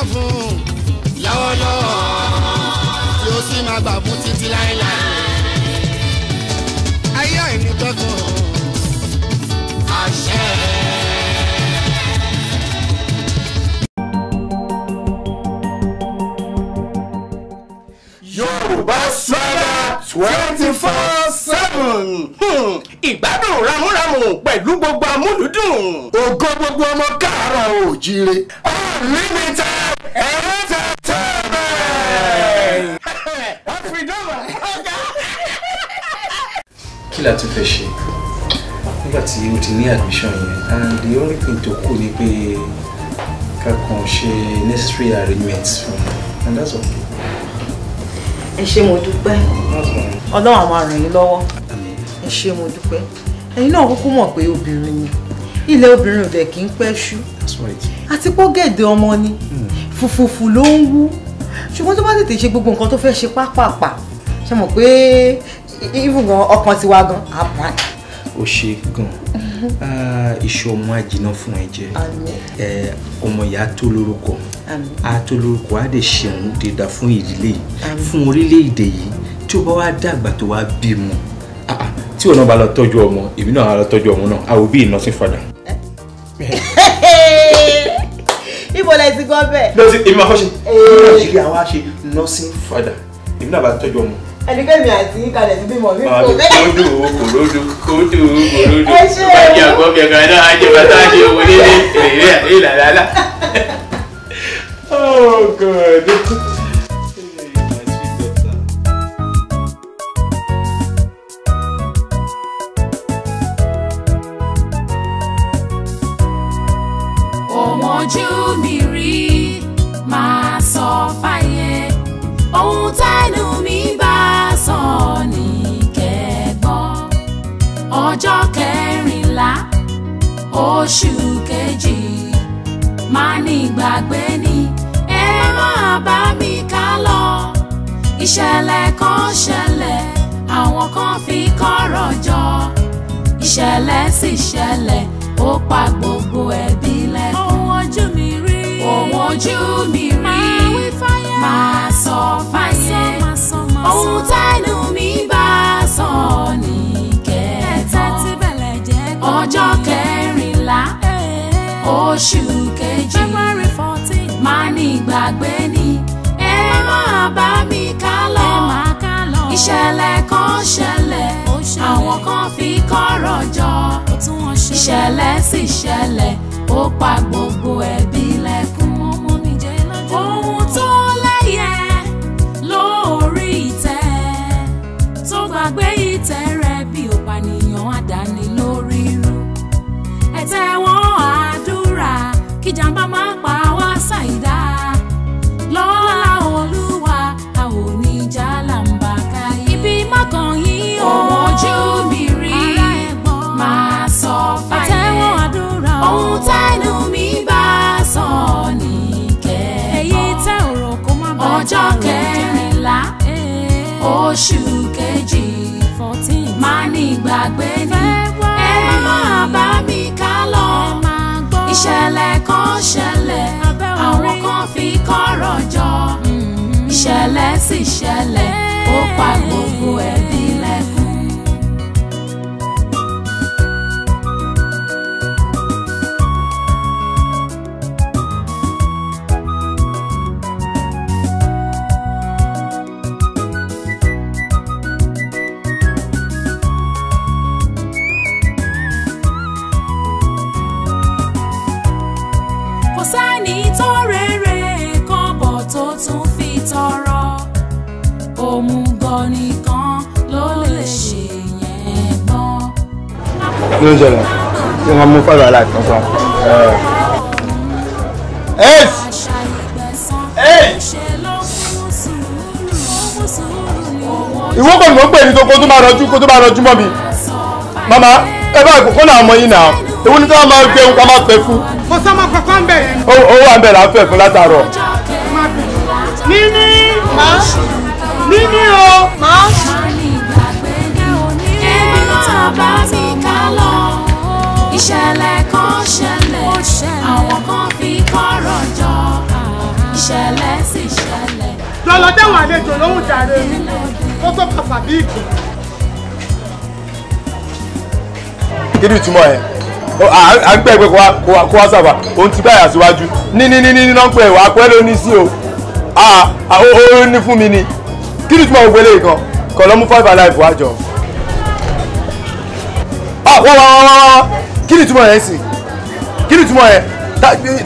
gbà fún lọ́wọ́lọ́wọ́ tí ó sì máa gbà fún títí láéláé. ayé àìní tọ́kùn àṣẹ. Yorùbá Swaga twenty four seven hmm. ìgbádùn ramúramù pẹ̀lú gbogbo amúlùdùn ògo gbogbo ọmọ káàárọ̀ oòjíire unlimited kí la tún fẹ́ ṣe nígbà tí o ti ní admission yẹn and the only thing tó kù ni pé ká kàn ṣe necessary arrangements fún un and that's all. ẹ ṣé mo dúpẹ́ ọlọ́run á máa ràn yín lọ́wọ́ ẹ ṣé mo dúpẹ́ ẹ̀yin náà kúkú mọ̀ pé obìnrin ni ilẹ̀ obìnrin ò dẹ̀ kí ń pẹ́ ṣú àti pọ́ gẹ̀dẹ̀ ọmọ ni hmm. fùfùfù ló ń wú ṣùgbọ́n tó bá tètè ṣe gbogbo nǹkan tó fẹ́ ṣe pápápá ṣe mọ̀ pé ìfúngan ọkàn tiwa gan apá. ó ṣe gan ah, iṣu ọmọ àjìnà fún ẹ jẹ ọmọ ìyá tó lórúkọ a tó lórúkọ a lè ṣeun dèdà fún ìdílé fún orílẹ̀-èdè yìí tí ó bá wá dàgbà tó wá bímọ ah, ah, tí òun náà bá lọ tọ́jú ọmọ èmi náà á lọ tọ́jú ọmọ náà àwọn òbí ìnáṣẹ́ fada. ibo lẹ ti gbọ́ bẹ́ẹ̀. lọ sí èmi àfọ́ṣe èmi àwọn àṣe nursing fada èmi náà bá tọ́jú ọmọ. ẹnikẹ́ni àti ìkàlẹ̀ ti bímọ mi kò bẹ́ẹ̀. kòdù kòdù kòdù kòdù ẹ ṣe é o. bá a jẹ àgbọ̀ bẹ̀ẹ̀ kan náà á jẹ bàtà á jẹ òwò nílé ìrẹ̀lẹ̀ ìlàlálà. Oh God. ojú mi rí máa sọ fáyé ohun tẹ́nu mi bá sọ ní kẹ́gbọ́ ọjọ́ kẹrìnlá oṣù kejì máa ní gbàgbé ni ẹ máa bá mi ká lọ ìṣẹ̀lẹ̀ kan ṣẹlẹ̀ àwọn kan fi kọ́rọ̀ jọ ìṣẹ̀lẹ̀ sì ṣẹlẹ̀ ó pa gbogbo ẹbí fojú mi rí máa sọ fáyé ohun tẹnu mi bá sọ ní kẹta ọjọ́ kẹrìnlá eh. oṣù kejì máa ní ìgbàgbé ni ẹ máa bá mi ká lọ ìṣẹ̀lẹ̀ kan ṣẹlẹ̀ àwọn kan fi kọ́rọ̀ jọ ìṣẹ̀lẹ̀ sì ṣẹlẹ̀ ó pa gbogbo ẹbí lẹ́kọ̀ọ́. oṣù kejì máa ní ìgbàgbé ni ẹ máa bá mi ká lọ ìṣẹ̀lẹ̀ kan ṣẹlẹ̀ àwọn kan fi kọ́rọ̀ jọ mm-hmm. ìṣẹ̀lẹ̀ sì ṣẹlẹ̀ ó pa gbogbo ẹbí lẹ́kùn. nìkan ló lè ṣe yẹn bọ́. kí ló ń ṣẹlẹ̀ ṣé wọ́n mú fáwọn aláìsí kan fún wa. eight eight ìwọ kò ní mo pè ní tó kó tó máa rọjú kó tó máa rọjú mọ́ mi mama ẹ bá ìkókó náà mọ yín náà ewu ní tí wọ́n máa gbé ohun ká máa fẹ́ fún. mo sọ ma kọ́kọ́ ń bẹ̀ yẹn. ó wà ń bẹ̀ láfẹ́ fún látàárọ̀. nínú mí ní o máa. ìṣẹ̀lẹ̀ kan ṣẹlẹ̀ àwọn kan fi kọ́rọ̀ jọ ìṣẹ̀lẹ̀ sì ṣẹlẹ̀. lọ́lọ́ dáwọn àlejò lóhùn jàre kó tó kà fàbíìkì. kí ni ìtumọ̀ ẹ̀ à ń pẹ́ pé kó wá sábà òun ti báyà síwájú ní ní ní ní ní náà pé wàá pẹ́ lóní sí o ó ní fún mi ni kí ni tí mo wọlé nǹkan kọ̀ lọ́mú five alive wá jọ. Ah, wá wá wá wá kí ni túmọ̀ yẹn sì kí ni túmọ̀ yẹn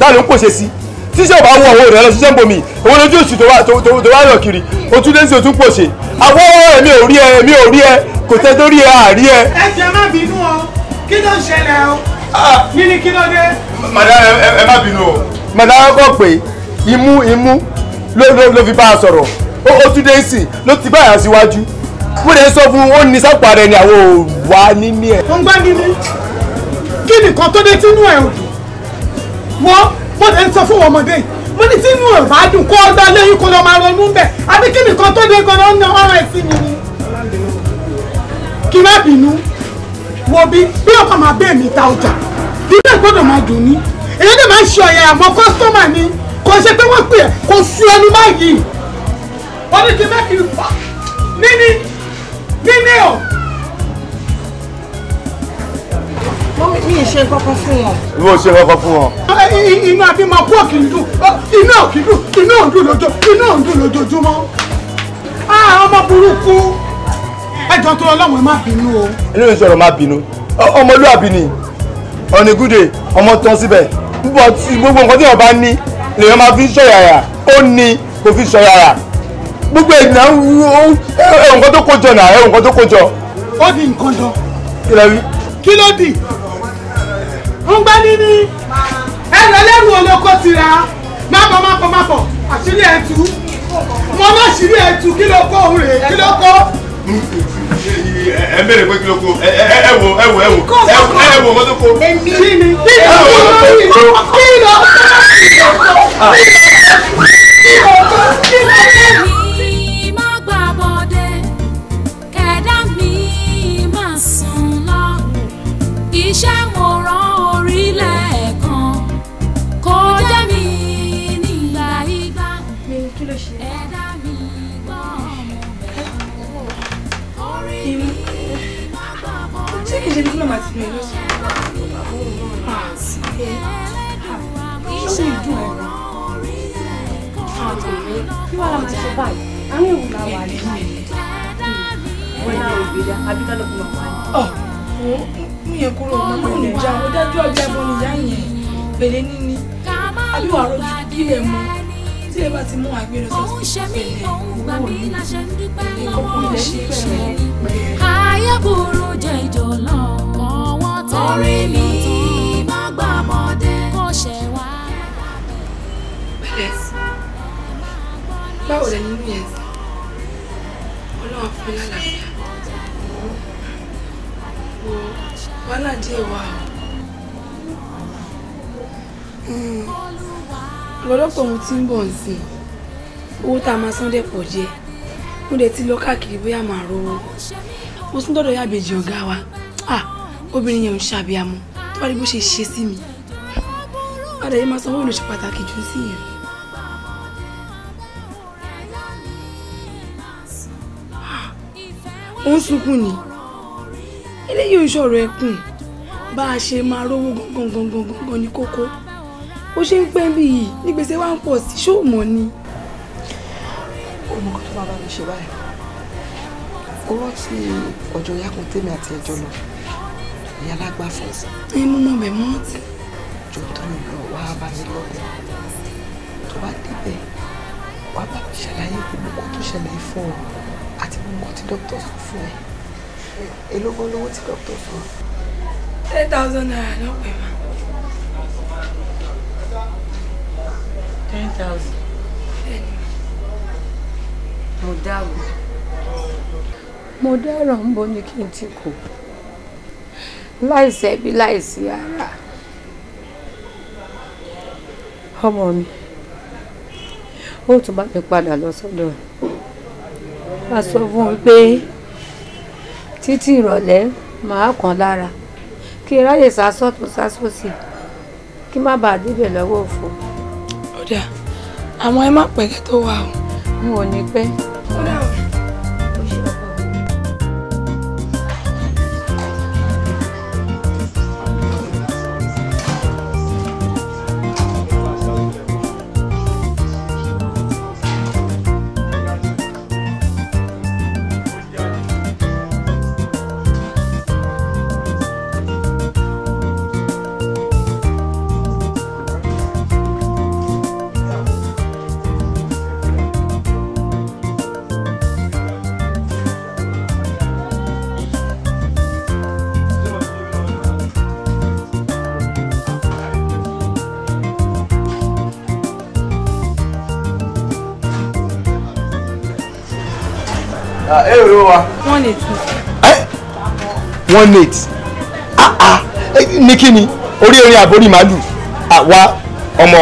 tá ló ń pòṣe sí tíṣẹ́ ọba wọ owó rẹ lọ ṣiṣẹ́ ń bomi òun lójú oṣù tó wá yọ kiri o tún dé sí o tún pòṣe àwọn ah, èmi ò rí ẹ èmi ò rí ẹ kò tẹ́ tó rí ẹ àárí ẹ. ẹ jẹ́ má bínú o kí ló ń ṣẹlẹ̀ o ah. kí ni kí ló dé. màdá ẹ má bínú o. màdá kọ pé imú imú ló fi bá a sọ̀rọ̀ ó tún dé sí ló ti báyà síwájú wọ́n lè sọ fún ó ní sápò ara ẹni àwọn òwà níní ẹ̀. mo ń gbá gidi kí nìkan tó dé tínú ẹ̀ ò dùn wọ́n bó ṣe ń sọ fún ọmọdé mo ní tínú ẹ̀ bá dùn kó ọgbà lẹ́yìn kó lọ máa ronú bẹ̀ àbí kí nìkan tó dé gan-an ń ná ọ̀rọ̀ ẹ̀ mi ni. kí má bínú wo bí bí ọkọ̀ máa bẹ́ẹ̀ mi ta ọjà ilé ìgbọ́dọ̀ máa dùn ní èyí lè máa ń ṣe ọ̀yà àmọ́ kọ́sítọ́mà ni kò ṣe pé wọ́n pè é kò sú ẹnu báyìí wọ́n ní kí mẹ́kì fà níní níní o. mọ́mí mi ì ṣe kọ́kọ́ fún wọn. ìwọ ò ṣe kọ́kọ́ fún wọn. Eh, eh, eh, inú àbí máa kú òkì dùn oh, inú òkì dùn inú òǹdùn lójó inú òǹdùn lójoojúmọ́. Ah, ọmọ burúkú ẹjọ́ tó ọlọ́run ẹ má bínú o. inú ìṣòro má bínú ọmọlúàbí ni ọ̀nìgúdè ọmọ tán síbẹ̀ gbogbo nǹkan tí wọ́n bá ní lèèyàn máa fi ń ṣọ̀yàyà ó ní kò fi ṣọ̀yàyà gbogbo ẹ̀dínà ẹ̀wọ̀n kan tó kójọ náà ẹ̀wọ̀n kan tó kójọ. ó di nǹkan jọ. kí ló rí. kí ló dì. ń gbá níní ẹ lọ lẹ́rù olóko tira má bọ̀ má bọ̀ má bọ̀ àṣírí ẹ̀ tú mo má ṣírí ẹ̀ tú kí ló kó òun rè kí ló kó ẹ bẹ̀rẹ̀ pé kí ló kó ẹ ẹ wò ẹ wò ẹ wò ẹ wò ẹ wò wọ́n tó kó. èmi kí ni kí ló kó kí ló kó ah. kí ló kó kí ló kó kí ló kó. wà me ilé ṣé ṣe ìdùn ẹ̀ kí wàá máa ṣe báyìí àwọn èèwù la wà nínú wọn ní ìgbéra abíkálẹ̀ kò máa wà ní. ọ̀ mú yẹn kúrò mọ́ ní ìjà ó dájú ọjà ìbọn ìyá yẹn pèlè níní àbí wàá rọjò kílẹ̀ mọ́ tí ẹ bá ti mú àgbèrè sọ́sọ́ pẹ̀lẹ́ owó ní ìkọ̀kọ̀ ilẹ̀ ayé burú jẹ́ ìjọlọ́ ọwọ́ torí mi má gbà mọ́dẹ kò ṣẹ̀ wá. báwo lẹ nínú yẹn ọlọ́run fún mi lálàáfíà wo wàhálà díẹ̀ wà ó lọ́dọ́pọ̀ mo ti ń bọ̀ nsìn owó tá a máa san dẹ̀ pọ̀ jẹ́ mo dẹ̀ ti lọ káàkiri bóyá màá rówó mo tún dọ́dọ̀ yàbèjì ọ̀gá wa ah obìnrin yẹn ò ń ṣàbíamọ tó bá rí bó ṣe ṣe sí mi padà yìí máa sanwó olùṣe pàtàkì jù sí yẹn. Ah, ó ń sunkún ni eléyìí ò ń ṣọ̀rọ̀ ẹkùn bá a ṣe máa rówó gangan ní kókó ó ṣe ń pẹ́ bí yìí nígbèsè wa ń pọ̀ sí ṣóòmọ̀ ni. ó mọ kó tó máa bá mi ṣe báyìí ó rántí ọjọ́ yakun tèmi àti ẹjọ́ lọ ìyá alágbá fún un. ẹ mú mọ bẹ mọ ọtí. jọ torí lọ wá bá mi lọbẹ tó bá débẹ̀ wá bá mi ṣàlàyé gbogbo nǹkan tó ṣẹlẹ̀ fún ọ àti gbogbo nǹkan tí dókítà sọ fún ẹ elógó lówó tí dókítà sọ. ten thousand naira ló pè wá. ten thousand. mo dáwọ́. mo dáràn ń bọ̀ ní kí n ti kù láìsẹ̀ bí láìsí ara ọmọ mi ó tún bá mi padà lọ sọ́dọ̀ wá sọ fún un pé títí ìrọ̀lẹ́ màá kàn lára kí ráyè sásọ́tún sásọ́sì kí má bàa débẹ̀ lọ́wọ́ òfò. ó àwọn ẹ má pẹ̀lẹ́ tó wà o. n ò ní pẹ́. wa. one eight. ẹ one eight ah ah ní kí ni orí erin àbórí màálù àwa ọmọ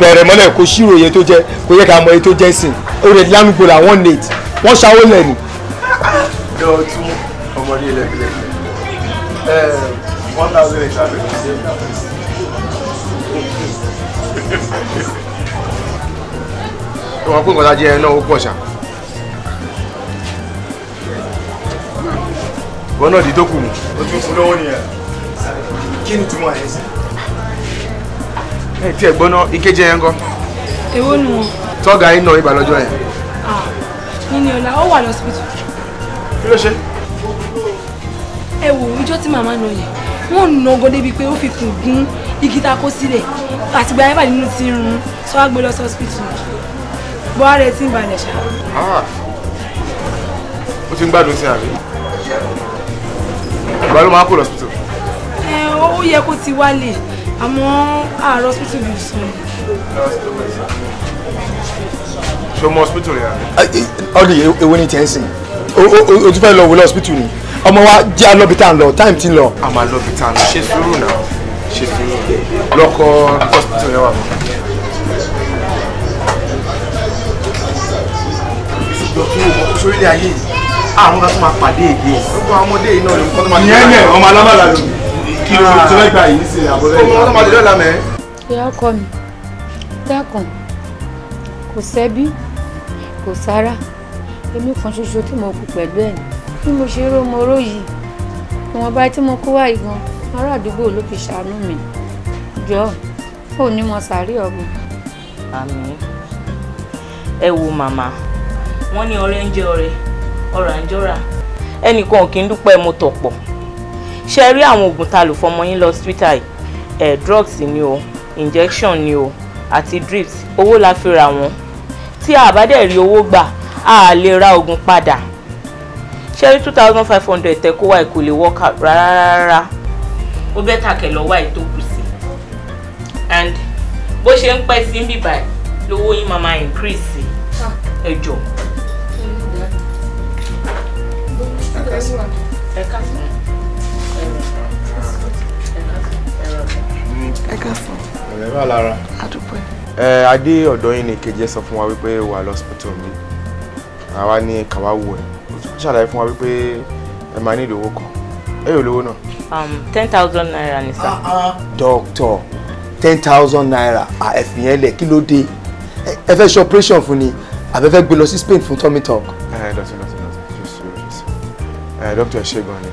bẹ̀rẹ̀ mọ́lẹ̀ kò ṣírò iye tó jẹ kò yẹ ká mọ iye tó jẹ sìn orí ẹ̀dí lánàá gbòòrò one eight wọ́n ṣàwọ́ lẹ́nu. yọ ọtún ọmọdé ilẹ̀kùlẹ̀ ẹ one thousand eight hundred and seven. ìwọ̀n pé nǹkan tá a jẹ ẹ náà ó pọ̀ ṣáà. wọn náà di tó kù mu. o tún fún lọ́wọ́ nìyẹn kí ni túmọ̀ ẹ̀ sí. ẹ tiẹ̀ gbọ́ná ìkejì yẹn kọ́. èwo nu wọn. tọ́gà iná ibà lọ́jọ́ yẹn. nínú ọ̀la ó wà lọ́sibítù. kí ló ṣe. ẹ wò ìjọ tí màmá nà yẹn wọn nà ọgọ débi pé ó fi kùn gún igi tá a kó sílẹ̀ àtìgbà yẹn báyìí nínú ti rún sọ wá gbé lọ sí ọsibítù bọ́ ara ẹ ti ń balẹ̀ ṣá. Ah. ó ti ń gbádùn sí àárín ìgbà ló máa kó lọ hospital. ẹ ó yẹ kó ti wálé àmọ́ àárọ̀ hospital yìí sàn. ṣé o mọ hospital rẹ. ọdún èwo ni tiẹ̀ ń sìn o tún fẹ́ lọ wo lọ hospital ni ọmọ wa jẹ́ alọ́bi tá à ń lọ time ti ń lọ. a máa lọ́bi tá à ń lọ ṣe sùúrù náà ṣe sùúrù lọ́kọ̀ hospital yẹn wà mọ́. ìṣòro kí o mọ̀ sórílẹ̀ ayé yìí àwọn kan tó máa pàdé èdè ẹ̀. gbogbo àwọn ọmọdé yìí náà ló ń kọ́ tó máa dé lọ́la. ìyẹn náà ọmọ alámàlà ló kí ló ti fẹ́ gbà yìí sí àbúrò ẹ̀. ọmọ tó máa dé lọ́la mẹ́. ìyá ọkọ mi dákun kò sẹ́bí kò sára èmi kan ṣoṣo tí mo kú pẹ̀lú ẹ̀ bí mo ṣe ró mo ró yìí ìwọ̀nba tí mo kó wá yìí gan ará àdúgbò ló fi ṣàánú mi jọ ò ní mo sàárè ọmọ. àmín ẹ wo màmá wọn ní ọ̀rẹ́ ń jẹ ọ̀rẹ́ ọ̀rọ̀ àjọra. ẹnìkan kì í dúpẹ́ mo tọ̀ pọ̀ ṣe rí àwọn oògùn ta lò fọmọ yín lọ hospital ẹ̀ eh, drugs ni o injection ni o àti drips owó la fi ra wọn tí a bá dẹ̀ rí owó gbà a lè ra oògùn padà ṣe rí two thousand five hundred tẹ kó wa ẹ̀ kò lè work out rárá rárá. ó bẹ́ tàkẹ́ lọ́wọ́ àìtókù sí and bó ṣe ń pẹ́ sí bíbáyìí lówó yín máa máa increase sí ah. ẹjọ́. kẹsàn. ọ̀rẹ́ wà lára. àdúpẹ́. ẹ adé ọ̀dọ́ yín ni kejì ẹ sọ fún wa wípé wà lọ́sítọ̀ mi àwa ní kàwá wò ẹ ó ṣàlàyé fún wa wípé ẹ máa ní ìdòwò kan ẹ yóò lówó náà. Um, ten thousand naira ni sá. Ah, ah. dókítọ̀ ten thousand naira àfihàn ẹlẹ̀ kí ló dé ẹ fẹ́ ṣe operation fún ni àbẹ́fẹ́ gbé lọ sí Spain fún tummy talk. ẹ ẹ dọ̀tí dọ̀tí dọ̀tí jù sí ojú sí ẹ dókítà ẹ ṣe gan ni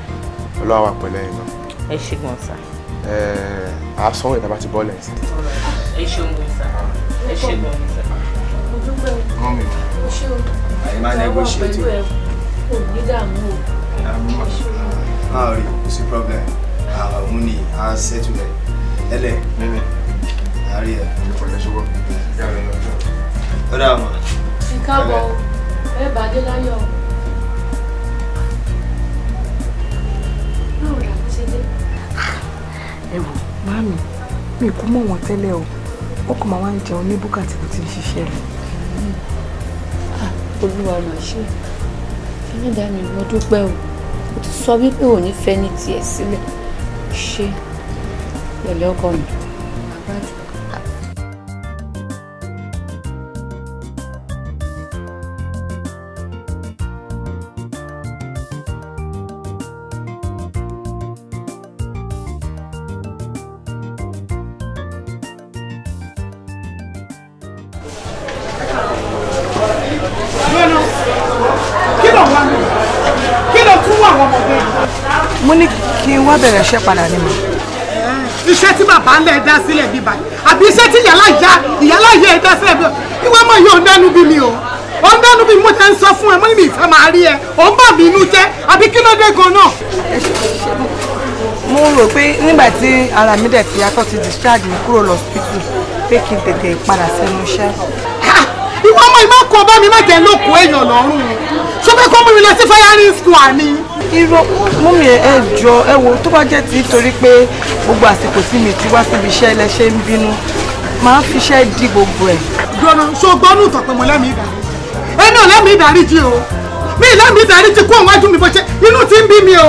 sáà àá sanwó ìtàbá ti bọ́ọ̀lù ẹ̀sìn. ẹ ṣeun mi sá ẹ ṣeun mi sá. mo dúpẹ́ o mo ṣe o àyèmáyégbò ṣe o ti o kò ní dààmú o. máa rí kò sí problem òun ni a ṣètò rẹ ẹlẹ àárí ẹ. ó dà mọ́. ìkábọ̀ ẹ bàdé láyọ̀ o. ẹ wò màmí mi kú mọ̀ wọ́n tẹ́lẹ̀ o ó kàn máa wá ń jẹun ní búkàtì tó ti ń ṣiṣẹ́ rẹ̀. Ah, olúwa mà ṣe ẹlẹ́dà mi mo dúpẹ́ o o ti sọ wípé ò ní ní tiẹ̀ sílẹ̀ ṣe pẹ̀lú ọkọ mi wá bẹ̀rẹ̀ iṣẹ́ padà ni mà. iṣẹ́ tí bàbá ńlá ẹ̀ dá sílẹ̀ bí báyìí àbí iṣẹ́ tí ìyálà ìyá ìyálà ìyá ẹ̀ dá sílẹ̀ bí ìwọ ọmọ yìí ò ń dánú bí mi o ò ń dánú bí mo ti ń sọ fún ẹ mo ní mi ìfẹ́ máa rí ẹ ò ń bà mí inú jẹ́ àbí kí ló dé gan náà. mo rò pé nígbà tí ara mi dẹ̀ ti yàtọ̀ ti discharge mi kúrò lọ pé kí n tètè padà sẹ́nu iṣẹ́ kó bá mi má jẹ́ lóko èèyàn lọ́rùn ṣó fẹ́ kó mú mi lọ sí firing school àní. irọ́ mú mi ẹ jọ ẹ wo tó bá jẹ́ ti torí pé gbogbo àsìkò tí mi ti wá síbi iṣẹ́ ẹlẹ́ṣẹ́ ń bínú máa ń fiṣẹ́ di gbogbo ẹ̀. gbọ́nà ṣó gbọ́nù tọ̀pẹ̀ mọ́ lẹ́mìí ìdáríjì ẹ náà lẹ́mìí ìdáríjì o mi lẹ́mìí ìdáríjì kó àwọn ajú mi bọ́ ṣe inú ti ń bí mi o.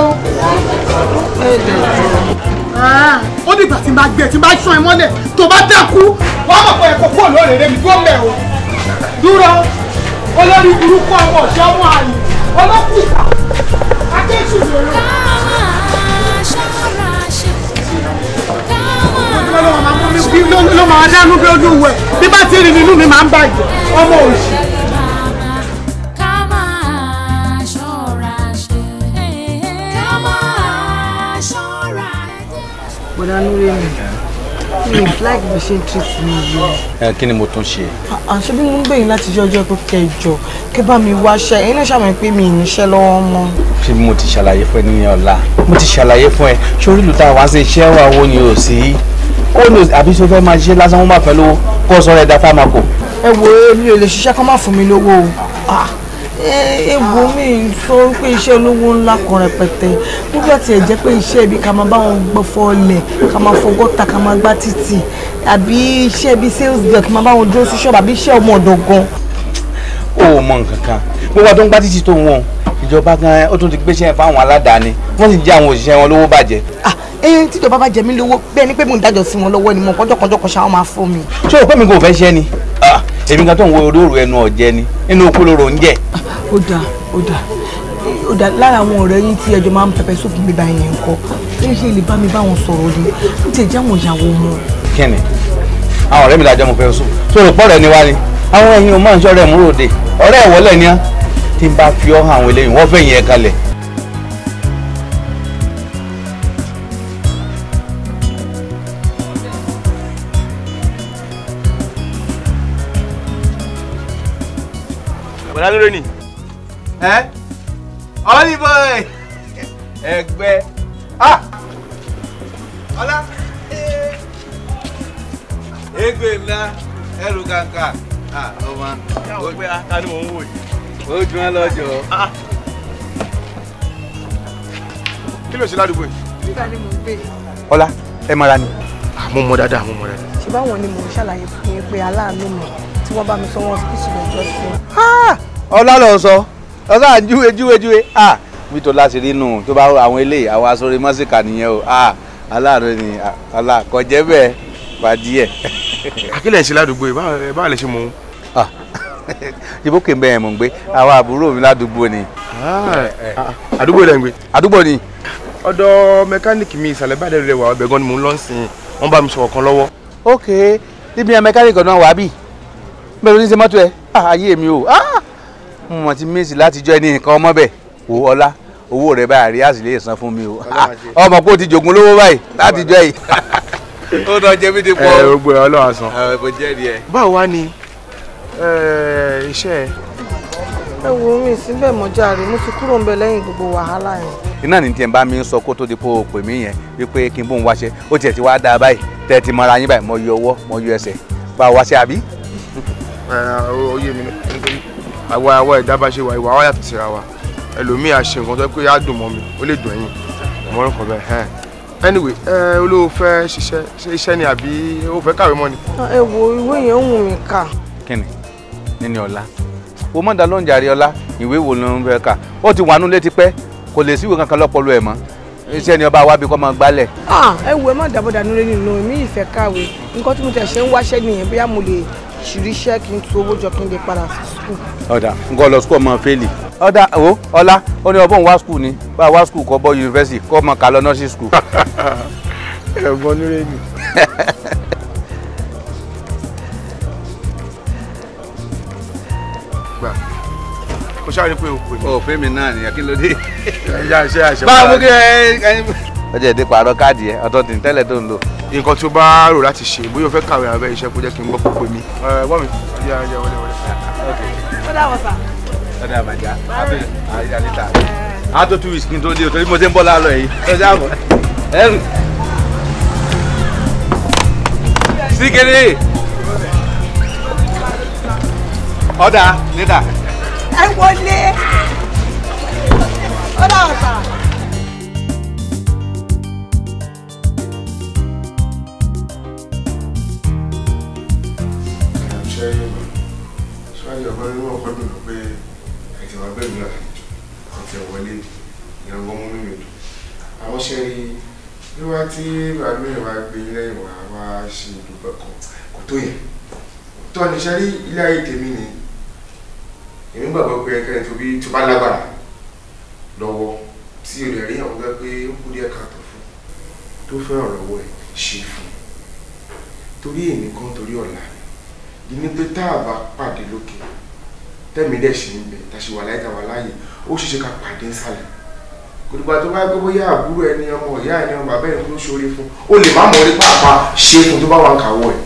Ah, ó dìgbà tí n bá gbẹ tí n bá sún ẹ mọ́lẹ̀ tó bá dákú wọ́n mọ̀ pé ẹ̀kọ́ kúrò lóòrè rẹ̀ mi tó mẹ́ o dúró olórí burúkú ọmọ ọ̀ṣẹ́ ọmọ àlè olókùtà akẹ́sùlòrò. ló máa dánú bí ojú wẹ̀ bí bá ti rìn nínú mi máa ń bàjẹ́ ọmọ òṣì. bọ̀dá lórí mi mi like bí ṣe ń treat mi yìí. ẹ kí ni mo tún ṣe. àṣé ah, bí mo ń gbẹ̀yìn láti jẹ́ ọjọ́ pípẹ́ ìjọ kí bá mi wáṣẹ́ ẹ̀yin náà ṣàmì pé mi ìníṣẹ́ lọ́wọ́ mọ́. ṣé mo ti ṣàlàyé fún ẹ ní ọ̀la mo ti ṣàlàyé fún ẹ sórí ìlú táwa ṣe iṣẹ́ wa wo ni o sí ó lò àbí tó fẹ́ máa ṣe lásán wọn máa fẹ́ lówó kó sọ ẹ dá fámakò. ẹ wo mi ò lè ṣiṣẹ́ kó má fún mi lówó o ah, ewu mi sọ pé iṣẹ́ olówó ńlá kan rẹpẹtẹ nígbà tí ẹ jẹ́ pé iṣẹ́ ibi ká máa bá wọn gbọ́fọ́ ọlẹ̀ ká máa fọ gọ́ta ká máa gbá títì àbí iṣẹ́ ibi sales girl ká máa bá wọn dúró sí ṣọ́ọ̀bù àbí iṣẹ́ ọmọ ọ̀dọ̀ gan. o ò mọ nǹkan kan gbogbo àti gbá títì tó ń wọn ìjọba gan ó tún ti gbéṣẹ́ fáwọn aládàáni wọ́n sì jẹ́ àwọn òṣìṣẹ́ wọn lówó bàjẹ́. ah ẹyìn tíjọba bá jẹ mí lówó bẹ́ẹ̀ ni pé mò ń dájọ́ sí wọn lọ́wọ́ ni mo kọjọkọjọkọ ṣáà wọn máa fún mi. ṣé o pé mi kò fẹ́ ṣẹ́ ni ah, èmi kan tó ń wo orí òru ẹnu ọ̀jẹ́ ni inú kúlóró ń jẹ. ó dáa ó dáa ó dáa lára àwọn ọ̀rẹ́ yín tí ẹjọ́ máa ń pẹpẹ sófin bíbá yẹn kọ́ ṣé ṣe lè bá mi bá wọn sọ̀rọ̀ ni ó ti jẹ́ àwọn ìyàwó wọn. kíni àwọn ọ̀rẹ́ mi lajọ́ mo fẹ́ sùn sọ̀rọ̀ pọ̀ rẹ̀ ni wá ni àwọn ẹ̀yin ò máa ń ṣọ́rẹ́ mú ròde ọ̀rẹ́ ìwọlẹ̀ ni á tí n bá fi ọ́ àwọn eléyìí wọ́n fẹ̀yìn ẹ̀ kalẹ̀ ta ló lónìí. ẹ ọlọ́ni bọ́ọ̀ ẹgbẹ́ ah! ọlá egbe ńlá ẹrù kàǹkà ah, ọmọ ó pé ata ni mò ń wò yìí. ó dùn án lọ́jọ́. Ah, kí ló ṣe ládùúgbò yìí. nígbà ni mò ń gbé. ọlá ẹ mara ni. àmọ́ mọ dáadáa àmọ́ mọ dáadáa. ṣùgbọ́n àwọn ni mò ń ṣàlàyé fún yín pé aláàánú mi tí wọ́n bá mi sọ wọ́n sí kìsìlẹ̀ ọlá lọ sọ ọsà júwe júwe ah mi tó láti rí nù tó bá àwọn eléyìí àwọn asọ̀rọ̀ mọ́síkà nìyẹn o ah aláàárọ̀ ni ọlá kọjẹ́ bẹ́ẹ̀ fàdíẹ̀. akílẹ̀ ṣe ládùúgbò yìí báwo lè ṣe mọ̀ ọ́n. ibo kè ń bẹ̀rẹ̀ mọ̀ ń gbé àwọn àbúrò mi ládùúgbò ni. àdúgbò rẹ̀ ń gbé. àdúgbò ni. ọ̀dọ̀ mẹkáníìkì mi ìsàlẹ̀ bàdẹ̀ rẹ̀ wà ọbẹ̀ gan ni mò ń lọ sìn wọ́n bá mi sọ̀rọ̀ kan lọ́wọ́. ok níbi mẹkáníìkì náà wà á bì bẹ́ẹ̀ ló ní ṣe mọ́tò ẹ̀ ayé mi o ah mo mọ̀ ti mísì láti jọ ẹni nǹkan ọmọ bẹ̀ wò ọlá owó rẹ̀ báyìí àríyàsí lè san fún mi o ọmọ kò ti jogún lówó báyìí láti jọ yìí ó lọ jẹ mí ti pọ ẹ gbogbo ẹ Ọlọ́run san ẹ bó jẹ rí ẹ. báwo wá ni iṣẹ́ ẹ. ẹ wo mi síbẹ̀ mọ́ jàre mo ti kúrò ń bẹ lẹ́yìn gbogbo wàhálà yẹn. iná ní tiẹ̀ bá mi sọ kó tó di pé o pè mí yẹn wípé kí n bóun wáṣẹ ó tiẹ̀ ti wá dáa báyìí tẹ́ ẹ ti mọra yín báyìí mo yọ ọwọ́ mo yọ ẹsẹ̀ bá wáṣẹ àbí. ẹ oyè mi ni àwa àwa ẹ̀dá bá ṣe wà ìwà wa yàtọ̀ síra wa ẹlòmíì á nǹkan tó pé á dùn mọ́ mi ó lè dùn ẹ̀yìn ọmọ orúkọ bẹ́ẹ̀ anyway ẹ olówó fẹ́ ṣiṣẹ́ iṣẹ́ ni àbí ó fẹ́ kàwé mọ́ ni. ẹ wo ìwé yẹn ń wù mí kà. kíni níní ọlá wo mọ̀dà ló ń jàre ọlá ìwé wo ló ń fẹ́ kà ó ti wà létí pẹ́ kò lè síwèé kankan lọ́pọ̀lọ́ ẹ̀ mọ́ iṣẹ́ ni ọba wa bí kò máa gbálẹ̀. Ah, ẹ wo ẹ má dàbọ̀dà nulẹ̀ nínú mi ìfẹ́ kàwé nǹkan tí mo tẹ̀ ṣe ń wáṣẹ́ nìyẹn bóyá mo lè ríṣẹ́ kí n tu owó jọ kí n lè padà sí skul. ọ̀dà nǹkan lọ skul ọmọ fẹ́lì. ọ̀dà o ọlá ó ní ọbọ̀n wá skul ni bá a wá skul kọ́ bọ́ yunifásitì kọ́ ọmọ kà lọ nọ́ọ̀sì skul. ẹ̀gbọ́n nílé mi. gbà mo ṣáà rí pé o pè mí. o pè náà nìyẹn kí ló dé. báwo kí ẹ ẹ ọjọ́ èdè pààrọ̀ káàdì ẹ ọ̀tọ̀ tì ń tẹ́lẹ̀ tó ń lò. nǹkan tí o bá rò láti ṣe bóyá o fẹ́ kàwé abẹ́ iṣẹ́ kó jẹ́ kí n gbọ́ pé mi. ẹ wọ́n mi ọjà ọjà wọlé wọlé. ó dà wọ́n sà. ọ̀dà àbàjá abẹ́ àyàlítà. a tó two weeks tó dé o torí mo ṣe ń bọ́ láàárọ̀ yìí. ọjà àbọ̀ ẹrù. ọ̀dà níta. ẹ wọlé. ó dà wọ́n sà. ìjọba ní wọn kọ́ dùn pé ẹ̀jẹ̀ wà bẹ́ẹ̀ mi lálejò ọ̀tẹ̀ wọlé ìyẹn gbọ́n múnú mi dùn àwọn ṣe rí wíwá tí bàbá wa gbé lẹ́yìn wá wá ṣe ìdúpẹ́ kan kò tó yẹ tó ní ṣe rí ilé ayé tèmi ni èmi gbàgbọ́ pé ẹ̀kẹ́ni tó bí tó bá lágbára lọ́wọ́ tí o lè rí àwọn gbẹ́ pé ó kú díẹ̀ káàtó fún tó fẹ́ràn lọ́wọ́ ẹ̀ ṣe fún torí èmi kan torí ọ̀la mi ní pé tá a bá pàdé lókè tẹ́mi dẹ̀ ṣì ń bẹ̀ tàṣì wà láyé tàwa láàyè ó ṣeéṣe ká pàdé nsàlẹ̀ kòtùgbà tó bá gbé bóyá àbúrò ẹni ọmọ ìyá ẹni ọmọ bàbá ẹni ló ṣoore fún ó lè má mọ̀ orí pàápàá ṣe fún tó bá wà ń kàwọ́ ẹ̀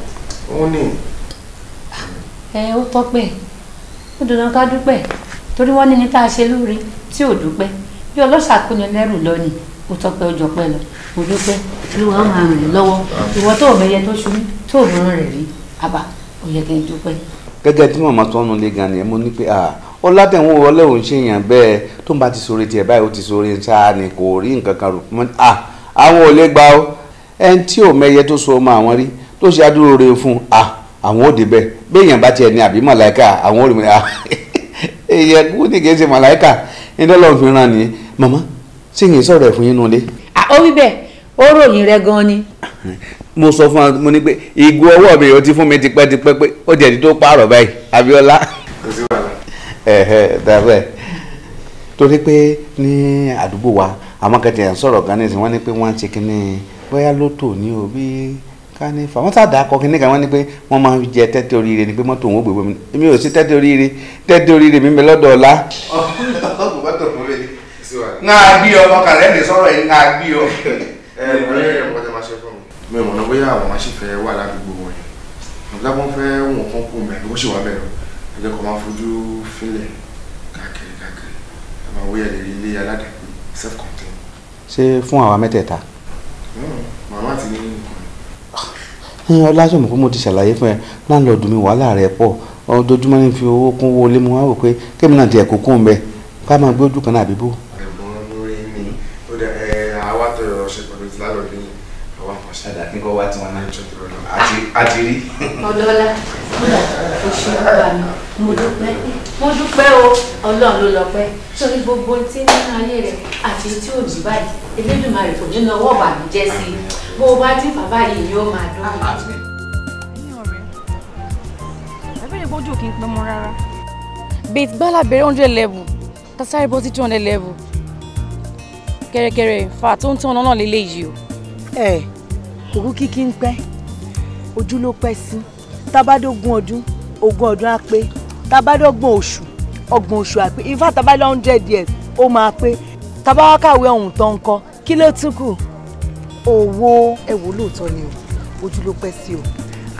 òun ni. ẹ ó tọ́pẹ́ ó dandan ká dúpẹ́ torí wọ́n ní ní tá a ṣe lóore tí ò dúpẹ́ bí ọlọ́ṣà pinnu lẹ́rù lọ ni ó tọ́pẹ́ ó jọpẹ́ lọ mo dúpẹ́ ló wàá máa rìn lọ́wọ́ ìwọ tó ò mẹyẹ tó ṣubú tó ò mọ̀ rẹ̀ rí àbá ó yẹ kí n dúpẹ́. gẹ́gẹ́ tí màmá tó ọ̀nà lè gan ni mo ní pé ọlátẹ̀wọ̀n ọlẹ́ òun ṣe èèyàn bẹ́ẹ̀ tó ń bá ti sọ̀rọ̀ tiẹ̀ báyìí ó ti sọ̀rọ̀ ṣáà ni kò rí nǹkan kan rò mọ́ àwọn ò lè gba ọ ẹni tí ò mẹyẹ tó so ọmọ àwọn rí tó ṣe adúró re fún un àwọn ò débẹ̀ béèyàn bá tiẹ̀ ní àbí màláìka àwọn ò rí mi èèyàn kú ní kìí ṣe màláìka nítorí ọlọ́run fi ràn ní màmá ṣé yìí sọ̀rọ̀ ẹ̀ fún yín nulẹ̀. ó wí ó ròyìn rẹ gan-an ni. mo sọ fún wa mo ní pé ìgò ọwọ́ mi ò ti fún mi tipẹ́tipẹ́ pé ó jẹ̀dí tó pààrọ̀ báyìí Abíọ́lá. kò torí pé ní àdúgbò wa àwọn ya ń sọ̀rọ̀ gan ní wọ́n ní pé wọ́n á ṣe bóyá lótò ní òbí kánífà wọ́n sá kan wọ́n ní pé wọ́n máa ni pé mọ́tò òun ó gbé bomi èmi ò sí tẹ́tẹ́ oríire tẹ́tẹ́ oríire mi mi lọ́dọ̀ ọ̀la. fún mi ọ. mi ò mọ̀nà bóyá àwọn aṣífẹ́ wà ládùúgbò wọn yẹn àbúlá wọn fẹ́ wọn kan kú mẹ́rin bó ṣe wà mẹ́rin ẹ jẹ́ kó máa fojú fílẹ̀ káàkiri káàkiri ẹ máa wóyà lè rí ilé aládàpé self contained. ṣé fún àwa mẹ́tẹ̀ẹ̀ta. Hmm, màmá ti ní nǹkan. ọlásùnmù kó mo ti ṣàlàyé fún ẹ láńlọ́ọ̀dù mi wàhálà rẹ̀ pọ̀ ojoojúmọ́ ní fi owó kún owó lé mu wá wò pé kémi náà ti ẹ̀kọ́ kún un bẹ́ẹ̀ ká máa gbé ojú kan náà àbíbò. nǹkan wá tiwọn náà àti rí. ọlọ́lá oṣù bàbá mi mo dúpẹ́ mo dúpẹ́ o ọlọ́run ló lọ pẹ́ sórí gbogbo tí nínú ayé rẹ̀ àti tí ò jí báyìí elédùnmarè kò ní lọ́wọ́ ìbànújẹ́ sí i bó o bá dín bàbá yìí ni ó máa dún. ẹ̀yin ọ̀rẹ́ ẹ̀bí lè gbójú kí n pẹ́ mọ́ rárá. bẹ́ẹ̀ gbala bẹ̀rẹ̀ hundred level tasari bọ́ sí two hundred level kẹ̀rẹ̀kẹ̀rẹ̀ fà tó ń tán ọ̀nà náà lélẹ́yìí o. ẹ òkú kíkí ń pẹ́ ojú ló pẹ́ sí tábádógún ọdún ogún ọdún á pé tábádọ́gbọ̀n oṣù ọgbọ̀n oṣù á pé in fact tábádọ́ hundred years ó máa pé tábáwá kàwé ọ̀hún tán ń kọ́ kí ló tún kù owó ẹ̀wò lóòótọ́ ni o ojú ló pẹ́ sí o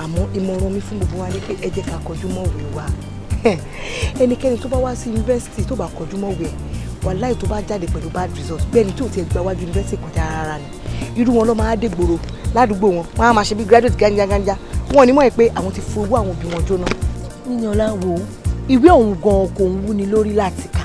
àmọ́ ìmọ̀ràn mi fún gbogbo wa ni pé ẹ jẹ́ ká kọjú mọ́wé wa ẹnikẹ́ni tó bá wá sí yunifásitì tó bá kọjú mọ́wé ẹ̀ wàláì tó bá jáde pẹ̀lú bad result bẹ́ẹ̀ ni tí ò ti gba wájú yunifásitì kọjá rárá ni irú wọn ló máa dé gbòòrò ládùúgbò wọn wọn á máa ṣe bí graduate gánjagánjá wọn ní mọ̀ pé àwọn ti fowó àwọn òbí wọn jóná. nínú ọlá wo ìwé ọ̀hún gan-an kò ń wúni lórí láti kà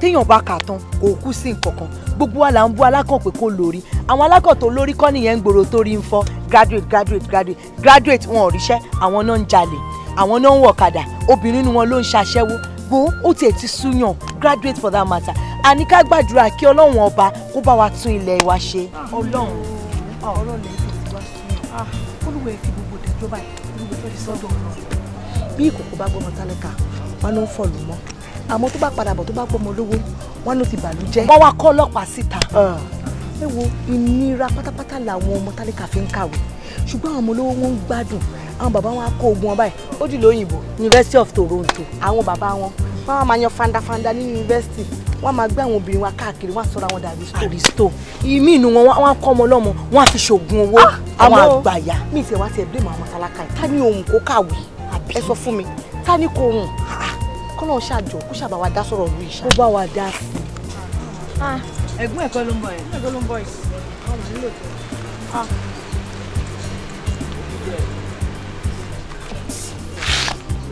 téèyàn bá kà tán kò kú sí nǹkankan gbogbo wa là ń bú alákàn pé kó lórí àwọn alákàn tó lórí kọ́ nìyẹn ń gbòòrò torí ń fọ́ graduate graduate graduate graduate wọn ò ríṣẹ́ àwọn náà ń jalè àwọn náà ń wọ̀kadà obìnrin ni wọn ló ń ṣaṣẹ́wó wo ó tiẹ̀ ti súyàn graduate for that matter àní ká gbàdúrà kí ọlọ́run ọba kó bá wa tún ilẹ̀ wa ṣe. ọlọ́run ọ̀rọ̀ lè fi wá súyàn olúwo ẹ fi gbogbo ìdájọ́ báyìí olúwo fẹ́ẹ́ sọ́dọ̀ ọ̀rọ̀ bí ìkòkò bá gbọ́mọ tálẹ́kà wọn ló ń fọ̀lù mọ́ àmọ́ tó bá padà bọ̀ tó bá gbọ́mọ olówó wọn ló ti bàlújẹ́. wọ́n wá kọ́ ọlọ́pàá síta. Ah. ẹ wo ìnira pátápátá làwọn ọmọ tálẹ́kà fi ń kàwé ṣùgbọ́n àwọn ọmọ olówó wọn ń gbádùn àwọn bàbá wọn á kó ogun wọn báyìí ó dì lóyìnbó University of Toronto àwọn bàbá wọn wọn máa yan fandafanda ní yunifásitì wọn máa gbé àwọn obìnrin wa káàkiri wọn á sọra wọn dàbí storisto ìmí inú wọn wọn á kọ́ ọmọ ọlọ́mọ wọn á fi ṣoògùn owó ah, àwọn àgbàyà mi ìtẹ̀ wá tiẹ̀ bímọ àwọn tálákà yìí ta ni ohun kó kàwé ẹ sọ fún mi ta ni kò hùn ah, kọ́nà ṣàjọ kó ṣàbà wa dá sọ̀rọ̀ lu ìṣá. kó bá wa dá sí i. Ah, ẹ̀gbọ́n ẹ̀kọ́ ló ń bọ̀ yìí. ẹ̀gbọ́n ẹ̀kọ́ ló ń bọ̀ yìí.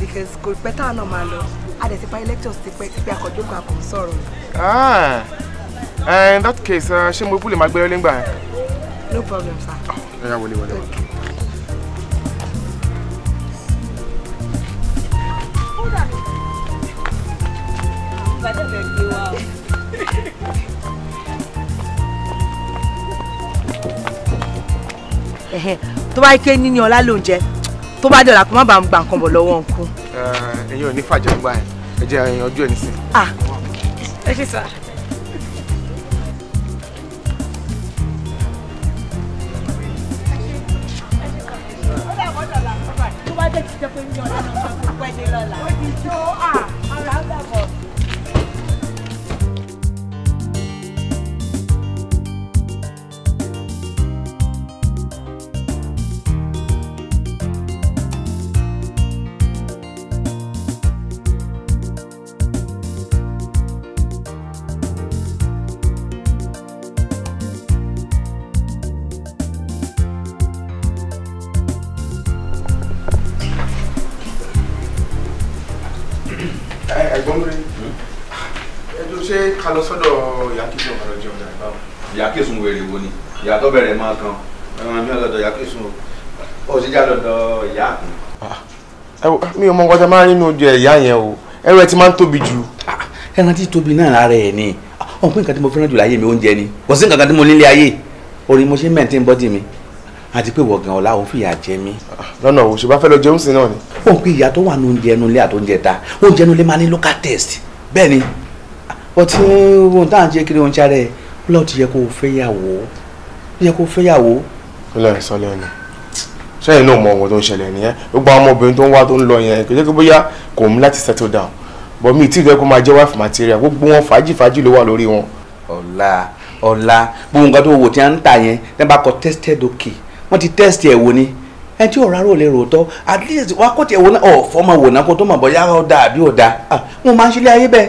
because kò pẹ́ táwọn náà máa lọ a dẹ̀ ti parí lectures ti pẹ́ pé akọ̀dókò akọ̀ ń sọ̀rọ̀. Ah, eh, in that case eh, ṣé mo bú lè máa gbẹ́rẹ́ lẹ́gbàá. no problem sir. Oh, ẹ yà wọlé wọlé wọlé. ìbàdàn rẹ̀ gbé wa o. tó bá yẹ kí ẹni ní ọlá ló ń jẹ tó bá dọ̀là kó má bàa gba nǹkan bọ̀ lọ́wọ́ nkú. Eh, ẹ̀yin ò ní fàjẹ́ gbà ẹ̀ ẹ jẹ́ ẹ̀yin ọjọ́ ẹ̀ nísìn. ẹ ṣe sá. tó bá ká lọ sọ́dọ̀ ìyákẹ́sùn ọ̀rọ̀ jẹun dàrí báwọn. ìyákẹ́sùn wèrè wo ni ìyàtọ̀ bẹ̀rẹ̀ máa kan ẹran mi ọ̀dọ̀ ìyákẹ́sùn o ò já lọ́dọ̀ ìyá mi. Ah, mi ò mọ nǹkan tí a máa ń rí inú ojú ẹ̀yà yẹn o ẹrù ẹ ti máa ń tóbi jù. Ah, ẹran tí tóbi náà lára ẹ ni ọ̀n ah, pé nǹkan tí mo fẹ́ràn jù láyé mi oúnjẹ ni kò sí nǹkan kan tí mo nílé ayé orin mo ṣe mẹ́ǹtẹ́ bọ́dì mi àti pé wọ̀gàn ọ̀la òun fìyà jẹ mí. lọ́nà òwò ṣùgbọ́n fẹ́ lọ jẹun sí náà ni. ó ń pe ìyá tó wà ní oúnjẹ ẹnu ilé àti oúnjẹ ta oúnjẹ ẹnu ilé máa ní local test bẹ́ẹ̀ ni ọtí uh, ohun tá à ń jẹ́ kiri ohun tí ara ẹ̀ ó lọ́ọ́ ti yẹ kó o fẹ́ yàwó ó yẹ kó o fẹ́ yàwó. ó lọ sọ lẹ́nu sẹ́yìn náà mọ ohun tó ń ṣẹlẹ̀ nìyẹn gbogbo àwọn ọmọbìnrin tó ń wá tó ń lọ yẹn kò jẹ́ kó bóyá kò mú láti settle down but mi tí ìrẹ́kọ̀ máa jẹ́ wife material gbogbo wọn fàájì fàájì ló wà lórí wọn. ọ̀la ọ̀la gbogbo nǹkan tó wò tí a ń tà yẹn tẹ́ bá kọ tested okay wọ́n ti test ẹ̀ wò ni ẹni tí ọ̀rá rò lè rò tọ́ at least wákọ̀tì ẹ̀ wò náà ọ̀fọ́ máa wò náà kó tó mọ̀ bọ́yá ọ̀dà àbí ọ̀dà wọ́n ah, máa ń ṣílẹ̀ ayé bẹ́ẹ̀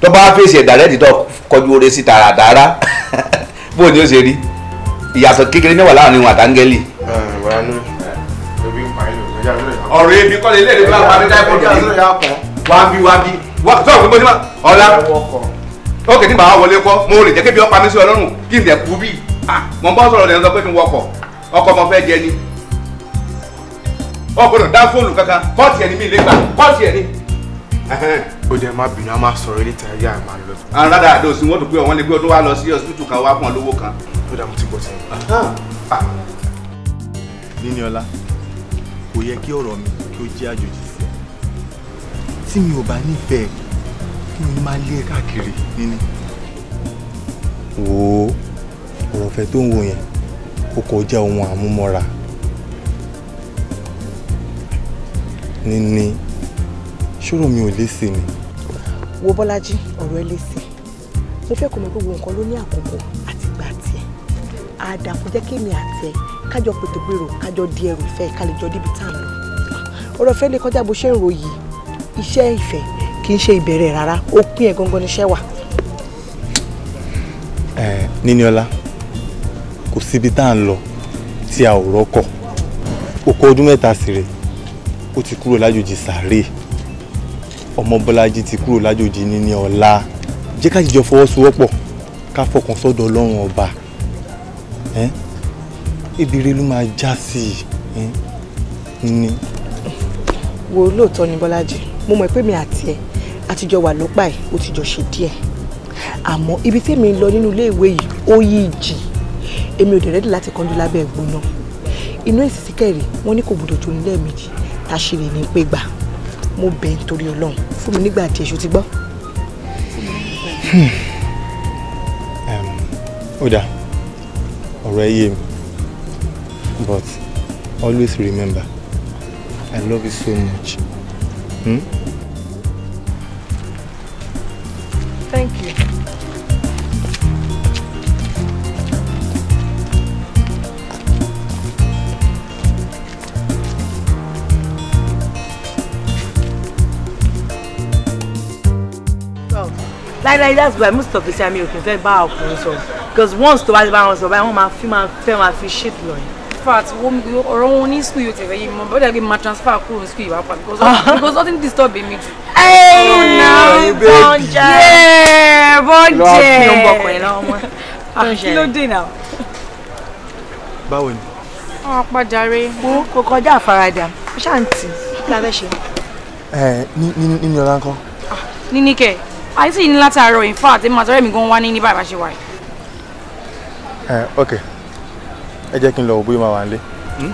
tó bá fèsì ẹ̀dá rẹ̀ títọ́ kọjú oore sí tààràtààrà bó ni ó ṣe rí ìyàtọ̀ kékeré mẹ́wàá láàrin wọn àtàngẹ́lì. ọ̀rọ̀ ebi kọ́ lè léèrè bá pàmí táìpọ̀tì yìí wábí wábí tó àwọn gbogbo ọ̀la ókè tí màá wọlé kọ́ mo rè jẹ́ kébi ọ̀pá mi sí ọlọ́run kí n dẹ̀ kú bí mo bá sọ̀rọ̀ lẹ́nu sọ pé mi wọkọ̀ ọkọ̀ mo fẹ́ jẹ ni ọkọ̀ dá fóònù kankan kọ́ọ̀tì ẹ̀ ni mi lè gbà kọ́ọ̀tì ẹ̀ ni ó dẹ̀ má bínú a máa sọ̀rọ̀ ilé tàyà yà máa lọ. aráda ah, àdó sí wọn tó pé ọwọn lè gbé ọdún wa lọ sí ọsibítù kan wá pọn lówó kan. ó dààmú ti gbọ́ sẹ́yìn. Ah. Ah. Níníọlá kò yẹ kí ọ̀rọ̀ mi kí ó jẹ́ àjòjì sí ẹ tí mi ò bá nífẹ̀ẹ́ kí mi máa lé káàkiri níní. wò ọ̀rọ̀ fẹ́ tó ń wò yẹn ó kọjá ohun àmúmọ́ra níní ṣòro mi ò léṣe ni. wo bọ́lájí ọ̀rọ̀ ẹ léṣe mo fẹ́ kó mọ̀ pé gbogbo nǹkan ló ní àkókò àti ìgbà tiẹ̀ àdàkù jẹ́ kémi àti ẹ̀ kájọ pètòpérò kájọ di ẹrù ìfẹ́ ká lè jọ débi tá à ń lọ ọ̀rọ̀ ìfẹ́ lè kọjá bó ṣe ń ròyìn iṣẹ́ ìfẹ́ kì í ṣe ìbẹ̀rẹ̀ rárá ó pín ẹ̀ gangan níṣẹ́ wà. ẹ Níníọlá kò síbi tá à ń lọ tí a ò rọ́kọ̀ òkú ọdún mẹ́ta sì rè ó ti kúrò lájòjì sàárè ọmọ Bọ́lájí ti kúrò lájòjì ní ní ọ̀la ká jìjọ fọwọ́sowọ́pọ̀ ká fọkàn sọ́dọ̀ ọlọ́run ọba ebire ló máa já sí i ní. wo lóòótọ́ ni Bọ́lájí mo mọ̀ pé mi àti ẹ̀ àtijọ́ wà lópa ẹ̀ ó ti jọ ṣe díẹ̀ àmọ́ ibi tí èmi ń lọ nínú ilé ìwé yìí ó yí ìjì èmi ò dẹ̀rẹ́dì láti kánjú lábẹ́ ẹ̀gbọ́n náà inú èsì síkẹ̀rì wọ́n ní kò gbọdọ̀ jó nílẹ̀ méjì táṣìírí ní pé mo bẹ̀ nítorí ọlọ́run fún mi nígbà tí èṣù ti gbọ́. Hmm. ó dáa ọ̀rọ̀ ẹ yé mi but always remember I love you so much. Hmm? láíláí that's why most of the time You can kì í fẹ́ bá ọkùnrin sọ because once to bá ti bá wọn sọ báyìí wọ́n máa fi máa fẹ́ máa fi shit lọ yẹn. fact ọ̀rọ̀ wọn ní school yóò tẹ̀lé yìí mo bọ́dọ̀ gbé máa transfer kúrò ní school yìí wá pa because because nothing disturb me jù. ẹyìn bọ́njẹ́ bọ́njẹ́ lọ́ọ́ kí ló ń bọ̀ ọkùnrin lọ́wọ́ mọ́. Ah, kí ló dé náà. báwo ni. wọn ah, pàjáre. kó kó kọjá àfaradà ṣáà ń tì kí la fẹ́ ṣe. ẹ eh, ní ní ní ní ọlá ń ah, ní ní kẹ́ àyè sì ní látàárọ̀ in fact èmi àtọ́rẹ́ mi gan wá ní ní bàbá ṣe wà yìí. ẹ ok ẹ jẹ́ kí n lọ òbí máa wà nílé. Hmm?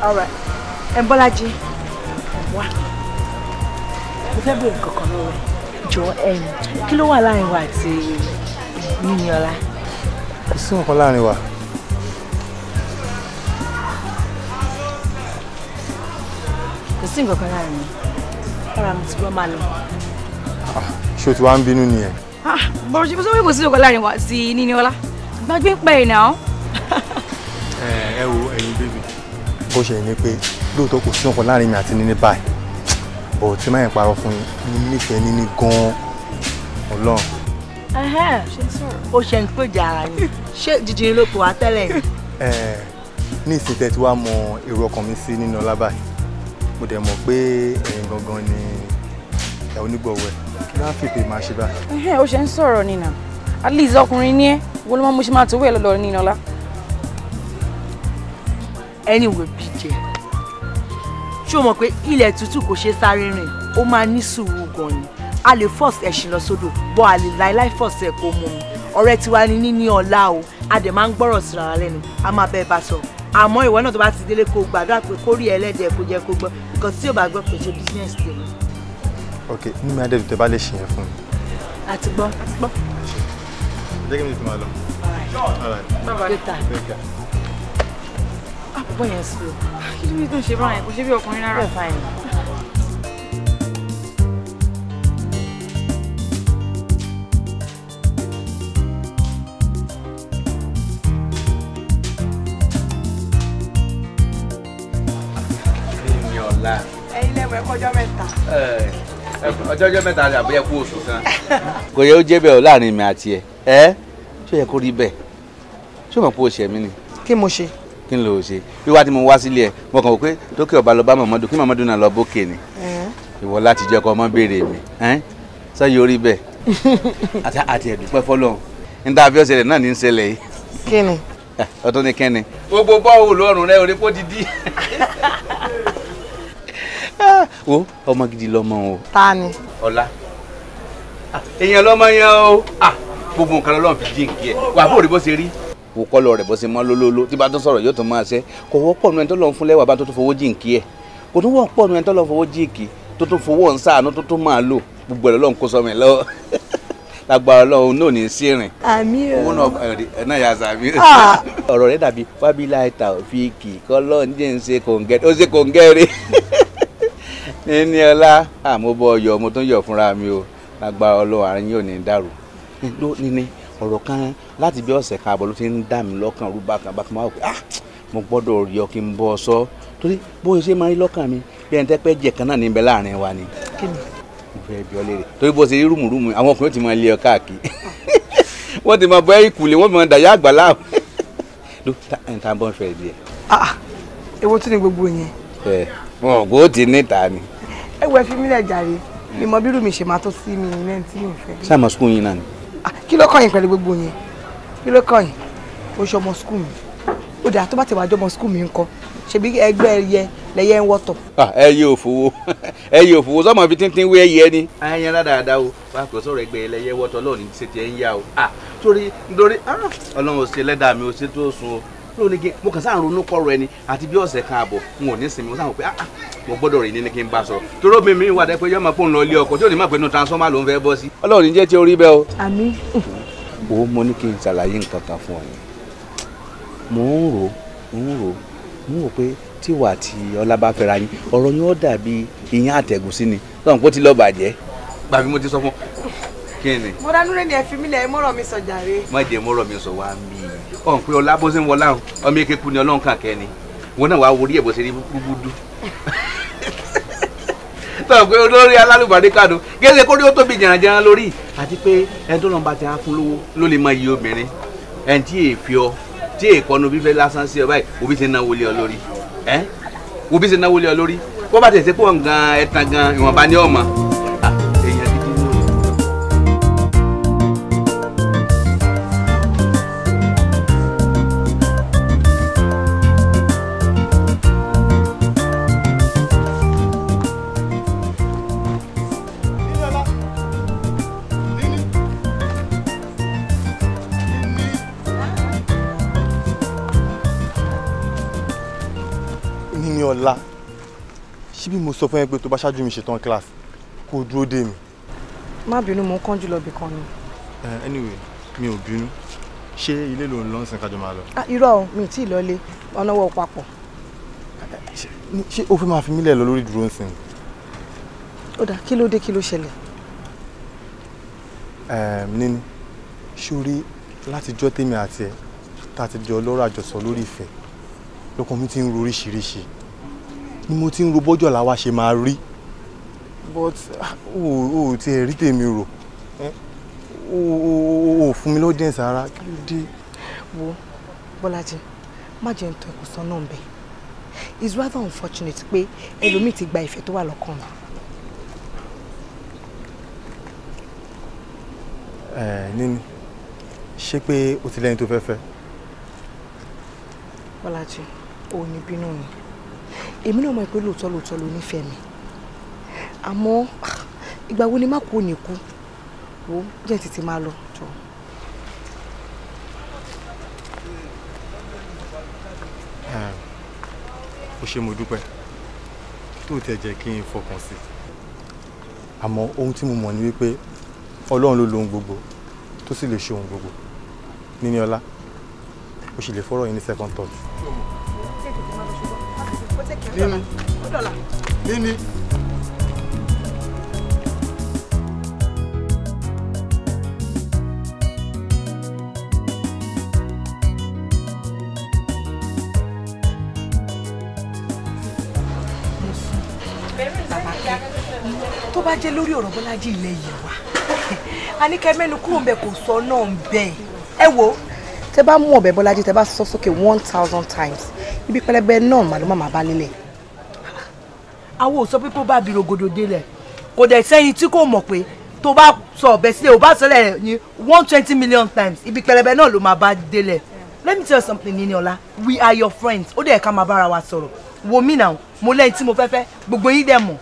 ẹ Bọ́lájí wá mo fẹ́ bèrè kankan lọ́wọ́ wa àti Níníọlá. kò sí nǹkan láàrin wa. kò sí nǹkan kan láàrin mi. ọ̀rọ̀ ṣé o ti wá ń bínú nìyẹn. Ah, bọ̀rọ̀ ṣe mo sọ pé kò sí ìdókòó láàrin wa sí Níníọlá gbàgbé ń pẹ́ ìnà. Eh, ẹ wo ẹ̀yin bébì. bó ṣe ní pé lóòótọ́ kò sí ọkàn láàrin mi àti Níní báyìí bọ̀ tí máa ń parọ́ fún yín mo nífẹ̀ẹ́ Níní gan-an ọlọ́run. ó ṣe ń pèjà ara yín ṣé jìjìn ló kò wá tẹ́lẹ̀ yìí eh, ní ìsìn tẹ́ ti wá mọ èrò ọkàn mi sí nínú ọlábàá mo dẹ̀ mọ̀ pé ẹ̀yin gangan ni ẹ̀ onígbọ̀wọ́ ẹ̀ láfìpè máa ṣe bá. ẹhẹn ó ṣe ń sọ̀rọ̀ nìyà at least ọkùnrin ní ẹ wo ló máa mú ṣe máa tó wẹ̀ lọ́dọ̀ nínú ọlá. anyway bíjẹ ṣé o mọ̀ pé ilẹ̀ tútù kò ṣe sáré rìn ó máa ní sùúrù gan-an ni a lè force ẹ̀ṣin lọ sódò bọ́ a lè láíláí force ẹ̀ kó mú un ọ̀rẹ́ tiwa ni níní ọ̀la o a dẹ̀ máa ń gbọ́rọ̀ sí ara lẹ́nu a máa bẹ́ẹ̀ bá sọ àmọ́ ìwọ náà tó bá ti délé kó gbàdúrà pé kórìí ẹlẹ́dẹ̀ẹ́ kó jẹ́ kó gbọ́ because tí yóò bá gbọ́ pé ṣe business tèmi ok ní mi adé tó bá lè ṣe yẹn fún mi. àti gbọ́ àti gbọ́. jẹ́ kí mi fi máa lọ. bàbá àpò yẹn sí o kí ló ní tó ń ṣe báyẹn kò ṣe bí ọkùnrin rárá. ẹ̀yin lẹ́wọ̀n ẹ̀kọ́jọ́ mẹ́ta. Eh ọjọ́ ọjọ́ mẹ́ta ni àbúyẹ kú oṣù kan. kò yẹ ó jẹ́ bẹ́ẹ̀ o láàrin mi àti ẹ ẹ ṣó yẹ kó rí bẹ́ẹ̀ ṣó mọ̀ pé o ṣẹ̀ mí ni. kí mo ṣe. kí n lò ó ṣe wíwá tí mo wá sílé ẹ mo kàn wò pé tókè ọba lọ bá mọ̀mọ́dún kí mọ̀mọ́dún náà lọ bókè ni ìwọ láti jẹ́ kó ọmọ béèrè mi sọ yóò rí bẹ́ẹ̀ àti àti ẹ̀dùpẹ́ fọlọ́run wo ọmọ gidi lọmọ o. ta ni. ọlá ah, èèyàn lọmọ yẹn o ah, gbogbo nǹkan lọ́lọ́run fi jí nǹkan ẹ wà bó rí bó ṣe rí wò kọ́ lọ rẹ̀ bó ṣe mọ́ lólólo tí bá tó sọ̀rọ̀ yóò tó máa ṣe kò wọ́pọ̀ nu ẹni tó lọ fún lẹ́wà bá tó tó fowó jí nǹkan ẹ kò tó wọ́pọ̀ nu ẹni tó lọ fowó jí nǹkan tó tó fowó ń sáànú tó tó máa lò gbogbo ẹ̀ lọ́n kó sọmọ ẹ̀ lọ́wọ́ lágbára ọlọ́run náà ní sí rìn. àmì o owó náà ẹ̀ náà yà sàmì. Ah. ọ̀rọ̀ rẹ̀ dàbí fábílà ìta òfin kì í ń jẹ́ ń ṣe kòǹgẹ́rẹ́ ó ṣe ní ọlá àmúbọ ọyọ mo tún yọ fúnra mi o lágbára Ọlọ́run àárín yóò ní dàrú ní ọ̀rọ̀ kan láti bí ọ̀sẹ̀ kan àbọ̀ ló ti ń dà mí lọ́kàn rú bákan bákan máa wò pé ah mo gbọ́dọ̀ rí ọ kí n bọ́ ọ sọ torí bó ṣe máa rí lọ́kàn mi bí ẹni tẹ́pẹ́ jẹ̀ kan náà níbẹ̀ láàrin wa ni. kí ni ìfẹ́ ibi ọlẹ́rẹ̀ torí bó ṣe rí rúmùrúmù àwọn ọkùnrin ti máa lé ọ káàkiri wọ́n ti máa bọ́ ìkùlé wọ́n ti máa dàyà àgbà láàmú. ló ta bọ́ fẹ́ ibi ẹ̀. ah ewo ah, tún ni gbogbo yẹn. ẹ ẹ wẹ fi mílẹ̀ jàre ni mo bírù mi ṣe máa tó sí mi lẹ́yìn tí mi fẹ́. ṣé àmọ́ sukùn yín náà ni. Ah, kí ló kàn yín pẹ̀lú gbogbo yẹn kí ló kàn yín o ṣe ọmọ sukùn mi ó dà tó bá ti wà jọmọ sukùn mi ńkọ́ ṣebí ẹgbẹ́ ẹyẹ lẹyẹ ń wọ́tọ̀. Ah, ẹyẹ òfowó ẹyẹ òfowó sọmọ fi tíntín wé ẹyẹ ni. ẹyẹ dáadáa o wà á pè sọ̀rọ̀ ẹgbẹ́ ẹlẹyẹ wọ́tọ̀ lọ́ọ̀ni ṣe tiẹ̀ ń yá o. torí ah, nítorí ọlọ́run ò ṣe lẹ́dàá mi ò ṣe tó sun o lónìí mo kàn sáà ronú kọrọ ẹni àti bí ọ̀sẹ̀ kan n ò ní sinmi mo sáà pé ah, ah mo gbọ́dọ̀ rìn ní kí n bá sọ toró mi mi wà dẹ́ pé yọ́mọ pòun lọ ilé ọkọ̀ tí ò ní má pé inú transformer ló ń fẹ́ bọ́ sí. ọlọ́run jẹ́ ti orí bẹ́ẹ̀ o. àmín. o mo ní kí n ṣàlàyé nǹkan kan fún ọ yẹn mo ń rò ń rò ń rò pé tíwà àti ọlá bá fẹ́ra yín ọ̀rọ̀ yín ó dàbí iyán àtẹ̀gùn sí ni lọ́run kó ti lọ́ọ́ bàjẹ́. gbàgbé ọ̀n pé ọlá bó ṣe ń wọlá ọmọ eke kú ni ọlọ́run kàn kẹ́ ni wọn náà wàá worí ẹ̀ bó ṣe rí gbúgbúdú tọ́ pé olórí alálùbàdé kàdó gẹ́gẹ́ kó ní ó tóbi jàǹjàǹ lórí àti pé ẹni tó lọ́nba ti á fún lówó ló lè mọ iye obìnrin ẹni tí èèfì ọ tí èèkọ́nu fífẹ́ lásán sí ọ báyìí òbí ti náwó lé ọ lórí òbí ti náwó lé ọ lórí bó bá tẹ̀sí pọ̀ gan ẹ̀tàn gan ìwọ̀nba ni ọ̀ mọ̀. ní ọ̀la ṣíbí mo sọ fún ẹ pé tó bá ṣáájú mi ṣetán class kó o dúró dè mí. má bínú mo ń kánjú lọ bìkan ni. anyway mi ò bínú ṣé ilé ló ń lọ sìn kájọ máa lọ. Ah, irọ́ o mi ì tí ì lọlé ọ̀nà wọ papọ̀. ṣé o fẹ́ máa fi mí lẹ̀ lọ lórí dúró nsìn. ó dà kí ló dé kí ló ṣẹlẹ̀. níní ṣorí látijọ́ tèmi àti ẹ̀ tá a ti di ọlọ́rọ̀ àjọsọ lórí ìfẹ́ lọ́kàn mi ti ń ro oríṣiríṣi ni mo ti ń ro bọ́jọ̀ làwa ṣe máa rí but o ò tiẹ̀ rí tèmi rò o ò fún mi lọ́jọ́ ìsara kí ló dé. wo Bọ́lájí má jẹ́ ń tọ́ ẹ̀kú sọ́nà ń bẹ̀ it's rather unfortunate pé ẹlòmíì ti gba ìfẹ́ tó wà lọ́kàn mi. ẹ níní ṣé pé o ti lẹ́ni tó fẹ́ fẹ́. Bọ́lájí o ò ní bínú mi èmi náà mọ̀ pé lóòótọ́ lóòótọ́ ló nífẹ̀ẹ́ mi àmọ́ ah, ìgbà wo ni má kú òní kú wo jẹ́ tètè máa lọ jọ. Ah, ó ṣe mo dúpẹ́ tó tẹ̀ jẹ́ kí n fọkàn sí àmọ́ ohun tí mo mọ̀ ni wípé ọlọ́run ló lo ohun gbogbo tó sì lè ṣe ohun gbogbo níní ọlá ó sì lè fọ́rọ̀ yín ní second thought. Níní. Níní. tó bá jẹ́ lórí ọ̀rọ̀ Bọ́lájí ilẹ̀ yìí wá a ní kẹ́ mẹ́nu kúrò ń bẹ kò sọ náà ń bẹ ẹ wo tẹ bá mú ọ̀bẹ Bọ́lájí tẹ bá sọ sókè one thousand times ibi pẹlẹbẹ náà màá ló bá lélẹ̀. àwọn sọ pé kó bá bi rògòdò délẹ̀ kò dẹ̀ sẹ́yìn tí kò mọ̀ pé tó bá sọ ọ̀bẹ sílẹ̀ ò bá sọlẹ̀ ní one twenty million times ibi pẹlẹbẹ náà ló má bá délẹ̀ let me tell you something Niniola we are your friends ó dẹ̀ ká máa bára wa sọ̀rọ̀ wo mí náà mo lẹ́yìn tí mo fẹ́ fẹ́ gbogbo yín dẹ̀ mọ̀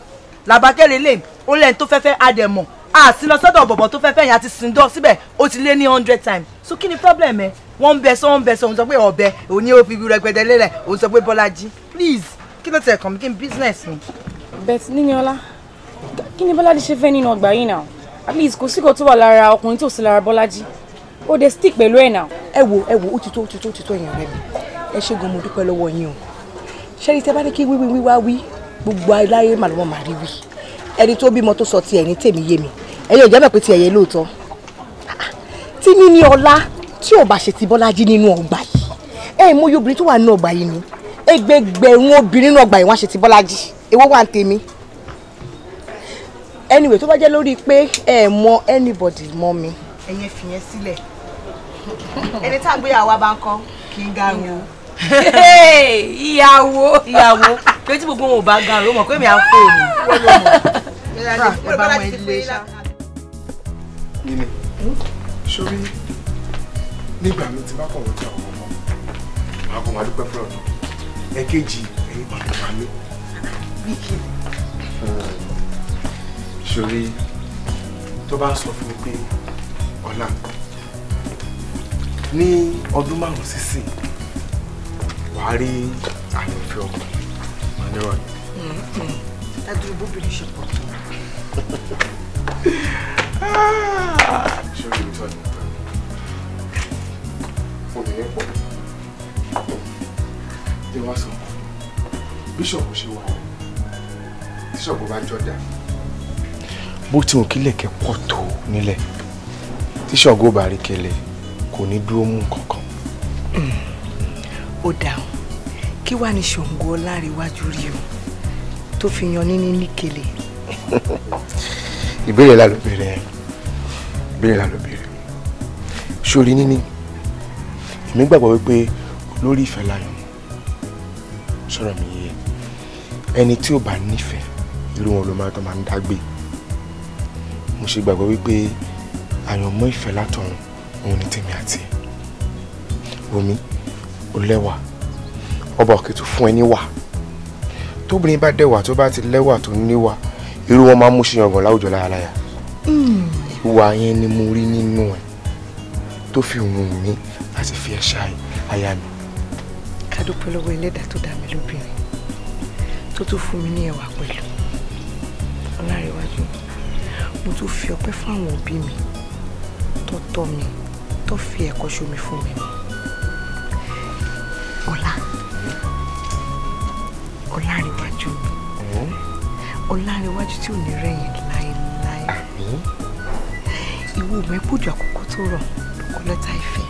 làbákẹ́rẹ́ lè ó lẹ́yìn tó fẹ́ fẹ́ á dẹ̀ mọ̀ àti ah, lọ sọ́dọ̀ bọ̀bọ̀ tó fẹ́ẹ́ fẹ́ yẹn àti sìndọ̀ síbẹ̀ ó ti lé ní hundred times so kí ni problem ẹ wọ́n ń bẹ sọ wọ́n ń bẹ sọ òun sọ pé ọ̀bẹ òun ni ó fi rẹgbẹdẹ lélẹ̀ òun sọ pé Bọ́lájí please kí ló tẹ̀ kàn mí kí n business mi. bet Níníọlá kí ni Bọ́lájí ṣe fẹ́ nínú ọgbà yìí náà at least kò síkò tó wà lára ọkùnrin tó sí lára Bọ́lájí ó dé stick pẹ̀lú ẹ̀ náà. ẹ wo ẹ wo ó ti tó ó ti tó ó ti tó èèyàn rẹ mi ẹ ṣe gan mo dúpẹ́ lọ́wọ́ yín o ṣé ní tẹ́ bá ní kí wíwí wíwá wí gbogbo aláyé màlúwọ̀ màrí wí ẹni tó bímọ tó sọ ti ẹni tèmi yé mi ẹ̀yin ò jẹ́ bẹ́ẹ̀ pé ti ẹ̀yẹ lóòótọ́ tí níní ọlá tí ò bá ṣe ti bọ́lájí nínú ọgbà yìí ẹ̀ mú obìnrin tó wà nínú ọgbà yìí ni ẹgbẹgbẹ̀rún obìnrin nínú ọgbà yìí wọ́n ṣe ti bọ́lájí èwo wà ń tèmi anyway tó bá jẹ́ lórí pé ẹ mọ anybody mọ mi. ẹ̀yin fìyẹn sílẹ̀ ẹni tá a gbéyàwó bá ń kọ́ kí n garun o ìyàwó ìyàwó pé tí gbogbo wọn ò bá gan ló mọ̀ pé mi à ń fò ní. ẹ bá wọn ilé ṣá. yìnyín sórí nígbà mi ti bá kọ̀ wọ́n ti àwọn ọmọ màá kọ́ máa dúpẹ́ fúlọ̀ ẹ̀kejì ẹ̀yìn pàtó pa hmm, sórí tó bá sọ fún mi pé ọ̀la ní ọdún márùn-ún sísìn wà á rí àyànfẹ́ ọkùnrin mà nírọ̀ ni. Mm-hmm. dádúró bóbìnrin ṣe pọ̀ tó. Ah! ṣé o lè tọ́ ni obìnrin pọ̀ jẹ́ wá sọ bíṣọ̀pù ṣe wà bíṣọ̀pù bá jọ dà. bó ti hàn kílẹ̀kẹ́ pọ̀ tó nílẹ̀ tíṣọ̀gó bá rí kẹlẹ̀ kò ní dúró mú kankan. Mm ó dáhùn kí wàá ní ṣòǹgó ọlárẹ̀wájú rí o tó fi yan níní níkele. ìbéèrè la ló béèrè ẹ ìbéèrè la ló béèrè sórí níní èmi gbàgbọ́ wípé olórí ìfẹ́ láyọ̀ sọ̀rọ̀ mi yé ẹni tí ò bá nífẹ̀ẹ́ irú wọn ló máa tán máa ń dágbé mo ṣe gbàgbọ́ wípé àyànmọ́ ìfẹ́ látọ̀run òun ni tèmi àti omi ó lẹ́wà ọba òkè tó fún ẹ níwà tóbìnrin bá dẹ̀wà tó bá ti lẹ́wà tó níwà irú wọn máa ń mú ṣèyàngàn láwùjọ láyaláya hmm. ìwà yẹn ni mo rí nínú ẹ tó fi wù mí láti fi ẹṣà aya mi. kádùpẹ́ lọ́wọ́ ẹlẹ́dàá tó dá mi lóbìnrin tó tún fún mi ní ẹwà pẹ̀lú ọlárẹ̀wájú mo tún fi ọpẹ́ fún àwọn òbí mi tó tọ́ mi tó fi ẹ̀kọ́ ṣomi fún mi. ọ̀làríwájú ọ̀làríwájú tí ò ní rẹ̀yìn láéláé ìwọ mẹ́kùjọ àkókò tó rọ̀ ló kọ lẹ́tà ìfẹ́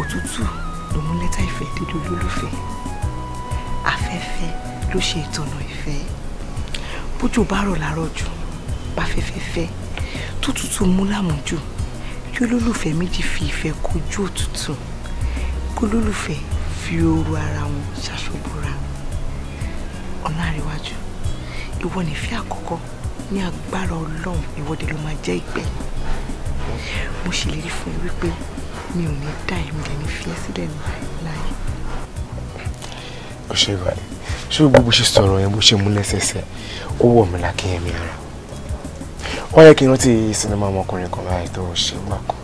òtútù ló mú lẹ́tà ìfẹ́ dédé olólùfẹ́ afẹ́fẹ́ ló ṣe ìtọ̀nà ìfẹ́ bójú bá rọ̀ lárọ̀ jù bá fẹ́fẹ́ fẹ́ tó tútù mú lámùjù kí olólùfẹ́ méjì fi ìfẹ́ kojú òtútù kí olólùfẹ́ fi ooru ara wọn ṣàṣọbúra Ọlárewájú ìwọ nìfẹ́ àkọ́kọ́ ní agbára ọlọ́run ìwọ́de ló máa jẹ́ ìgbẹ̀yìn mo ṣèlérí fún ẹ wípé mi ò ní dá ẹ̀mí lè ní fi ẹ́ sílẹ̀ ní láyé. ọ̀sẹ̀ ìbàdí ṣé o gbogbo ṣe sọ̀rọ̀ yẹn bó ṣe mú lẹ́sẹẹsẹ ó wọ̀ mí lákìyẹn mi ara ó yẹ kí n rántí sinimá ọmọkùnrin kan báyìí tó ṣe wà kan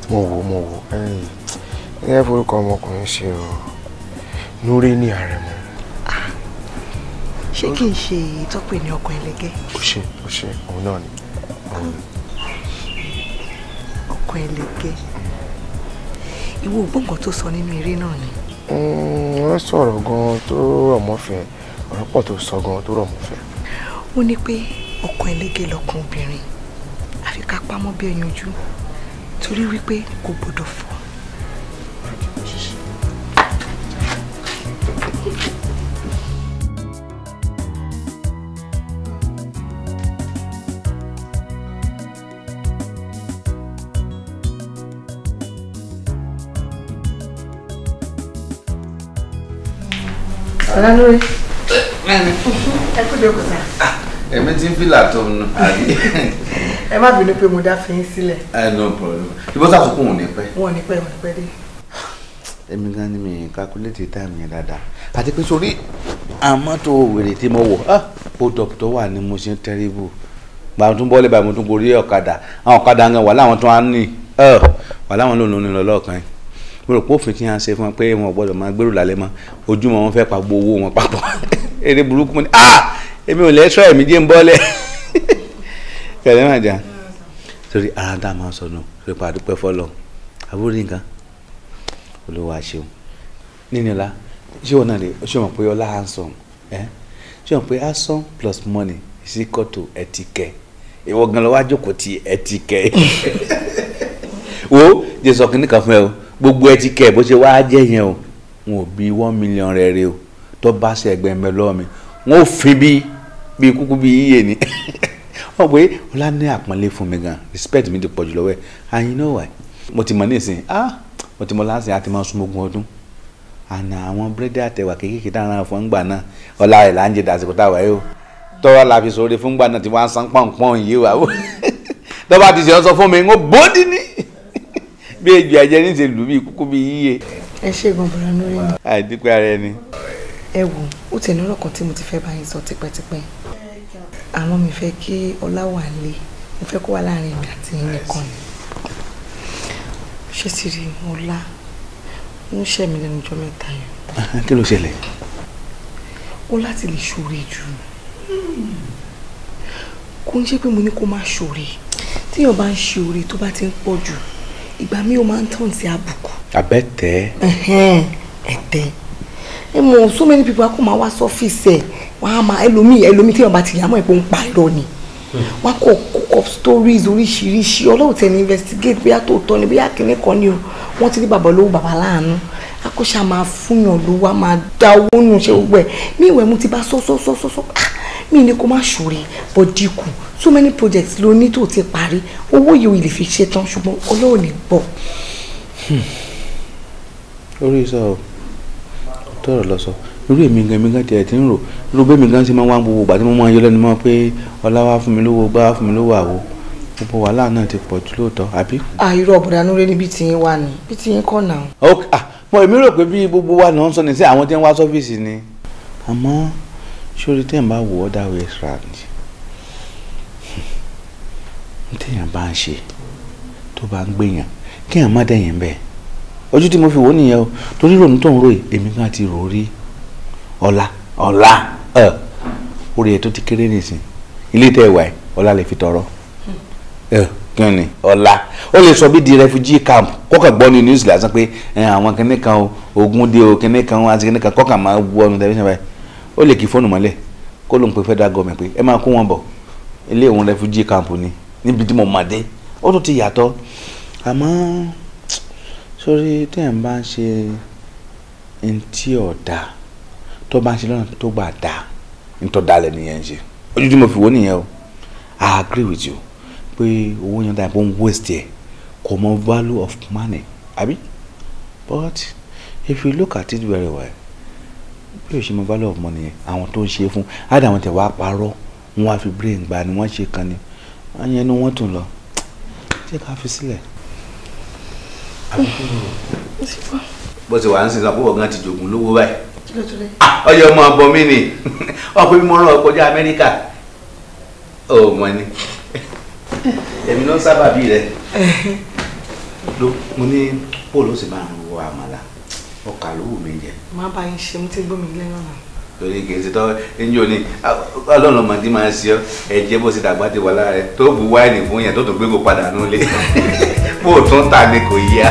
tí mo wò ó mo wò ó ẹ̀yìn ẹ̀ forúkọ ọmọkùnrin ṣe o núré ní ààrẹ mọ́ ṣé kì í ṣe ìtọ́pẹ́ ní ọkọ̀ ẹlẹgẹ́. ó ṣe ó ṣe òun náà ni. ọkọ̀ ẹlẹgẹ́ ìwọ ògbó nǹkan tó sọ nínú eré náà ni. Mm, wọ́n sọ̀rọ̀ gan-an tó rọ̀ mọ́fẹ́ ọ̀rọ̀ pọ̀ tó sọ gan-an tó rọ̀ mọ́fẹ́. ó ní pé ọkọ̀ ẹlẹgẹ́ lọkàn obìnrin àfi ká pamọ́ bí ẹyin ojú torí wípé kò gbọdọ̀ fọ́ ọ̀la lórí. ẹ kú dé òkúta. Ah, èmi ti ń fìlà tó ń nù àbí. ẹ má bínú pé mo dá fi yín sílẹ̀. ẹ no problem ìbọn sàkókò wọn ò ní pẹ́. wọn ò ní pẹ́ wọn ò ní pẹ́ dé. èmi gan ni mi calculate time yẹn dáadáa àti pé sórí àmọ́ tó wèrè tí mo wọ̀ ó ah, dọ̀pútọ̀ wà ní mo ṣe ń terrible gbàmù tún bọ́ọ̀lì bàmù tún gorí ọ̀kadà àwọn ọ̀kadà ń gan wà láwọn tún á nì wà láwọn lòun lòun ní lọ́lọ́ọ̀kan yìí mo rò pé òfin tí wọ́n ṣe fún wọn pé wọn ò gbọ́dọ̀ máa gbèrò lálẹ́ mọ́ ojúmọ́ wọn fẹ́ pa gbogbo owó wọn papọ̀ eré burúkú mo ní ah èmi ò lẹ́tọ́ ẹ̀mí jẹ́ ń bọ́lẹ̀ kẹ̀lẹ́ máa jà torí ara tá a máa sọnù rí pàdé pẹ́ fọ́lọ́ àbúrò nìkan olúwa ṣeun nínú la ṣé wọn náà lè ṣé wọn pé ọlá handsome ẹ ṣé wọn pé handsome plus money is equal to ẹtìkẹ ìwọ gan lọ wá jókòó ti ẹtìkẹ wo jésù ọkùnrin kan fún ẹ o gbogbo ẹ ti kẹ bó ṣe wáá jẹ yẹn o wọn ò bí one million rẹ rẹ o tó bá ṣe ẹgbẹ mi lọ mi wọn ò fi bí bí kúkú bí yíyẹ ni wọn pé ọlá ní àpọ́nlé fún mi gan respect mi ti pọ̀ jù lọ́wọ́ ẹ̀ and you know why mo ti mọ̀ ní ìsìn ah mo ti mọ̀ láti àti máa súnmọ́ ogún ọdún àná àwọn búrẹ́dì àtẹ̀wà kéékèèké dáná fún ńgbà náà ọlá rẹ̀ là ń jẹ dàsìkò a yìí o tọ́wọ́ la fi sọ̀rọ̀ fún ńgbà náà tí wọ́n á san pọ̀npọ̀n yìí wà ó tọ́ba ti ṣe ọ́ sọ fún mi ń bó dín bí ejò ẹ̀jẹ̀ ní ìṣèlú bíi kúkú bíi yíyẹ. ẹ ṣe gbọ̀ngbọ̀n lórí mi. àìdípẹ́ ara ẹni. ẹ wò ó tẹ̀ lọ́rọ̀ kan tí mo ti fẹ́ bá yín sọ tipẹ́tipẹ́ àmọ́ mi fẹ́ kí Ọláwálé mo fẹ́ kó wà láàrin ìgbà tí yín nìkan ni ṣé ti rí ọlá ń ṣẹ̀ mí lẹ́nu ọjọ́ mẹ́ta yẹn. kí ló ṣẹlẹ̀. ó láti lè ṣòre jù kó ń ṣe pé mo ní kó má ṣòre tíyàn bá ń ṣe tó bá ti ń pọ̀ jù ìgbà mi ò máa ń tàn sí àbùkù. àbẹ́tẹ̀. ẹ̀tẹ̀ ẹ mọ̀ so many people akó máa wá sọ́fíìsì ẹ̀ wọ́n á máa ẹlòmíì ẹlòmíì tí wọ́n bá ti yà mọ́ ẹ̀ pé ń pa irọ́ ni hmm. wọ́n kọ́ cook up stories oríṣiríṣi ọlọ́run tẹ̀ ní investigate bóyá tó tọ́ ni bóyá kìnìún kan ni o wọ́n ti ní bàbá olówó bàbá láàánú akọ́ṣà máa fúnyàn ló wá máa da owó nù ṣe gbogbo ẹ̀ mí ìwẹ̀ mu ti bá sọ́sọ́sọ́sọ́ ah, mi ni kò má ṣòre bọ́ dínkù so many projects ló ní to ti parí owó yìí ò lè fi ṣe tán ṣùgbọ́n ọlọ́run ní gbọ́. Hmm. orí sọ ọ tọrọ lọ sọ irú èmi gan èmi gan tiẹ̀ ti ń rò irú bẹ́ẹ̀ mi gan ṣe máa ń wá gbogbo ìgbà tí mo máa ń yọ lẹ́nu mọ́ pé ọlá wá fún mi lówó gbá wá fún mi lówó àwo gbogbo wàhálà náà ti pọ̀ jù lóòótọ́ àbí. àìrò ọ̀bùdá núré ní bí tiyín wà ní bí tiyín kọ̀ náà. ok ah mo èmi rò pé bí gbogbo wa náà ń sọ ní sí àwọn tí ń wá sọ́fíìsì ni àmọ́ sórí tẹ́ ń bá wò ọ́ dáwọ́ ẹ̀ sọ̀rọ̀ àdìyẹ téèyàn bá ń ṣe tó bá ń gbèyàn kéèyàn má dẹ̀yìn bẹ́ẹ̀ ojú tí mo fi wò ó nìyẹn o torí rònú tó ń ròyìn èmi kan ti rò ó rí ọ̀la ọ̀la ẹ̀ orí ẹ̀ tó ti kéré nìsín ilé tẹ́ ìwà ẹ̀ ọ̀la lè fi tọrọ ẹ̀ kí ni ọ̀la ó lè sọ bí di refugee camp kọ́kàn gbọ́ ní news lásán pé àwọn kìnìún kan ogun dé o kìnìún kan àti kìnìún kan kọ́kàn máa wọ ọ̀nà tẹ̀lifíṣàn báyìí ó lè kí fóònù mọ́lẹ̀ kó ló ń pe federal government pé ẹ máa kó wọn bọ̀ ilé òun refugee camp ni níbi tí mo mà dé ó tún ti yàtọ̀ àmọ́ sórí téèyàn bá ń ṣe ní tí ò da tó bá ń ṣe lọ́nà tó gbà da ní tó dalẹ̀ nìyẹn ṣe ojú tí mo fi wò nìyẹn o I agree with you pé owó yẹn dáa bó ń waste ẹ̀ kò mọ value of money àbí but if you look at it very well bí o ṣe mọ value of money yẹn àwọn tó ń ṣe fún àdàwọn tẹ̀ wá parọ́ wọn á fi brain gba ni wọ́n ṣe kan ni àyẹn inú wọn dùn lọ jẹ́ ká fi sílẹ̀. bó ti wà ń sinzan púpọ̀ gan ti jogún lówó báyìí ọyọ ọmọ ọbọ mi ni ọkọ mi mọ ọ kọjá Amẹ́ríkà ó mọ ni èmi ló ń sábà bí rẹ mo ní paul ó sì máa ń wo àmàlà ọkà ló wù mí jẹ. má bá yín ṣe mo ti gbómi lẹ́yìn ọ̀nà torí kì í ṣe tọ́ ẹnjú òní ọlọ́run ọmọ tí máa ń ṣe ọ ẹ̀jẹ̀ bó ṣe dàgbà ti wà lára rẹ tó bu wáìnì fún yẹn tó tún gbé kó padà nulẹ̀ bó tún tà ní kò yíya.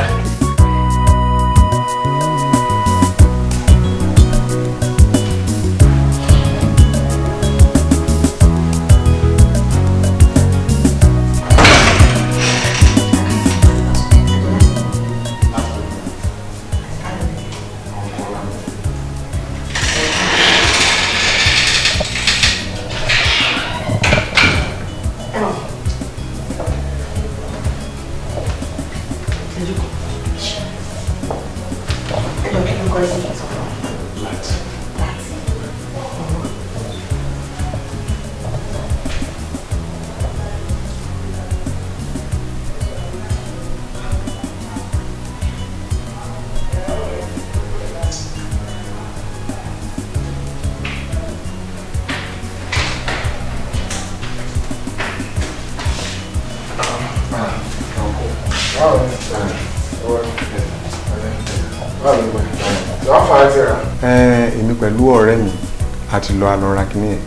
kìíní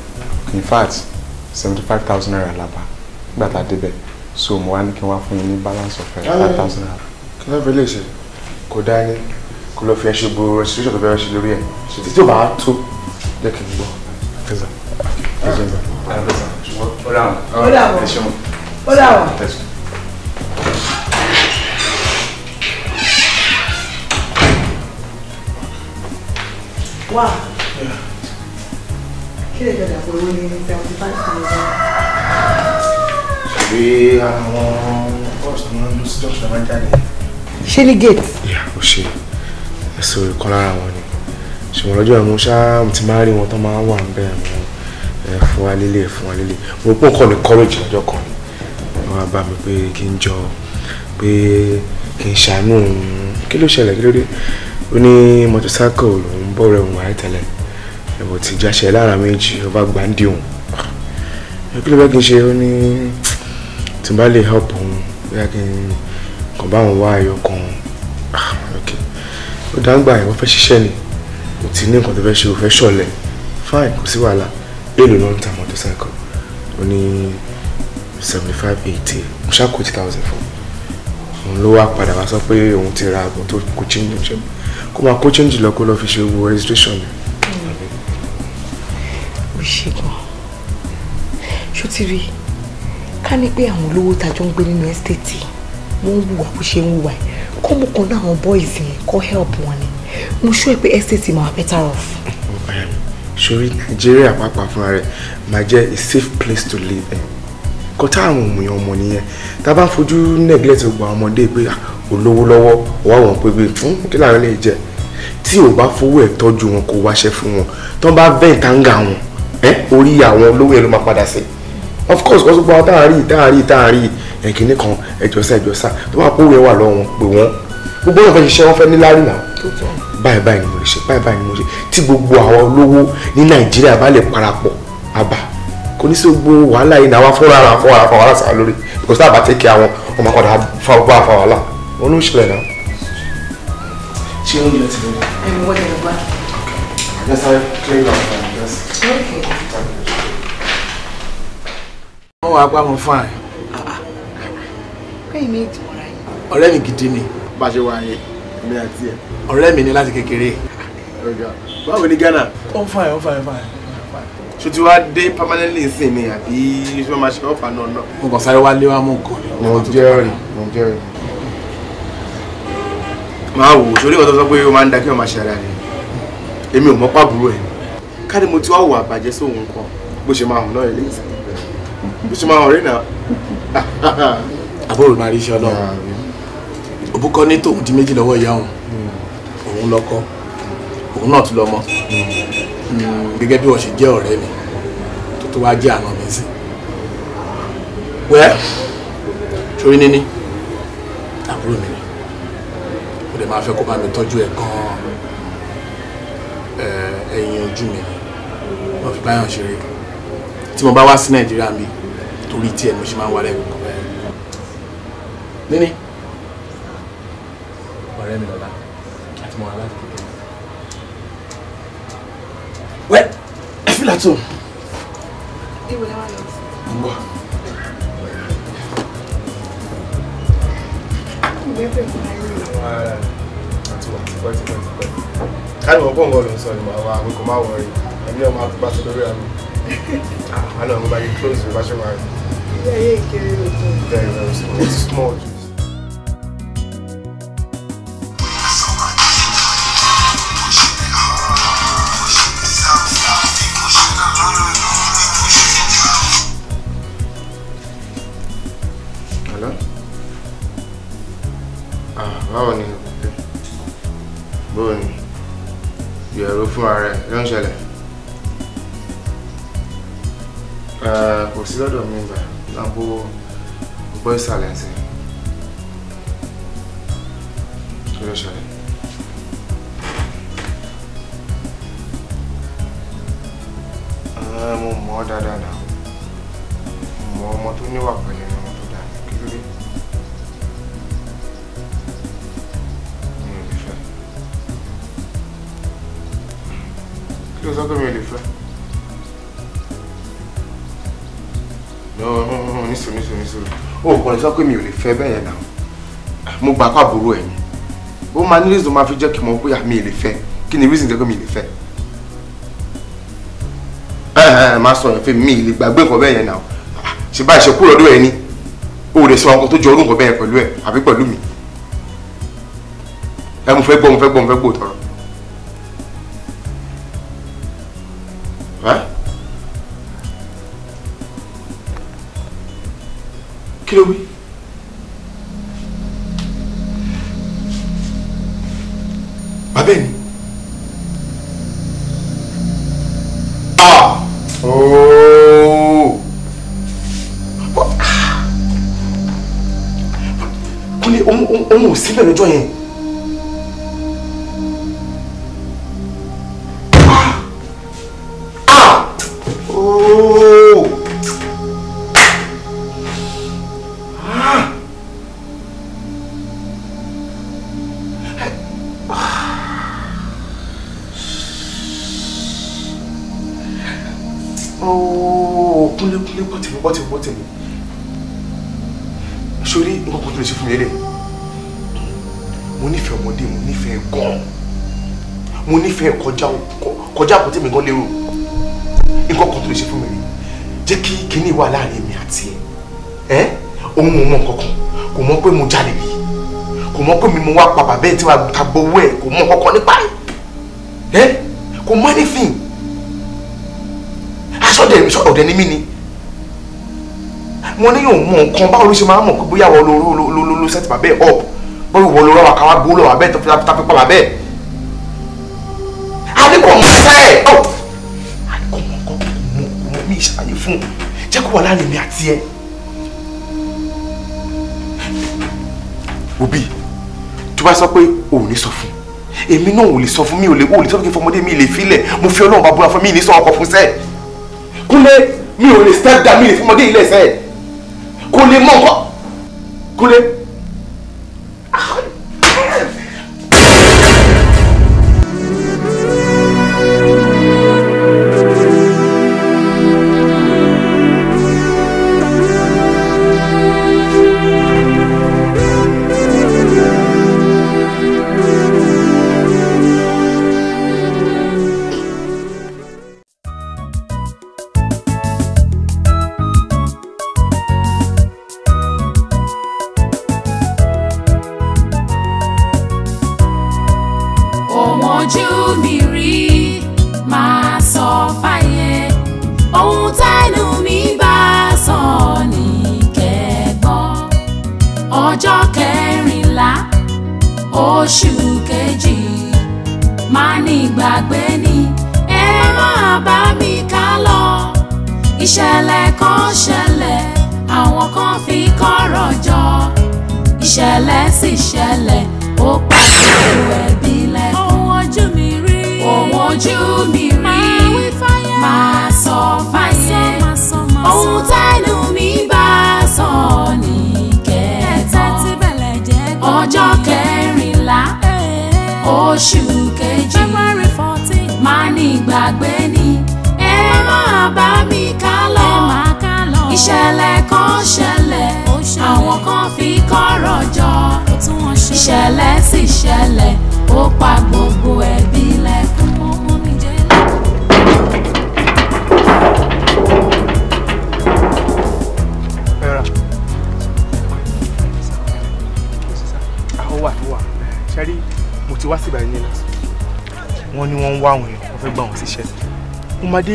in fact seventy five thousand naira laba nígbà tá a débẹ̀ so mo wá ní kí n wá fún yín ní balance of five thousand naira. kí ló fẹ́ lè ṣe kò dá ní kó lọ fi ẹ ṣe gbogbo restitution tó fẹ́ ṣe lórí ẹ̀ ṣètì tí ò bá tó jẹ́ kí n gbọ́. ó dà wọ́n ó dà wọ́n. kí lè jọjà pé owó ní seventy five thousand. ṣèbí àwọn bọ́ọ̀sì ni wọ́n ń jọ́sọ̀ máa jáde. ṣé ní gate. ìyá ò ṣe ẹ̀sùn ìkan lára wọn ni ṣùgbọ́n lọ́jọ́ ìmú ṣáà mo ti máa rí wọn tó máa ń wà ń bẹ́ẹ̀ mọ́ fún wa lílé fún mo pọ̀ kọ́ ní college lọ́jọ́ kan ni wọ́n á bá mi pé kí n jọ pé kí n ṣàánú kí ló ṣẹlẹ̀ kí ló dé ó ní motorcycle lòún bọ̀ rẹ̀ wọ̀nyí tẹ́lẹ̀ ọ̀rọ̀ ti jáṣẹ lára méjì ọba gbàǹdì òun kí ló bá kí n ṣe ó ní tí n bá lè help òun bóyá kí n kàn bá òun wá ayọ̀ kan ah, ó dáńgbà ẹ̀ wọ́n fẹ́ ṣiṣẹ́ ni kò tí ní nǹkan tó fẹ́ ṣe ò fẹ́ ṣọ̀lẹ̀ fine kò sí wàhálà èèlò náà ń ta motorcycle ó ní seventy five eighty mo ṣáà kó two thousand four òun ló wá padà wá sọ pé òun ti ra àgbọn tó kó change lọ kó máa kó change lọ kó lọ fi ṣe owó registration ni ó ṣe gan ṣó ti rí ká ní pé àwọn olówó tajọ ń gbé nínú ẹ́stéètì wọ́n ń wùwà bó ṣe ń wùwà kó mú kan náà àwọn boys yẹn kó help wọn ni mo ṣó ẹ pé ẹ́stéètì máa better off. sori nàìjíríà pàápàá fúnra rẹ̀ máa jẹ́ a safe place to live in kọtá àwọn òmùyàn ọmọ nìyẹn tá a bá fojú neglect gbogbo àwọn ọmọdé pé ah, olówó lọ́wọ́ wà wọ́n pé fún hmm, kí làwọn lè jẹ tí o bá fowó ẹ̀ tọ́jú wọn kó wáṣẹ́ fún wọn tó bá vent anger wọn Eh, orí àwọn olówó yẹn ló máa padà sí of course wọ́n tún gba táàrí táàrí táàrí ẹ̀kíní kan ẹ̀jọ̀sá ẹ̀jọ̀sá tó bá kówó yẹn wà lọ́wọ́ pé wọ́n gbogbo náà fẹ́ ṣiṣẹ́ wọn fẹ́ ní láàrin náà báyìí báyìí ni mo lè ṣe báyìí báyìí ni mo lè ṣe tí gbogbo àwọn olówó ní nàìjíríà bá lè parapọ̀ àbá kò ní sí gbogbo wàhálà yìí náà wá fún ara fún ara fún wàhálà sáà lórí because táà bá tẹ́kì àwọn ọmọ akọ̀dà fa gbọ́ àfa wàhálà wọn ló ń ṣẹlẹ̀ náà. ṣé oúnjẹ ti lọ. ẹ wọ́n ti lọ bá. Yes, I cleaned up Yes. Okay. Wọ́n wá gbá mo fún ẹ̀. Kẹ́yìn mi ti wọ̀ra yìí. Ọ̀rẹ́ mi gidi ni. Bá a ṣe wá yẹn, èmi àti ẹ̀. Ọ̀rẹ́ mi ni láti kékeré. Báwo Ghana? Ó oh, fine, ó oh, fine, fine. Ṣé ti wá permanently in ni àbí ṣé wọ́n máa ṣe ọ̀fà náà náà? Mo want sáré wá lé wá mú nǹkan ni. Mo jẹ́rìí, mo jẹ́rìí. Máa wò, ṣorí ìwọ́n tó sọ pé ó èmi ò mọ́ pàbúrò ẹ̀ káde mo ti wá wò àbàjẹ́ sóhun kan bó ṣe máa hàn náà ilé ìsìn bó ṣe máa hàn rí náà. àbúrò máa rí iṣẹ́ ọlọ́run òbúkọ ní tòun di méjì lọ́wọ́ ìyá òun hmm. òun lọ́kọ òun náà tún lọ́mọ hmm. gẹ́gẹ́ bí wọ́n ṣe jẹ́ ọ̀rẹ́ mi tó tó wá jẹ́ àná mi sí. wẹ́ẹ́ sórí níní àbúrò mi ni mo lè máa fẹ́ kó bá mi tọ́jú ẹ̀ gan-an. Eh, ẹ̀yìn ojú mi wọ́n fi báyọ̀ ṣeré tí mo bá wá sí nàìjíríà mi torí tí ẹnu ṣe máa ń wà lẹ́kọ̀ọ́ bẹ́ẹ̀. níní ọ̀rẹ́ mi lọ́la àti mo wà láti kékeré. wẹ́ ẹ káàdì wọn bọ̀ǹgọ̀ ló ń sọ ìmọ̀ àwọn àwọn kò má wọrí ẹ̀mí ọmọ akópa sí lórí àmì àná ah, àwọn bá yẹ close bí bá ṣe máa rí. ilé ayé ìkéré òkun. small it's Hello? Ah, how are you? kan ṣẹlẹ̀ kò sí lọ́dọ̀ mi gbà lábó gbọ́ ìsàlẹ̀ ẹ̀sìn mo mọ̀ ọ́ dáadáa náà mo mọ̀ ọmọ tó níwà pẹ̀lú. Kí o sọ pé mi não lè fẹ́? Ní sùúrù ní sùúrù ní sùúrù. O kò lè não pé mi ò lè fẹ́ bẹ́ẹ̀ yẹn náà. Mo gbà pa àbúrò ẹ̀yìn. Ó máa ní reason máa fi jẹ́ kí mo bóyá ah, mi ò lè fẹ́. Kí ni reason jẹ́ pé mi ò lè fẹ́? Eh, eh, eh, máa sọ yẹn fún mi, mi ì lè gbàgbé nǹkan bẹ́ẹ̀ yẹn náà. Ah, ṣé báyìí ṣe kúrò lọ́dọ̀ ẹ ni? O lè sọ nǹkan tó jọ orú nǹkan bẹ́ẹ̀ pẹ̀lú ẹ àbí pẹ̀lú mi. Ẹ mo fẹ́ gbọ́ mo kí ló wí. bàbá ẹ̀ ni. Ah! Oh! kúnlẹ̀ òun ò sílẹ̀ lọ́jọ́ yẹn. ooo kúlékúlé bọ́tìmù bọ́tìmù bọ́tìmù sórí nǹkan kan tó lè ṣe fún mi rẹ̀ mo nífẹ̀ẹ́ ọmọdé mo nífẹ̀ẹ́ gan-an mo nífẹ̀ẹ́ kọjá kọjá àpótí mi gan lérò nǹkan kan tó lè ṣe fún mi rẹ̀ jẹ́ kí kinní wà láàrin mi àti ẹ̀ ẹ́ òun ò mọ kankan kò mọ pé mo jalè rí kò mọ pé mi mo wá pa bàbá ẹ̀ tí wàá gbowó ẹ̀ kò mọ kankan nípa ẹ̀ kò mọ anything sọ́dẹ̀ ọ̀dẹ̀ ni mí ni wọn ní yóò mọ nǹkan báwo ló ṣe máa mọ̀ pé bóyá wọ́n ló ló sẹ́tì bàbá ẹ̀ up bóyá wọ́n ló rọwà káwá gbó lọ́wọ́ abẹ́ẹ̀ tó fi ta pípa bàbá ẹ̀ àdínkù ọmọ ẹ̀sẹ̀ ẹ̀ ọ̀ àdínkù ọmọ nǹkan mọ̀ mọ̀ mí ìṣàlàyé fún un jẹ́ kó wà láàrin mi àti ẹ̀ òbí tó bá sọ pé òun ní sọ fún èmi náà ò lè sọ fún mi ò lè wò ò lè sọ fún kí fọmọdé mi lè fi Ọlọ́run mi ní kúnlé mi ò lè step down mi lè fọmọdé ilé ẹsẹ̀ kò lè nǹkan kúnlé.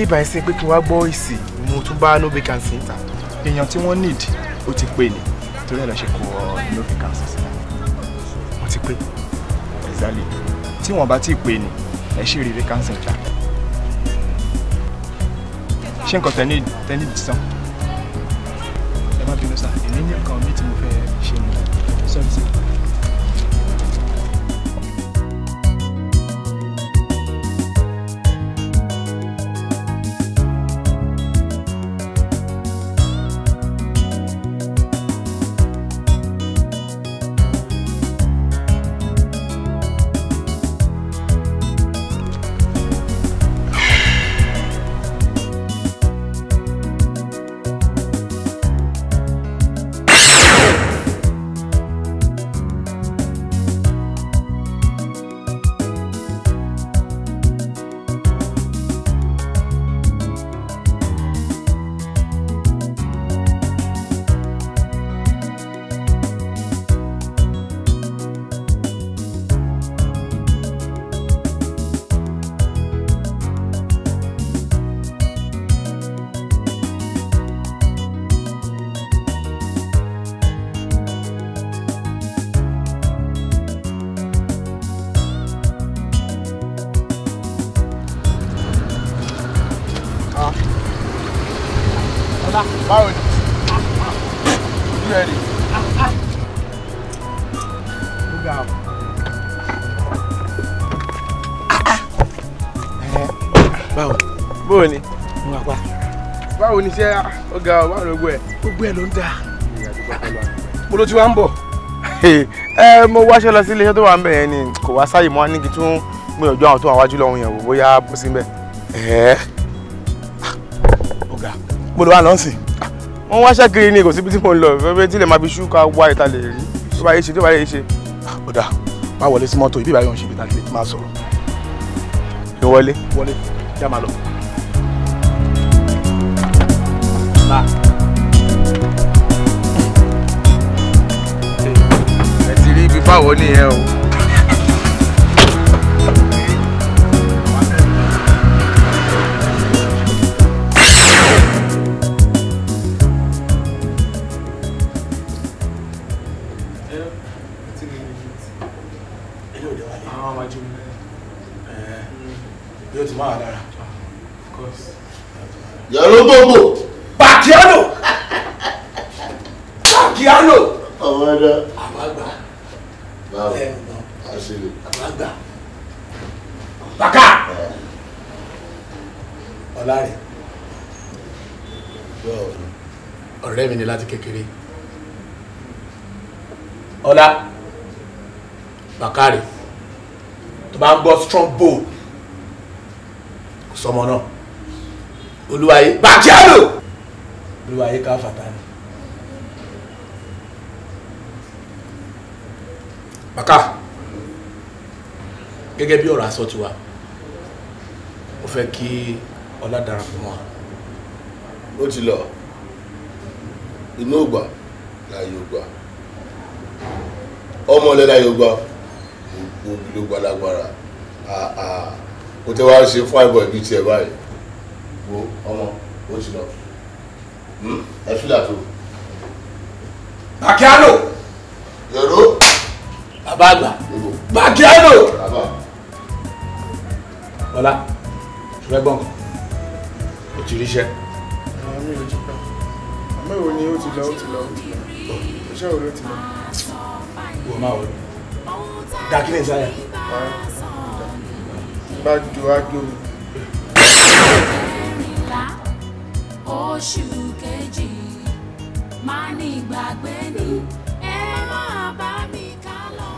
dé ìbàyẹn sí pé kí wọ́n gbọ́ èsì mo tún bá no vacancy níta èèyàn tí wọ́n need ó ti pè ní torí ẹ̀ lọ́ ṣe kó uh, no vacancy sílẹ̀ wọ́n ti pè exactly tí wọ́n bá ti pè ní ẹ ṣì rí vacancy níta ṣé nǹkan tẹ́ ní tẹ́ ní ìdí sàn. báwo báwo ni mo wà pa. báwo ni iṣẹ́ ọ̀gá ọ̀ báwo ló gbọ́ ẹ. gbogbo ẹ ló ń da. mo ló ti wá ń bọ̀. ẹ eh, mo wáṣẹ́ lọ sí iléeṣẹ́ tó wà ń bẹ̀ yẹn ni kò wá sáyè mọ́ ní kí tún gbìyànjú àwọn tó wà wájú lọ́hùn yẹn wò bóyá bó sí ń bẹ̀. Eh. ọ̀gá mo lọ wá lọ́sìn. wọ́n wáṣẹ́ kiri ni kò síbi tí mo ń lọ fẹ́fẹ́ tí lè máa fi ṣú ká wá ìta lè rí tó bá yé ṣe tó bá yé ṣe kódà má wọlé sí mọ́tò ibi ìbáyọ̀ ń ṣe ibi tàbí máa sọ̀rọ̀. ṣé wọlé. wọlé já máa lọ. ẹ ti rí ibi fáwọn oníyẹn o. láti kékeré ọlá bàkárì tó bá ń gbọ́ strongbow kò sọmọ náà olúwaye bàjẹ́lò olúwaye ká fàtà ni bàkà gẹ́gẹ́ bí ọ̀rọ̀ àsọ tiwa ó fẹ́ kí ọlá darapọ̀ mọ́ wa ó ti lọ inú ògbà láàyè ògbà ọmọ ilẹ̀ láàyè ògbà gbogbo ibi ló gba lágbára kò tẹ́ wá ṣe fún àìbọ̀ ìbí tiẹ̀ báyìí wo ọmọ ó ti lọ hmm, ẹ fílà tó. bàkíánò. yòrò. bàbá àgbà. bàkíánò. bàbá. ọlá ṣùgbọ́n gbọ̀ngàn ó ti ríṣẹ́. àwọn mi ò ti pa mẹ́wòó ni ó ti lọ ó ti lọ iṣẹ́ wo ló ti lọ. wò máa wọ dàkínẹ̀ sáyà. bá jo ajo. oṣù kejì máa ní ìgbàgbé ni ẹ máa bá mi ká lọ.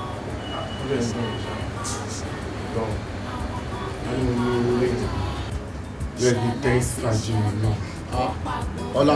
Let me taste Fajin alone. Ah, hola.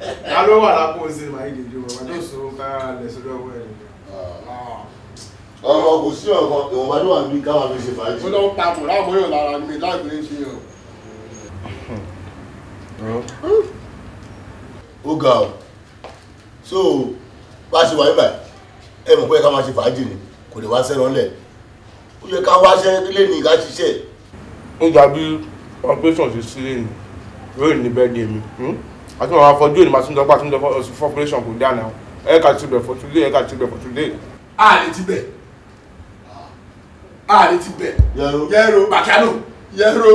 ta ló wà lápò ṣe máa yìí lójú yóò so ká lẹ sórí ọwọ́ ẹ ah. ọmọ kò sí ọkọ ìwọ̀nba ló wà níbi káwa fi ṣe fàájì. ó lọ ń papò láàmú yóò lára mi láàgbé ṣe o. ó ga ọ so bá a ṣe wà níbà ẹ mọ̀ pé ká máa ṣe fàájì ni kò lè wá sẹ́ran lẹ̀ ó yẹ ká wá ṣe ilé ní ká ṣiṣẹ́. ó dàbí operation ṣe sílẹ̀ ní lórí ní bẹ́ẹ̀ dé mi. Hmm? àti màá fọjú ènìyàn àti ìjọba àti ìjọba population kò dáa náà ẹ̀ka ti bẹ̀ for today ẹ̀ka ti bẹ̀ for today. a lè ti bẹ̀ a lè ti bẹ̀ yẹ́rọ bàkánù yẹ́rọ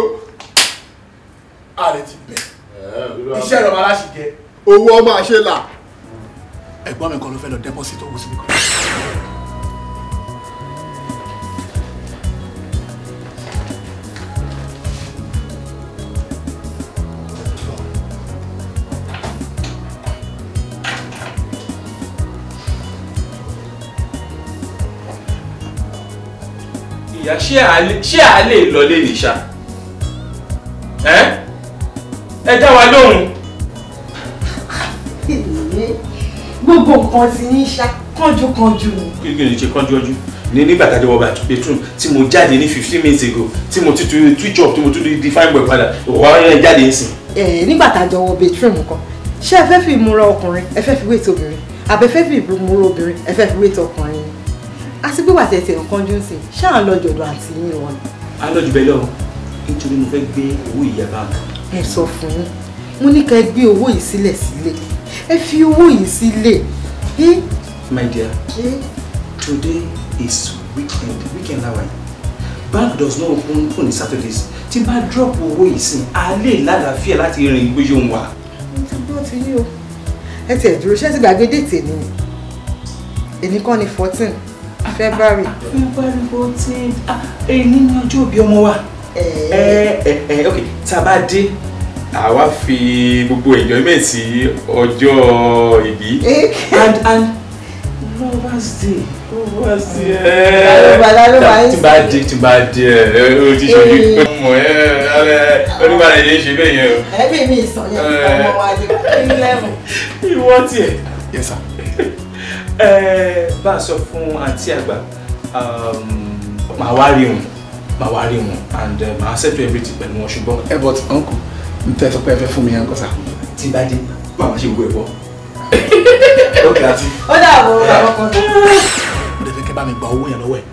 a lè ti bẹ̀ iṣẹ́ ìrọ̀mọ́ aláṣìkẹ́ owó ọmọ àṣẹ là ẹ̀gbọ́n mi kan ló fẹ́ lọ deposit owó síbi kan. ìyá ṣé à lè lọlé nìṣá ẹ dá wa lóhùn. gbogbo nǹkan ti ní ṣá kánjúkánjú ni. kí ni ṣe kánjúkánjú ní nígbà tá a jẹ́wọ́ bàtú bedroom tí mo jáde ní fifteen minutes ago tí mo ti tu twitch off tí mo tún di fine boy padà ìwà yẹn jáde ń sìn. ẹ nígbà tá a jẹ́wọ́ bedroom kan ṣé ẹ fẹ́ fi ìmúra ọkùnrin ẹ fẹ́ fi wéètì obìnrin àbẹ fẹ́ fi ìmúra obìnrin ẹ fẹ́ fi wéètì ọkùnrin àti pé wà tí ẹsẹ̀ nǹkan jù sí ṣáà ń lọ jọ̀dọ̀ àti yín wọn. a lọ jù bẹ́ẹ̀ lọ nítorí mo fẹ́ gbé owó ìyá báńkì. ẹ sọ fún yín mo ní ká ẹ gbé owó yìí sílẹ̀ sílé ẹ fi owó yìí sílé. my dear eh? today is weekend weekend lawa yìí bank does not open on saturdays tí bá drop owó yìí sí a lè lálàáfíà láti rìn ìgbéyò wa. mo ti gbọ́ ti yí o ẹ tẹ̀ dúró ṣé ti gbàgbé déètì ni èmi kọ́ ni fourteen February. February fourteen ah, èyí ni ọjọ́ òbí ọmọ wa. ẹ ẹ ẹ ok tá a bá dé àwa fi gbogbo enjoyment ọjọ́ ìbí. and and lovers day lovers day. Eh. tí n bá dé tí n bá dé ẹ eh, eh, o ti ṣojú pé mo ẹ ẹ oníbàárà yẹn ṣe bẹ́ẹ̀ yẹn o. ẹbí mi ìsọ̀yẹ́ ìfọwọ́ wa ni eleven. ìwọ tiẹ̀. yes sir bá a sọ fún àǹtí àgbà um, màá wá rí wọn màá wá rí wọn and uh, màá settle everything pẹ̀lú wọn ṣùgbọ́n. ẹ but uncle n tẹ́ sọ pé ẹ fẹ́ fún mi yẹn kọ́sà. tí bá dé màmá ṣe gbogbo ẹ̀ bọ́. ókè àti. ó dàbọ̀ àwọn kan tó. mo dẹ̀ fẹ́ kẹ́ bá mi gba owó yẹn lọ́wọ́ ẹ̀.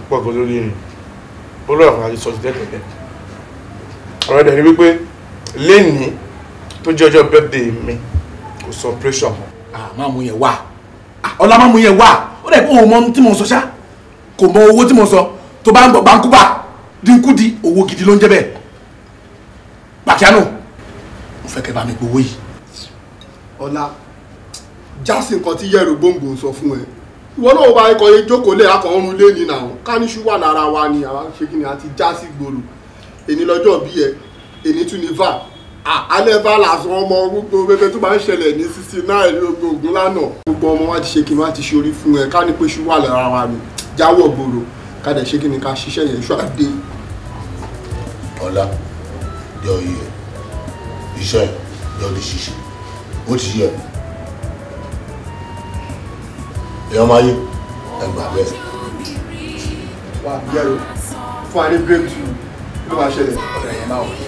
ọ̀pọ̀ kan ló ní ni ó lọ́ọ̀ fún àti sọ́ọ̀tì ni wípé lẹ́nìí tó jẹ́ ọjọ́ birthday mi kò sọ pressure mọ́. àmọ́ ah, mú yẹn wá ah, ọlá máa mú yẹn wá ó dẹ̀ kó o mọ tí mo sọ ṣá kò mọ owó tí mo sọ tó bá ń bọ̀ gbàǹkúbà dínkùdí owó gidi ló ń jẹ́ bẹ́ẹ̀ pàkíánù mo fẹ́ kẹ́ bá mi gbowó yìí. ọlá jásí nǹkan tí yẹ̀rù gbòǹgbò ń sọ fún ẹ ìwọ náà bá ikọ̀ yẹn jókòó lé akọ̀ọ́run lé ní nàá káníṣu wà lára wa ni àwa ṣe àti jásí gbòòrò èní lọ́jọ́ bí ẹ èní tún ní va alẹ́ bá làásùn ọmọ gbogbo bẹ́bẹ́ tó bá ń ṣẹlẹ̀ ní sixty nine ní gbogbo ògùn lánàá gbogbo ọmọ wa ti ṣe kí n wá ti ṣe orí fún ẹ ká ní pé ṣú wà lára wa mi jáwọ́ gbòòrò ká dẹ̀ ṣe kí ni ká ṣiṣẹ́ yẹn ṣú àdé. ọ̀la yọ iye iṣẹ́ yọ di ṣíṣe ó ti yẹ èèyàn máa yí ẹgbà bẹ́ẹ̀. wà á bí ẹrù fún adé break ló máa ṣẹlẹ̀. ọ̀rẹ́ yẹn máa wọ̀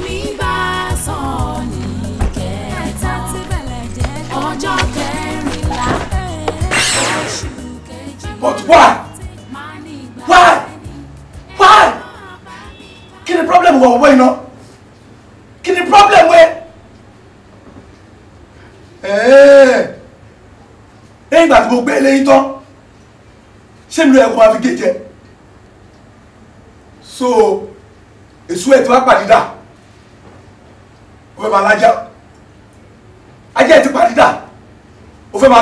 why why why Can the problem go away, no? Can the problem wẹ̀ ẹ̀ẹ́ lẹ́yìn ìgbà tí mo gbé eléyìí tán ṣé mi ló yẹ it. so it's ẹ̀ tí wọ́n á pàdídà my fẹ́ I get ajá ẹ̀ ti pàdídà ó fẹ́ máa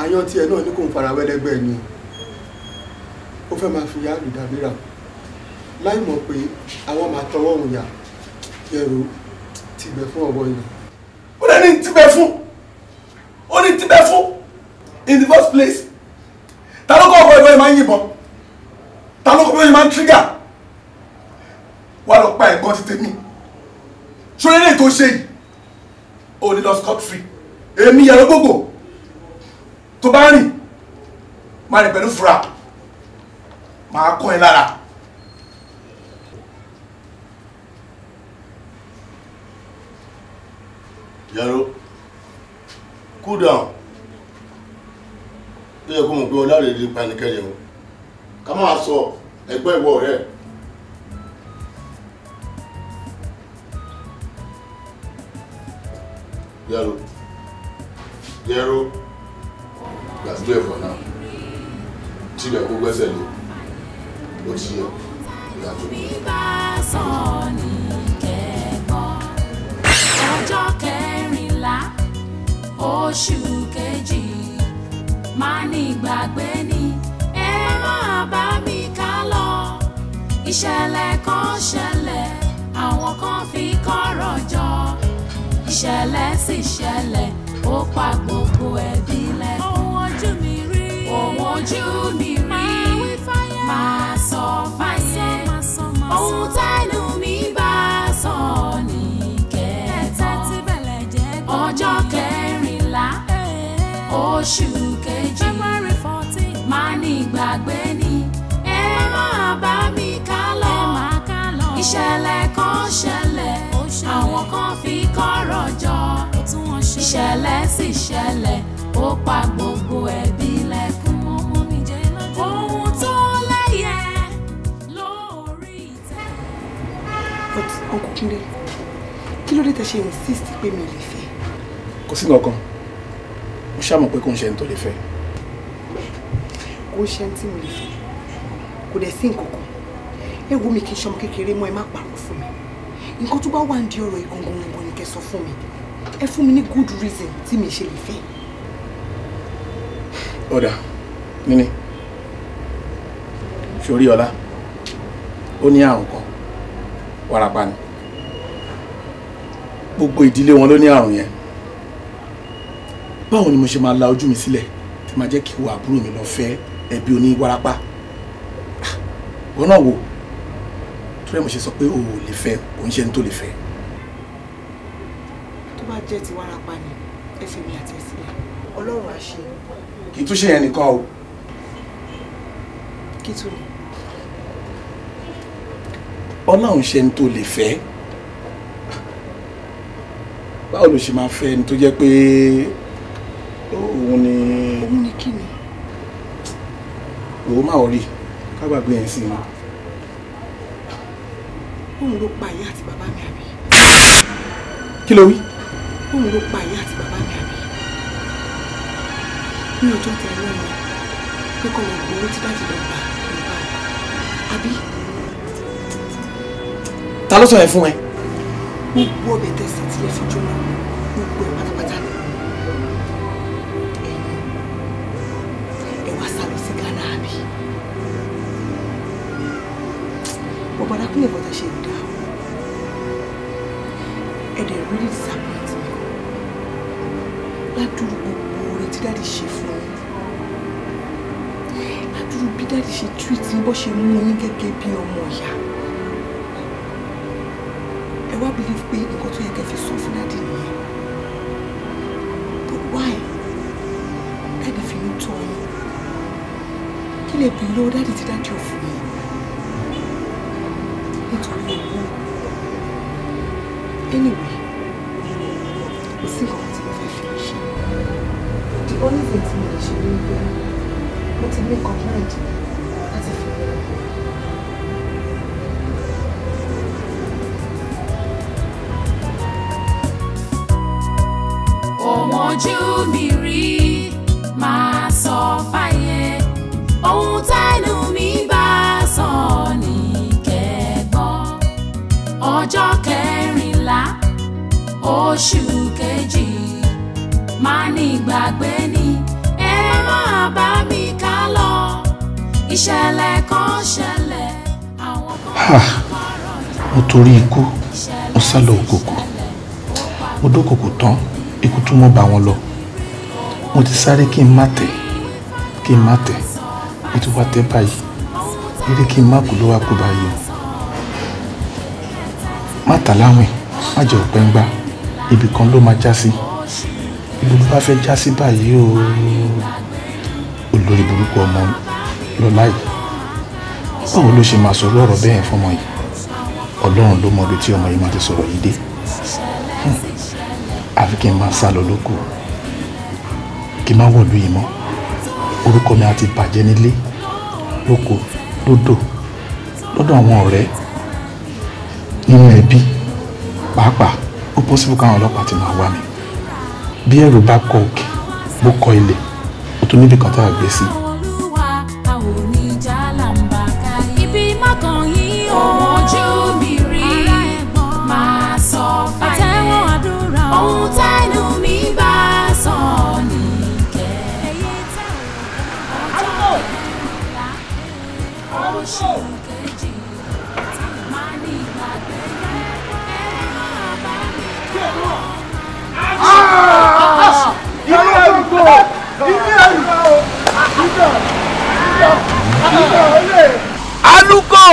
àyàn tiẹ̀ náà ní kò ń fara wẹ́lẹ́gbẹ́ ni ó fẹ́ máa fi yá lùdàmíra láì mọ̀ pé àwọn máa tọwọ́ òun yà ẹrù tìgbẹ́ fún ọ̀wọ́ yìí. ó lè ní tìgbẹ́ fún ó ní tìgbẹ́ fún in the first place ta ló kọ́ ọ̀bọ ìwé máa ń yìnbọn ta ló kọ́ ọ̀bọ ìwé máa ń tírígà wà lọ pa ẹ̀gbọ́n ti tèmi ṣọlẹ́ lè tó ṣe yìí ó ní lọ scot free èmi yàrá gbogbo tó bá rìn máa rìn pẹ̀lú fura máa kọ́ ẹ lára. Yàrá cool down ó yẹ kó mọ̀ pé ọlárèdè panikẹ́yẹ o ká máa sọ ẹgbẹ́ ìwọ rẹ̀. Yàrá Yàrá that's there for now tí ilẹ̀ kó gbẹ́sẹ̀ lé ó ti yẹ ìdájọ́. bíbá sọ ní kẹ́kọ̀ọ́ ọjọ́ kẹrìnlá oṣù kejì máa ní ìgbàgbé ni ẹ máa bá mi ká lọ ìṣẹ̀lẹ̀ kan ṣẹlẹ̀ àwọn kan fi kọ́rọ̀ jọ ìṣẹ̀lẹ̀ sì ṣẹlẹ̀ ó pa gbogbo ẹbí lẹ́yìn fojú mi rí máa sọ fáyé ohun tẹ́nu mi bá sọ ní kẹta ọjọ́ kẹrìnlá eh. oṣù kejì máa ní ìgbàgbé ni ẹ máa bá mi ká lọ ìṣẹ̀lẹ̀ kan ṣẹlẹ̀ àwọn kan fi kọ́rọ̀ jọ ìṣẹ̀lẹ̀ sì ṣẹlẹ̀ ó pa gbogbo ẹbí lọ. Bájúre kí ló dé tẹ ṣe insist pé mi ò lè fẹ́. kò sí nǹkan mo ṣàmọ̀ pé kò ń ṣe ní tó lè fẹ́. kò ṣe ní tí mo lè fẹ́ kò dẹ̀ sí nǹkan kan ẹ wo mi kì í ṣọmọ kékeré mọ́ ẹ má pàrọ̀ fún mi nǹkan tó bá wà ní ọ̀rọ̀ ìgangan gangan ni kẹ́ sọ fún mi ẹ fún mi ní good reason tí mi ṣe lè fẹ́. ọ̀dà níní sórí ọlá ó ní àrùn kan wárápá ni gbogbo ìdílé wọn ló ní àrùn yẹn báwo ni mo ṣe máa la ojú mi sílẹ̀ tí máa jẹ́ kí ìwà àbúrò mi lọ fẹ́ ẹbí oníwárápá ah, wọn náà wò tó rẹ̀ mo ṣe sọ pé o ò lè fẹ́ o ń ṣe ní tó lè fẹ́. tó bá jẹ́ ti wárápá ni ẹ fi mi àti ẹ sílẹ̀ ọlọ́run á ṣe. kì í tún ṣe yẹn nìkan o. kí tún ni. ọlọ́run ṣe ní tó lè fẹ́ báwo ló ṣe máa fẹ́ ẹni tó jẹ́ pé òun ni. òun ni kí ni. òun máa rí ká gbàgbé yẹn sí i. òun ló pa ìyá àti bàbá mi àbí. kí ló wí. òun ló pa ìyá àti bàbá mi àbí. ní ọjọ́ tẹ ẹ̀rọ mi pé kọ́ wọn kò owó tí dájú lọ gbà nípa àbí. ta ló sọ yẹn fún ẹ gbogbo ọbẹ̀ tẹ̀sán tilẹ̀ fi jóná gbogbo ẹ̀ pátápátá ni ẹ̀yin ẹ̀ wá sáré sí Ghana àbí bọ̀bọ̀dá kúnlẹ̀ bọ́tà ṣe dá ẹ̀ dẹ̀ really disappoint me ládùúrú gbogbo oore tí dáàdì ṣe fún mi ládùúrú bí dáàdì ṣe treat yín bó ṣe mú yín gẹ́gẹ́ bí ọmọ ìyá wá believe pé nǹkan tó yẹ kẹ́ fi sọ fún dádì nìyẹn but why dádì fi ń tọ́ yín kí lè bèrè lọ́wọ́ dádì tí dádì ò fún yín nítorí owó anyway kò sí nǹkan tí mo fẹ́ fi ṣe the only thing tí mo lè ṣe ló ń gbé mo ti gbé nǹkan mẹ́rin ojú mi rí máa sọ fáyé ohun tẹnu mi bá sọ ní kẹgbọ́ ọjọ kẹrìnlá oṣù kejì ní gbàgbé ni ẹ bá mi ká lọ kan àwọn kan mo torí ikú mo ikú tún mọ́ bá wọn lọ mo ti sáré kí n má tẹ̀ kí n má tẹ̀ mo ti wá tẹ́ báyìí eré kí n má kú ló wá kú báyìí o má tà láwìn má jẹ́ ọ̀pẹ́ ń gbá ibì kan ló máa já sí ibi ló bá fẹ́ já sí báyìí o olórí burúkú ọmọ lọ́lá yìí báwo ló ṣe máa sọ lọ́rọ̀ bẹ́ẹ̀ fọmọ yìí ọlọ́run ló mọ ibi tí ọmọ yìí máa ti sọ̀rọ̀ yìí dé àfi kí n máa sá lọ lóko kí n má wọ̀lú yìí mọ́ orúkọ mi àti bàjẹ́ nílé lóko lódò lọ́dọ̀ àwọn ọ̀rẹ́ nínú ẹbí pàápàá ó pọ́sibú káwọn ọlọ́pàá ti máa wá mi bí ẹ̀rù bá kọ òkè bó kọ ilẹ̀ ó tún níbi kan tá a gbé sí i. alúkò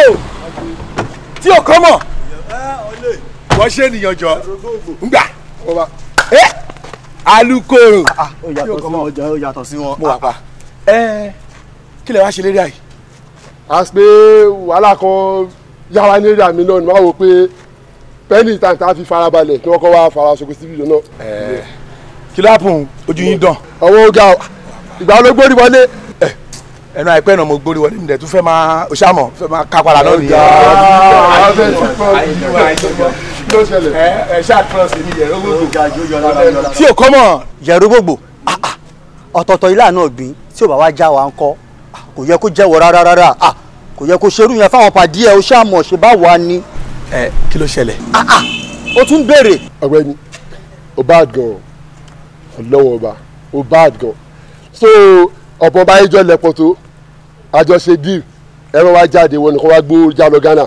tí o kọ́ mọ̀ wọ́n ṣe ènìyàn jọ ngbà alukoro. Ah, ah, ó yàtọ̀ sí wọn ó yàtọ̀ sí wọn. mo wà pa. Ah, kí lè wá ṣe lérí àyè. a pé wàhálà kan yára lérí àmì náà ni wọ́n wò pé pẹ́ẹ́nì tàǹtà fi farabalẹ̀ kí wọ́n kọ́ wá fara sókè síbi ìjọ náà. kí lápùn ojú yín dàn. ọwọ́ ga ìgbà wọlé ẹnu àìpẹ́ náà mo gbórí wọlé nílẹ̀ tún fẹ́ máa ṣàmọ̀ fẹ́ máa kápára náà rí i. tí o kọ́ mọ̀ yẹ̀rú gbogbo ah, ah, ọ̀tọ̀ọ̀tọ̀ ilé àná ọ̀gbìn tí ò bá wá já wa ń kọ́ ah, kò yẹ kó jẹ́wọ́ rárá rárá kò yẹ kó ṣerú yẹn fáwọn pàdé ẹ̀ o ṣe bá wà ni. ẹ kí ló ṣẹlẹ̀. o tún béèrè. ọ̀gbẹ́ni o bad gan ọlọwọ ọba o bad gan so ọ̀pọ̀ báyìí jọ lẹpọ tó àjọṣe deal ẹran wa jáde wọn nìkan wa gbó já lọ Ghana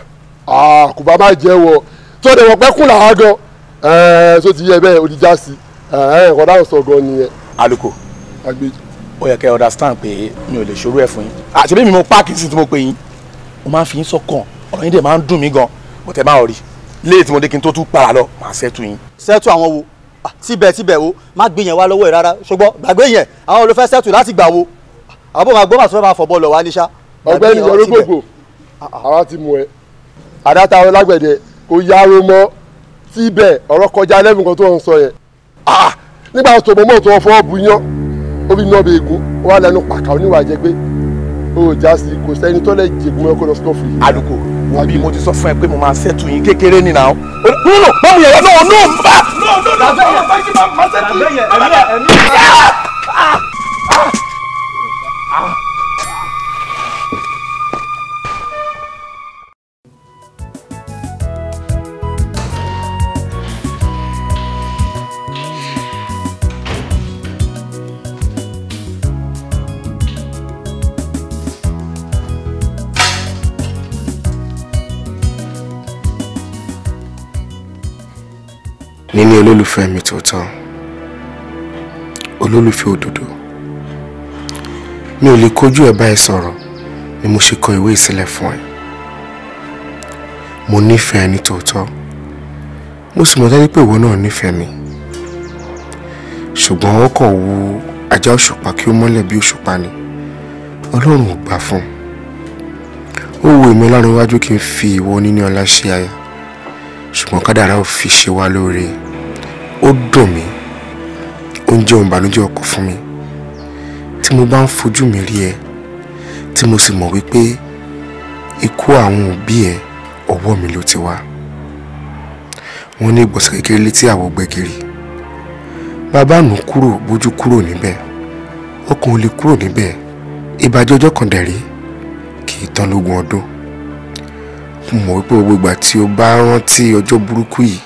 kò bá má jẹ́ wọ tó dẹ̀ wọ́n pẹ́ kùn làá gan tó ti yẹ bẹ́ẹ̀ odijá sí ẹ̀kọ́ dáhùn sọ gan nìyẹn. aluko ó yẹ kẹ́ ẹ understand pé mi ò lè ṣòro ẹ̀ fún yín àṣebí mi mo páàkì sí tí mo pe yín mo máa ń fi yín sọ́kàn ọ̀rọ̀ yín dẹ̀ máa ń dùn mí gan mo tẹ̀ máa rí léè tí mo dé kí n tó tún para lọ màá ṣẹ́tù yín. ṣẹ́tù àwọn wo síbẹ̀síbẹ̀ o má gbé yẹn wá lọ́wọ́ ẹ̀ rárá ṣùgbọ́n gbàgbé yẹn àwọn olùfẹ́ ṣẹ́tù láti gbà wo àbọ̀ máa gbọ́ màá sọ́dọ̀ máa fọ̀ bọ́ọ̀lù wa níṣà. ọ̀gbẹ́ni yọrọ gbogbo àwa ti mú ẹ àdáta àwọn lágbẹ̀dẹ kò yàrá mọ́ síbẹ̀ ọ̀rọ̀ kọjá lẹ́bùn kan tó ń sọ yẹn. nígbà tó mọ̀ mọ́ tó fọ́ bu yán ó bí nọ́ọ̀bù egun wà lẹ́nu pàkà oníwà jẹ́ pé o ò já sí kò sẹ́ni tó lè jẹ̀gùn ẹ̀kọ́ lọ sọ́ọ̀fù yìí. àlùkò wọn bí mo ti sọ fún ẹ pé mo máa ṣètò yín kékeré nìyà o. nínú báwo yẹn lọ́wọ́ nù bá. nínú báwo yẹn lọ́wọ́ nù bá níní olólùfẹ́ mi tòótọ́ olólùfẹ́ òdodo mi ò lè kojú ẹ̀ báyìí sọ̀rọ̀ ni mo ṣe kọ ìwé ìsílẹ̀ fún ẹ mo nífẹ̀ẹ́ ní tòótọ́ mo sì mọ̀ dájú pé ìwọ náà nífẹ̀ẹ́ mi ṣùgbọ́n ó kàn wu ajá òṣùpá kí ó mọ́lẹ̀ bí òṣùpá ni ọlọ́run ò gbà fún un ó wo èmi ọlọ́run iwájú kí n fi ìwọ níní ọlá ṣe aya ṣùgbọ́n kádàrá ò fi ṣe wá lóore ó dùn mí ó ń jẹ́ òǹbànújẹ́ ọkọ̀ fún mi tí mo bá ń fojú mi rí ẹ tí mo sì mọ̀ wípé ikú àwọn òbí ẹ ọwọ́ mi ló ti wá wọ́n ní ìgbọ̀nsẹ̀ kékeré létí àwọ̀ gbẹ̀gìrì bàbá nù kúrò bójú kúrò níbẹ̀ ọkàn lè kúrò níbẹ̀ ìbàjẹ́ ọjọ́ kan dẹ̀rí kì í tán lógún ọdún mo mọ̀ wípé gbogbo ìgbà tí o bá rántí ọjọ́ burúkú yìí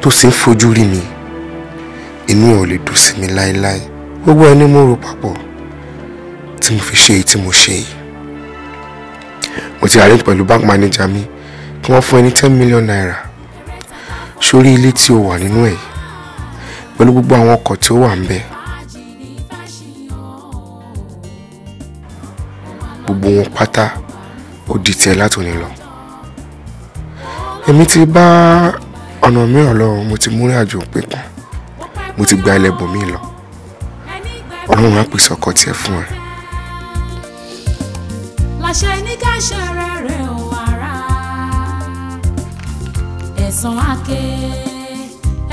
tó sì ń fojú rí mi inú ò lè dùn sí mi láéláé gbogbo ẹni mo rò papọ̀ tí mo fi ṣe èyí tí mo ṣe yìí mo ti arrange pẹ̀lú bank manager mi kí wọ́n fún ẹ ten million naira sórí ilé tí o wà nínú ẹ̀ pẹ̀lú gbogbo àwọn ọkọ̀ tí ó wà ń bẹ̀ gbogbo wọn pátá ó di tiẹ̀ látòní lọ èmi ti bá ọ̀nà mìíràn lọ mo ti múrìn àjò pé kan mo ti gba ẹlẹ́bùn mi lọ ọlọ́run á pèsè ọkọ tiẹ̀ fún ẹ. làṣẹ ní ká ṣẹrẹ rẹ ò ara ẹ̀sán àké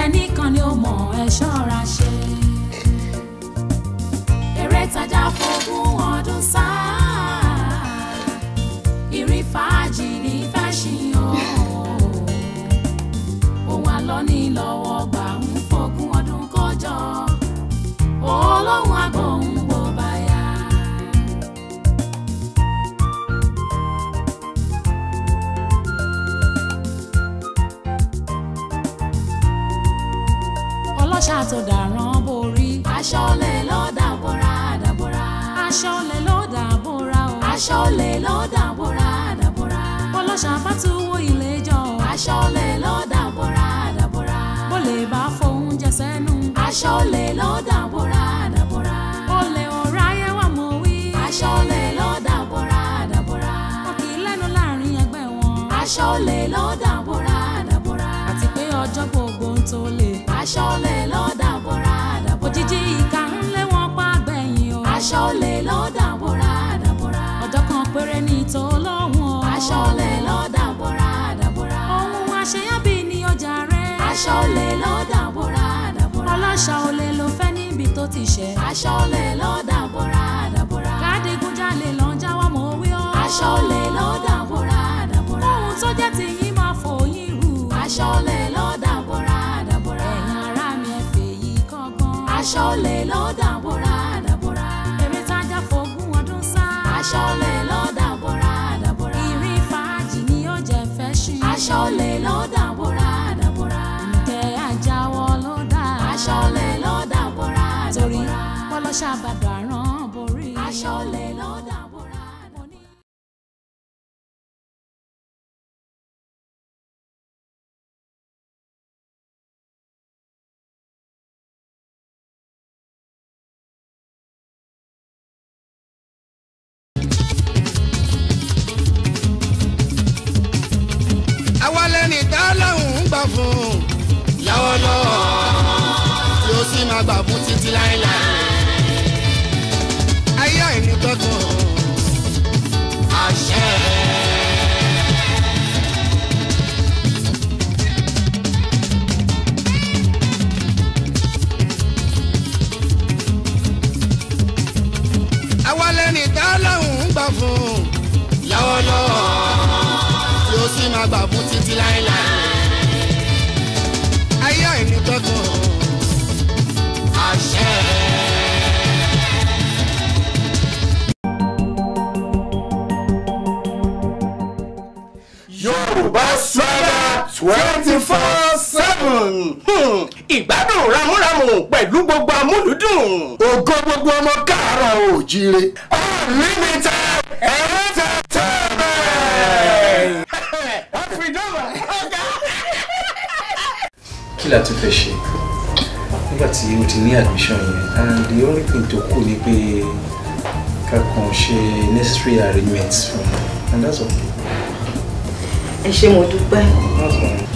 ẹnìkan ni ó mọ ẹ ṣọ́ra ṣe eré tajà fógún ọdún sáà ìrìn fàájì ní fẹ́ ṣìyàn òun àlọ́ ní lọ́wọ́ gbọ́. ọlọ́run àgbọ̀ ń bọ̀ báyà. ọlọ́ṣà tó dàrán borí. aṣọ olè ló dàbora dàbora. aṣọ olè ló dàbora o. aṣọ olè ló dàbora dàbora. ọlọ́ṣà bá tún aṣọ olè ló dàbòrà dàbòrà. olè ọ̀rọ̀ ayé wa mọ̀ wí. aṣọ olè ló dàbòrà dàbòrà. ọkì lẹ́nu láàrin ẹgbẹ́ wọn. aṣọ olè ló dàbòrà dàbòrà. àti pé ọjọ́ gbogbo ń tó lè. aṣọ olè ló dàbòrà dàbòrà. òjijì ìka ń lé wọn pa gbẹ̀yìn o. aṣọ olè ló dàbòrà dàbòrà. ọjọ́ kan péré ni ọjà rẹ̀. aṣọ olè ló àṣà olè ló fẹ́ níbi tó ti ṣẹ̀. àṣà olè ló dàbọ̀ra dàbọ̀ra. kádégúnjalè ló ń jáwọ́ mọ́ wí ọ́. àṣà olè ló dàbọ̀ra dàbọ̀ra. ohun tó jẹ́ ti yín máa fò yín rù. àṣà olè ló dàbọ̀ra dàbọ̀ra. ẹ̀yin ará mi ẹ fẹ́ yí kọ́gbọ́n. àṣà olè ló dàbọ̀ra dàbọ̀ra. eré tájà fogún ọdún sá. àṣà olè ló dàbọ̀ra dàbọ̀ra. ìrìn fàájì ni ó jẹ́ fẹ́ ṣí. àṣà olè ló dàbọ̀ra lọ ṣàbàdàn àrán borí. aṣọ olè lọ́dà.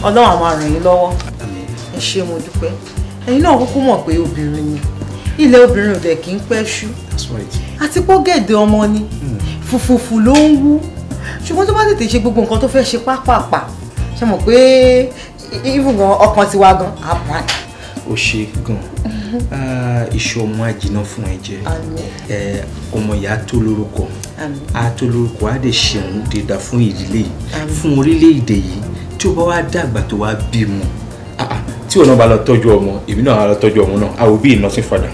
ọlọ́run á máa ràn yín lọ́wọ́ ẹ ṣé mo dúpẹ́ ẹ̀yin náà kúkú mọ̀ pé obìnrin ni ilé obìnrin ò dẹ̀ kí ń pẹ́ ṣú àti pé gẹ̀dẹ̀ ọmọ ni hmm. fùfùfù ló ń wú ṣùgbọ́n tó bá tètè ṣe gbogbo nǹkan tó fẹ́ ṣe pápápá ṣe mọ̀ pé ìbùgbọ̀n ọkàn tiwa gan apàdé. ó ṣe gan ah, iṣu ọmọ àjìnà fún ẹ jẹ eh, ọmọ ìyá tó lórúkọ a tó lórúkọ a lè ṣeun dèdà fún ìdílé fún orílẹ̀-èdè yìí tí o bá wá dàgbà tó wá bímọ tí òun náà bá lọ tọ́jú ọmọ èmi náà lọ tọ́jú ọmọ náà àwọn òbí ìnáṣẹ́ fàdà.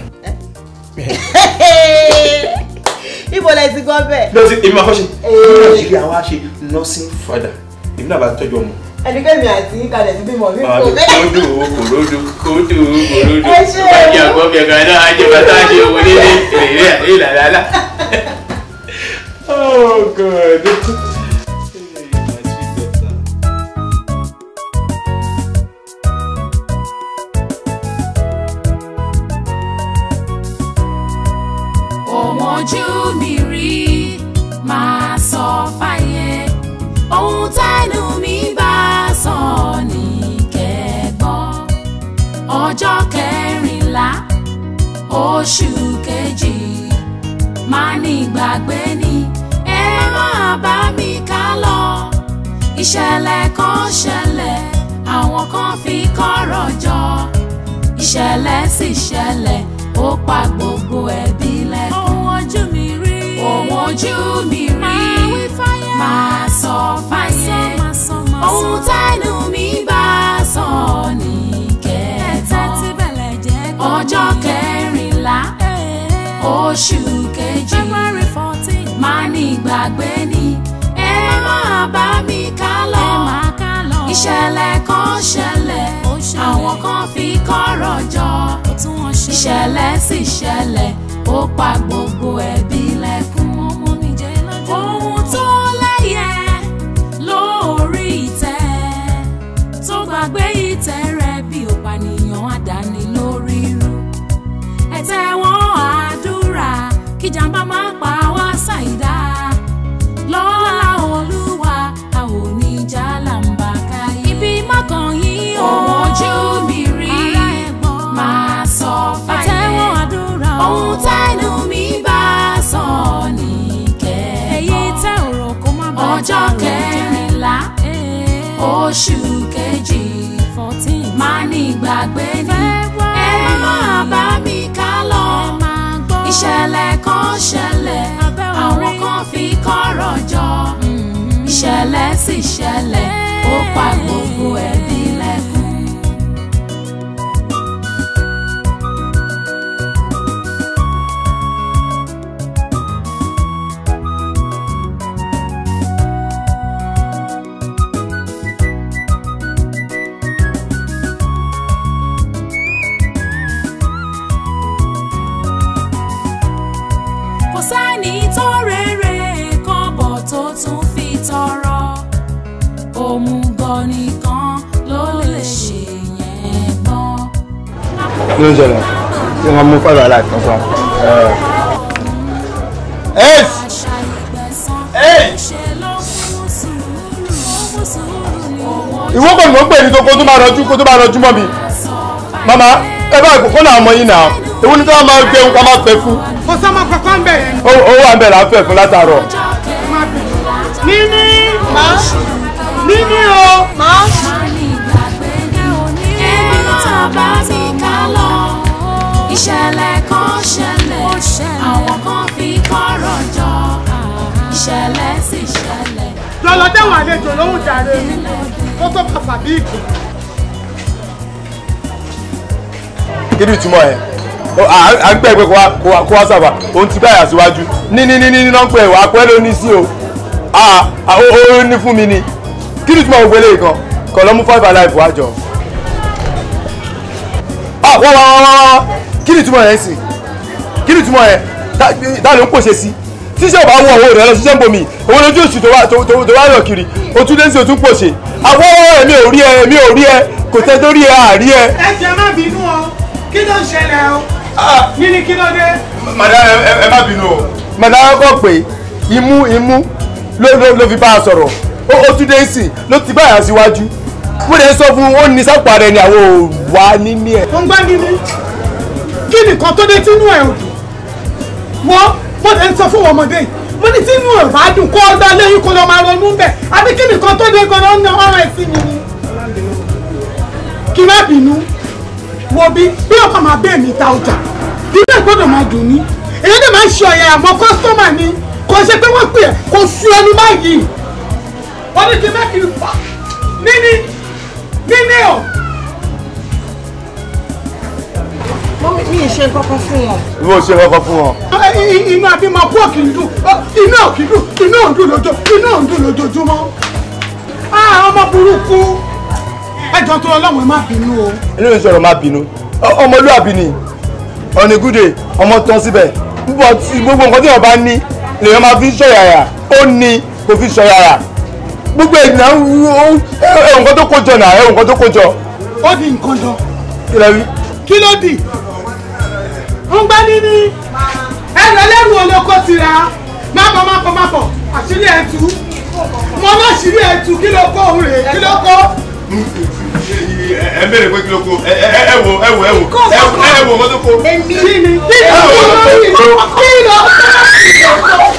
ibo lẹ ti gbọ́ bẹ́ẹ̀. lọ sí èmi máa fọ́ṣe èmi náà wá ṣe nursing father èmi náà bá tọ́jú ọmọ. ẹnikẹ́ni àti ìkàlẹ̀ ti bímọ mi kò bẹ́ẹ̀. kòdù kòdù kòdù kòdù báyìí àgbọ̀ mi ọ̀gá náà á bàtà á owó nílé ìrìnrìn ìlàlálà. oh god. oṣù kejì máa ní ìgbàgbé ni ẹ máa bá mi ká lọ ìṣẹ̀lẹ̀ kan ṣẹlẹ̀ àwọn kan fi kọ́rọ̀ jọ ìṣẹ̀lẹ̀ sì ṣẹlẹ̀ ó pa gbogbo ẹbí lẹ́kọ̀ọ́ ohun ojú mi rí ohun ojú mi rí máa wí fáyé máa sọ fáyé ohun tẹnu mi. oṣù kejì máa ní ìgbàgbé ni ẹ máa bá mi ká lọ ìṣẹ̀lẹ̀ kan ṣẹlẹ̀ àwọn kan fi kọ́rọ̀ jọ ìṣẹ̀lẹ̀ sì ṣẹlẹ̀ ó pa gbogbo ẹbí lẹ́kọ̀ọ́. kíjàmbá má pa wá ṣàìdá lọ́lá olúwa a ò ní jálà ń bá káyé. ibi má kàn yín ojú mi rí máa sọ fáyé. àtẹ̀wọ̀n àdúrà o. mi bá sọ ní kẹ́kọ̀ọ́. ọjọ́ kẹrìnlá eh. oṣù kejì má ní gbàgbé ní. ìṣẹ̀lẹ̀ kan ṣẹlẹ̀ àwọn kan fi kọ́rọ̀ jọ mm-hmm. ìṣẹ̀lẹ̀ sì ṣẹlẹ̀ ó pa gbogbo ẹbí. tọrọ òmùgọ̀ nìkan ló lè ṣe yẹn gbọ́n. kí ló ń ṣẹlẹ̀ kí wọ́n mú fáwọn aláìsí kan fún wa. eight eight ìwọ kò ní mo ń pè ní tó kó tó máa rọjú kó tó máa rọjú mọ́ mi mama ẹ bá ìkókó náà mọ yín náà ewu ni tí wọ́n máa gbé ohun ká máa fẹ́ fún. kò sọ́mọ kankan bẹ̀ yẹn. ó wà ń bẹ̀ láǹfẹ̀ fún látàárọ̀. Mini Mini o. Ẹni tá ìṣẹ̀lẹ̀ kan ṣẹlẹ̀, àwọn kan fi kọ́rọ̀ jọ, ìṣẹ̀lẹ̀ sì ṣẹlẹ̀. Lọ́lọ́ dáwọn àlejò lóhùn jàre mi, tó kàfà bí ìkù. Kí ni ìtumọ̀ ẹ̀? à ń pẹ́ pé kó wá sábà òun ti báyà síwájú ní ní ní ní ní nọ́pẹ́ ìwà pẹ́ ló ní sí o Ah, ah, oh, ó oh, oh, ní fún mi ni kí ni túmọ̀ ògbélé kan kọ̀ lọ́mú five alive wá jọ. Ah, wá wá wá wá kí ni túmọ̀ yẹn sì kí ni túmọ̀ yẹn tá ló ń pòṣe sí ṣíṣe ọba àwọn owó rẹ lọ ṣiṣẹ́ ń bomi òun lójú oṣù tó wá yọ kiri o tún lẹ́sìn o tún pòṣe àwọn ọ̀rọ̀ mi ò rí ẹ mi ò rí ẹ kò tẹ́ tó rí ẹ àárí ẹ. ẹ jẹ́ má bínú o kí ló ń ṣẹlẹ̀ o ah. kí ni kí ló dé. màdá ẹ má bínú o. màdá kọ pé imú imú ló fi bá a sọ̀rọ̀ ó tún dé sí ló ti báyà síwájú wọ́n lè sọ fún ó ní sápò rẹ̀ ni àwọn wà níní ẹ̀. mo ń gbá nínú kí nìkan tó dé tínú ẹ̀ ò dùn mọ́ mo lè sọ fún ọmọdé yìí mo ní tínú ẹ̀ bá dùn kó ọgbà lẹ́yìn kó lọ máa ronú bẹ̀ àbí kí nìkan tó dé gan-an ní ọ̀rọ̀ ẹ̀ sí mi ni. kí má bínú wo bí bí ọkọ̀ máa bẹ́ẹ̀ mi ta ọjà bí bẹ́ẹ̀ gbọ́dọ̀ máa dùn ní èyí lè máa ń ṣe ọ̀yà àmọ́ kọ́sítọ́mà ni kò ṣe pé wọ́n pè é kò sú ẹnu báyìí wọ́n ní kí mẹ́kì fà níní níní o. mọ́mí mi ì ṣe kọ́kọ́ fún wọn. ìwọ ò ṣe kọ́kọ́ fún wọn. Eh, eh, inú àbí máa kú òkì ń dùn inú òkì dùn inú òǹdùn lójó inú òǹdùn lójoojúmọ́. Ah, ọmọ burúkú ẹjọ́ tó ọlọ́run ẹ má bínú o. inú ìṣòro má bínú ọmọlúàbí ni on a good day ọmọ tán síbẹ̀ gbogbo nǹkan tí wọ́n bá ní lèèyàn máa fi ṣọ̀yàyà ó ní kò fi ṣọ̀yàyà gbogbo ìgbà ẹ̀wọ̀n kan tó kójọ náà ẹ̀wọ̀n kan tó kójọ. ó di nǹkan jọ. kí ló rí. kí ló dì? ń gbá níní ẹ̀rọ ẹlẹ́rù olóko ti ra mábọ̀ mábọ̀ mábọ̀ àṣírí ẹ̀ mọ́ náà ṣírí ẹ̀ kí ló kó òun rè é kí ló kó ẹ bẹ̀rẹ̀ pé kí ló kó ẹ ẹ wo ẹ wo ẹ wo ẹ wo mọ́tò kó. èmi ni mi ni mi ni mi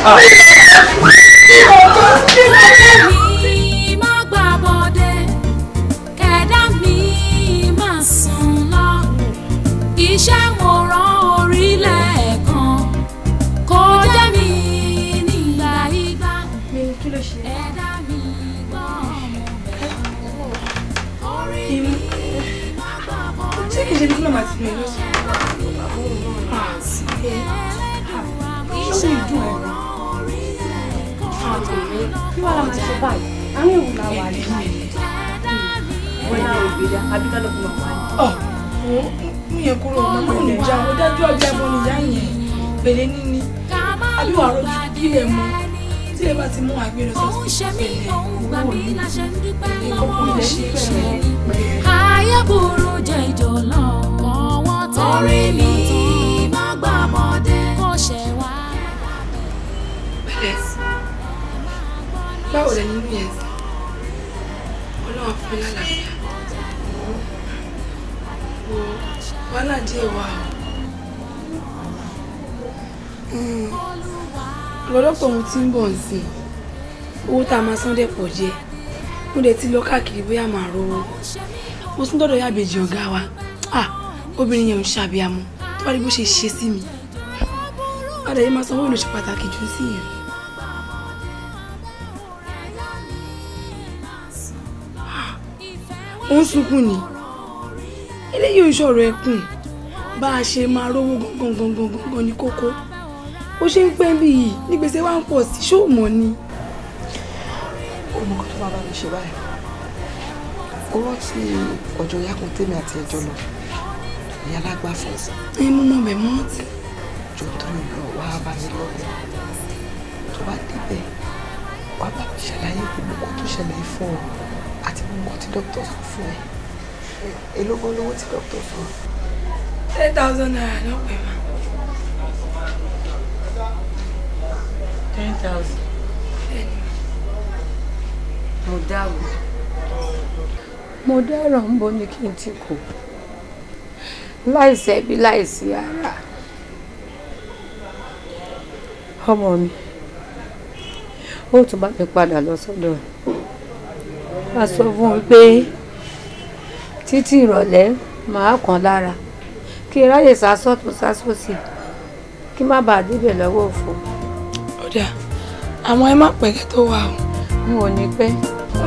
ni mi ni mi ni. ṣe bí sílọ̀ máa ti lè lọ́sọ̀. ṣé ìdùn ẹ̀ lọ? kí wàá láti ṣe báyìí àárín ìwò la wà nínú yìí. wọ́n yá òbílẹ̀ abíkálẹ̀ kò máa wà ní. mú yẹn kúrò mọ́mọ́ ní ìjà ó dájú ọjà ìbọn ìyá yẹn pèlè níní àbí wàá rọ́jú kílẹ̀ mọ́ tí ẹ bá ti mú àgbẹ̀ lọ sọ́sọ́. òun ṣe mí òun gbà mí láṣẹ ń dúpẹ́ lọ́wọ́ ṣíṣe ni ayé burú jẹ́ ìjọlọ mọ́ wọn torí mi má gbà mọ́dẹ kó ṣẹ̀ wá. báwo lẹ nínú yẹn ọlọ́run fún mi lálàáfíà wo wàhálà díẹ̀ wà o. Hmm lọ dókítà ohun tí ń bọ̀ ń sìn owó tá a máa san dẹ̀ pọ̀ jẹ́ mo dẹ̀ ti lọ káàkiri bóyá màá rówó mo sún dọ́dọ̀ yàbèjì ọ̀gá wa ah obìnrin yẹn ò ń ṣàbíamọ tó bá rí bó ṣe ṣe sí mi padà yìí máa sanwó ló ṣe pàtàkì jù sí yẹn. ó ń sunkún ni eléyìí ò ń ṣọ̀rọ̀ ẹkùn bá a ṣe máa rówó gangan gangan gangan ní kókó ó ṣe ń pẹ́ bí yìí nígbèsè wa ń pọ̀ sí ṣó mọ̀ ni. ó mọ tó máa bá mi ṣe báyìí ó rántí ọjọ́ yakun tèmi àti ẹjọ́ lọ ìyá alágbá fún un. ẹ mú mọ bẹ mọ ọtí. jọ torí lọ wá bá mi lọ bẹ tó bá débẹ̀ wá bá mi ṣàlàyé gbogbo nǹkan tó ṣẹlẹ̀ fún ọ àti gbogbo tí dókítà sọ fún ẹ elógún olówó tí dókítà sọ. ten thousand naira lọ́pẹ̀ máa ten thousand. mo dáwọ. mo dára ń bọ ní kí n ti kù láìsẹ̀ bí láìsí ara ọmọ mi ó tún bá mi padà lọ sọ́dọ̀ wá sọ fún un pé títí ìrọ̀lẹ́ màá kàn lára kí ráyè sá sọ́tún sá sósì. So kí má bàa débẹ̀ lọ́wọ́ òfò. ó dà àmọ́ ẹ má pẹ́ kẹ́ tó wà o. n ò ní pẹ́. ó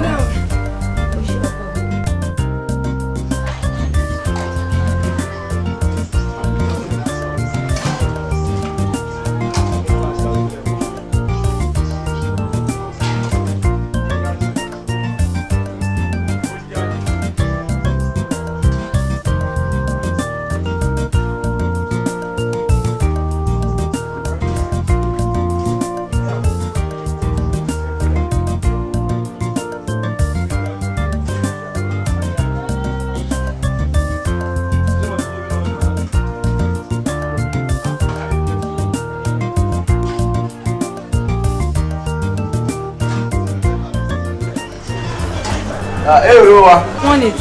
Ah, one eight.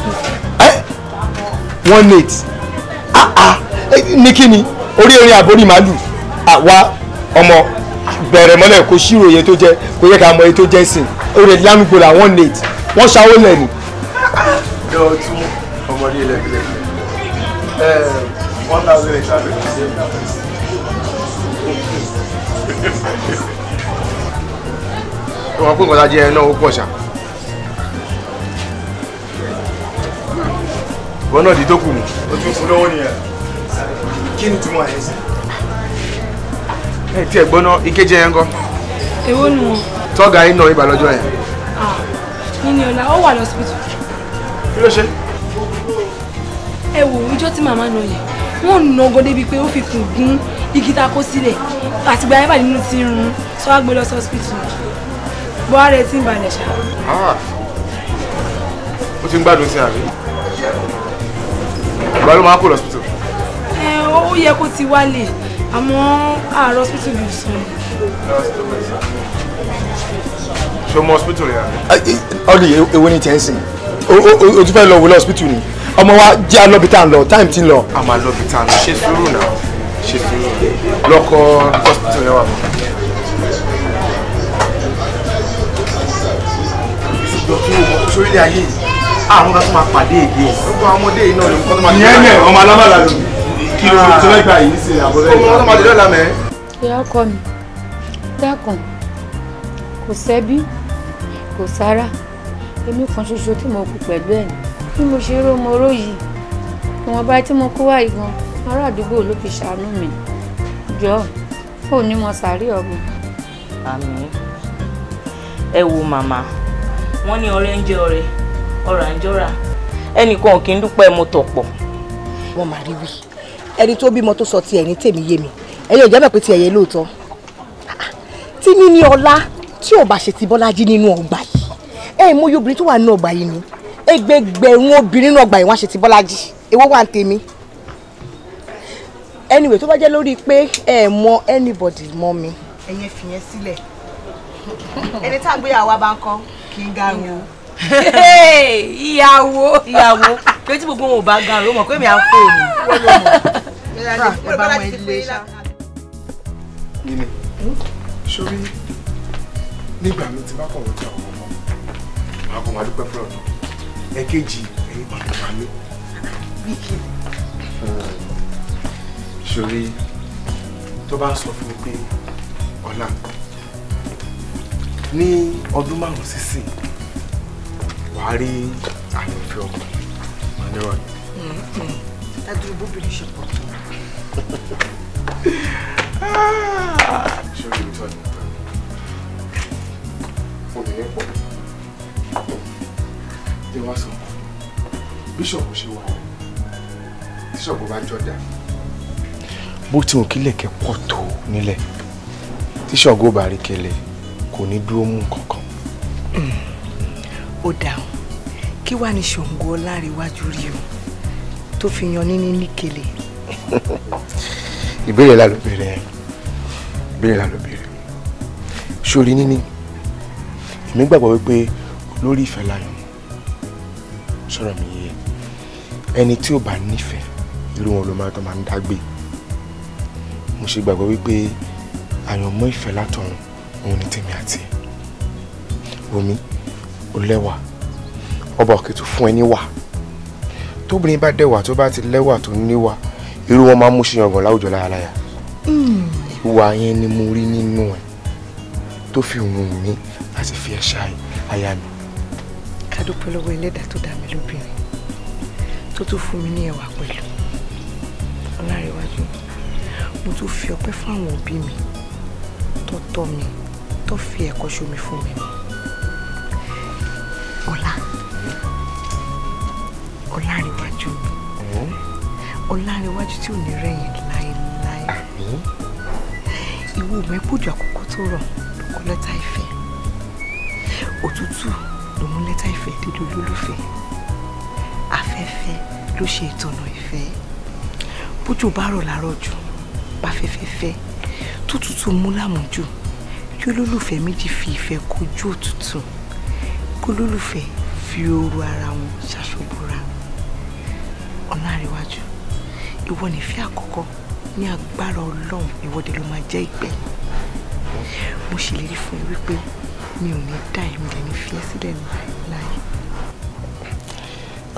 ẹ eh? one eight ah ah eh, ní kí ni orí erin àbórí wa. Omo. ọmọ bẹ̀rẹ̀ mọ́lẹ̀ kò ṣírò iye tó jẹ kò yẹ ká mọ iye tó jẹ sìn orí ẹ̀dí lánàá one eight wọ́n ṣàwọ́ lẹ̀ ni. yọ tún ọmọdé ilẹ̀ kílẹ̀ ẹ eh, one thousand eight hundred and fifty. ìwọ̀n pé nǹkan tá a jẹ ẹ náà ó wọn náà di tó kù mú. o tún fún lọ́wọ́ nìyẹn kí ni túmọ̀ ẹ̀ sí. ẹ tiẹ̀ gbọ́ná ìkejì yẹn ń kọ́. èwo nu wọn. tọ́gà iná ibà lọ́jọ́ yẹn. nínú ọ̀la ó wà lọ́sibítù. kí ló ṣe. ẹ wò ìjọ tí màmá nà yẹn wọn nà ọgọ débi pé ó fi kùn gún igi tá a kó sílẹ̀ àtìgbà yẹn bàdínú ti ń rún sọ wá gbé lọ sí ọsibítù bọ́ ara ẹ ti ń balẹ̀ ṣá. Ah. ó ti ń gbádùn sí àbí ìgbà ló máa kó lọ hospital. ẹ ó yẹ kó ti wálé àmọ́ àárọ̀ hospital yìí sàn. ṣé o mọ hospital rẹ. ọdún ewu ni tiẹ̀ ń sìn o ti fẹ́ lọ wo lọ hospital ni ọmọ wa jẹ́ alọ́bìtà ń lọ time ti ń lọ. a máa lọ́bìtà ń lọ ṣe sùúrù náà ṣe sùúrù lọ́kọ̀ hospital yẹn wà mọ́. ìṣùgbọ́n kí o mọ̀ àwọn kan tó máa pàdé èdè ẹ̀. ó kọ́ àwọn ọmọdé yìí náà ló ń kọ́ tó máa dé lọ́la. ìyẹn náà ọmọ alámàlà ló kí ló ti fẹ́ gbà yìí sí àbúrò ẹ̀. ọmọ tó máa dé lọ́la mẹ́. ìyá ọkọ mi dákun kò sẹ́bí kò sára èmi kan ṣoṣo tí mo kù pẹ̀lú ẹ̀ bí mo ṣe ró mo ró yìí ìwọ̀nba tí mo kó wá yìí gan ará àdúgbò ló fi ṣàánú mi jọ fóònù ni mo sàárè ọgbìn. àmín ẹ wo màmá wọn ní ọ̀rẹ́ ń jẹ ọ̀rẹ́ ọ̀rọ̀ àjọra. ẹnìkan kì í dúpẹ́ mo tọ̀ pọ̀. wọ́n máa rí wí ẹni tó bímọ tó sọ ti ẹni tèmi yé mi ẹni ọ̀jẹ́ mọ̀ pé ti ẹ̀yẹ lóòótọ́ ah, tí níní ọlá tí ò bá ṣe ti bọ́lájí nínú ọgbà yìí ẹ mú yóò obìnrin tó wà nínú ọgbà yìí ni ẹgbẹgbẹ̀rún obìnrin nínú ọgbà yìí wọ́n ṣe ti bọ́lájí èwo wà ń tèmi anyway tó bá jẹ́ lórí pé ẹ mọ anybody mọ́ mi. ẹ̀yin fìyẹn sílẹ̀ ẹni tá a gbéyàwó bá ń kọ́ kí n garun o ìyàwó ìyàwó pé tí gbogbo wọn ò bá gan ló mọ̀ pé mi à ń fò ní. ẹ bá wọn ilé ṣá. nínú sórí nígbà mi ti bá kọ̀ wọ́n ti àwọn ọmọ màá kọ́ máa dúpẹ́ fúlọ̀ ẹ̀kejì ẹ̀yìn pàtó pa sórí tó bá sọ fún mi pé ọ̀la ní ọdún márùn-ún sísìn wà á rí àlòfẹ́ ọkọ̀ mà nírọ̀ ni. dádúró bóbìnrin ṣe pọ̀ tó. ṣé o lè tọ́ ni obìnrin pọ̀ jẹ́ wá sọ bíṣọ̀pù ṣe wà bíṣọ̀pù bá jọ dà. bó ti hàn kílẹ̀ kẹ́ pọ̀ tó nílẹ̀ tíṣọ̀gó bàrí kẹlẹ̀ kò ní dúró mú kankan. Mm ó dáhùn kí wàá ní ṣòǹgó ọlárẹ̀wájú rí o tó fi yan níní níkele. ìbéèrè la ló béèrè ìbéèrè la ló béèrè sórí níní èmi gbàgbọ́ wípé olórí ìfẹ́ láyọ̀ sọ̀rọ̀ mi yé ẹni tí ò bá nífẹ̀ẹ́ irú wọn ló máa tán máa ń dágbé mo ṣe gbàgbọ́ wípé àyànmọ́ ìfẹ́ látọ̀run òun ni tèmi àti omi ó lẹ́wà ọba òkè tó fún ẹ níwà tóbìnrin bá dẹ̀wà tó bá ti lẹ́wà tó níwà irú wọn máa ń mú ṣe yangàn láwùjọ láyaláya hmm. ìwà yẹn ni mo rí nínú ẹ tó fi wù mí láti fi ẹ ṣáì aya mi. kádùpẹ́ lọ́wọ́ ẹlẹ́dàá tó dá mi lóbìnrin tó tún fún mi ní ẹwà pẹ̀lú ọlárẹ̀wájú mo tún fi ọpẹ́ fún òbí mi tó tọ́ mi tó fi ẹ̀kọ́ ṣomi fún mi. ọ̀làríwájú ọ̀làríwájú tí ò ní rẹ̀yìn láéláé ìwọ mẹ́kùjọ àkókò tó rọ̀ ló kọ lẹ́tà ìfẹ́ òtútù ló mú lẹ́tà ìfẹ́ dídò lólùfẹ́ afẹ́fẹ́ ló ṣe ìtọ̀nà ìfẹ́ bójú bá rọ̀ lárọ̀ jù bá fẹ́fẹ́ fẹ́ tó tútù mú lámùjù kí olólùfẹ́ méjì fi ìfẹ́ kojú òtútù kí olólùfẹ́ fi ooru ara wọn ṣàṣọbúra láríwájú ìwọ nífẹ̀ẹ́ àkọ́kọ́ ní agbára ọlọ́run ìwọ́de ló máa jẹ́ ìgbẹ̀yìn mo ṣèlérí fún ẹ wípé mi ò ní dá èmi lè ní fi ẹ́ sílẹ̀ láàyè.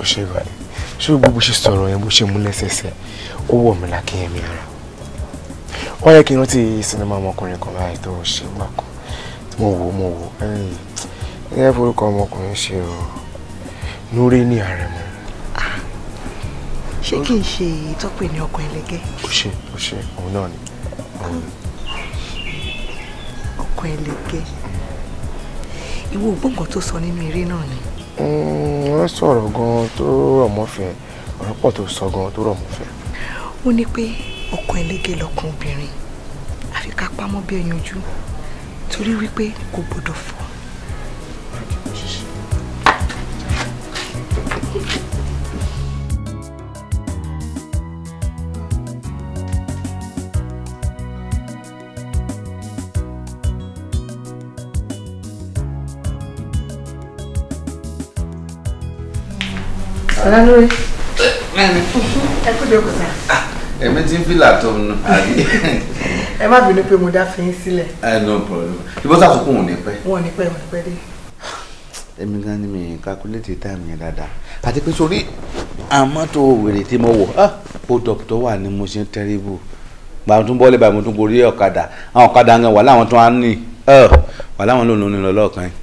ó ṣe ìwádìí ṣé o gbogbo ṣe sọ̀rọ̀ yẹn bó ṣe mú lẹ́sẹsẹ ó wọ̀ mí lákìyẹn mi ara ó yẹ kí n rántí sinimá ọmọkùnrin kan báyìí tó ṣe wà kan mo wò mo wò ẹyìn ẹ forúkọ ọmọkùnrin ṣe o núré ní ààrẹ mọ ṣé kì í ṣe ìtọ́pẹ́ ní ọkọ̀ ẹlẹ́gẹ́. ó ṣe ó ṣe òun náà ni. ọkọ̀ ẹlẹ́gẹ́ ìwọ ò gbọ́ nǹkan tó sọ nínú eré náà ni. Mm, wọ́n sọ̀rọ̀ gan-an tó rọ̀ mọ́fẹ́ ọ̀rọ̀ pọ̀ tó sọ gan-an tó rọ̀ mọ́fẹ́. ó ní pé ọkọ̀ ẹlẹ́gẹ́ lọkàn obìnrin àfi ká pamọ́ bí ẹyin ojú torí wípé kò gbọdọ̀ fọ Bàbá lórí. Ẹ kú dé òkúta. Ẹ̀mí ti ń fìlà tó ń nù. Ẹ má bínú pé mo dá fi yín sílẹ̀. Ẹ no problem. Ibo sàkókò wọn ní pẹ́. Wọn ní pẹ́ wọn ní pẹ́ dé. Èmi gan ni mi calculate time yẹn dáadáa. Àti pé sórí àmọ́ tó wèrè tí mo wọ̀ ah, ó dọ̀pútọ̀ wà ní mo ṣe ń terrible. Gbàmù tún bọ́lẹ̀ bàmù tún gorí ọ̀kadà. Àwọn ọ̀kadà gan wà láwọn tó wá ní ah, wà láwọn lòun lọ́lọ́ọ̀kan yìí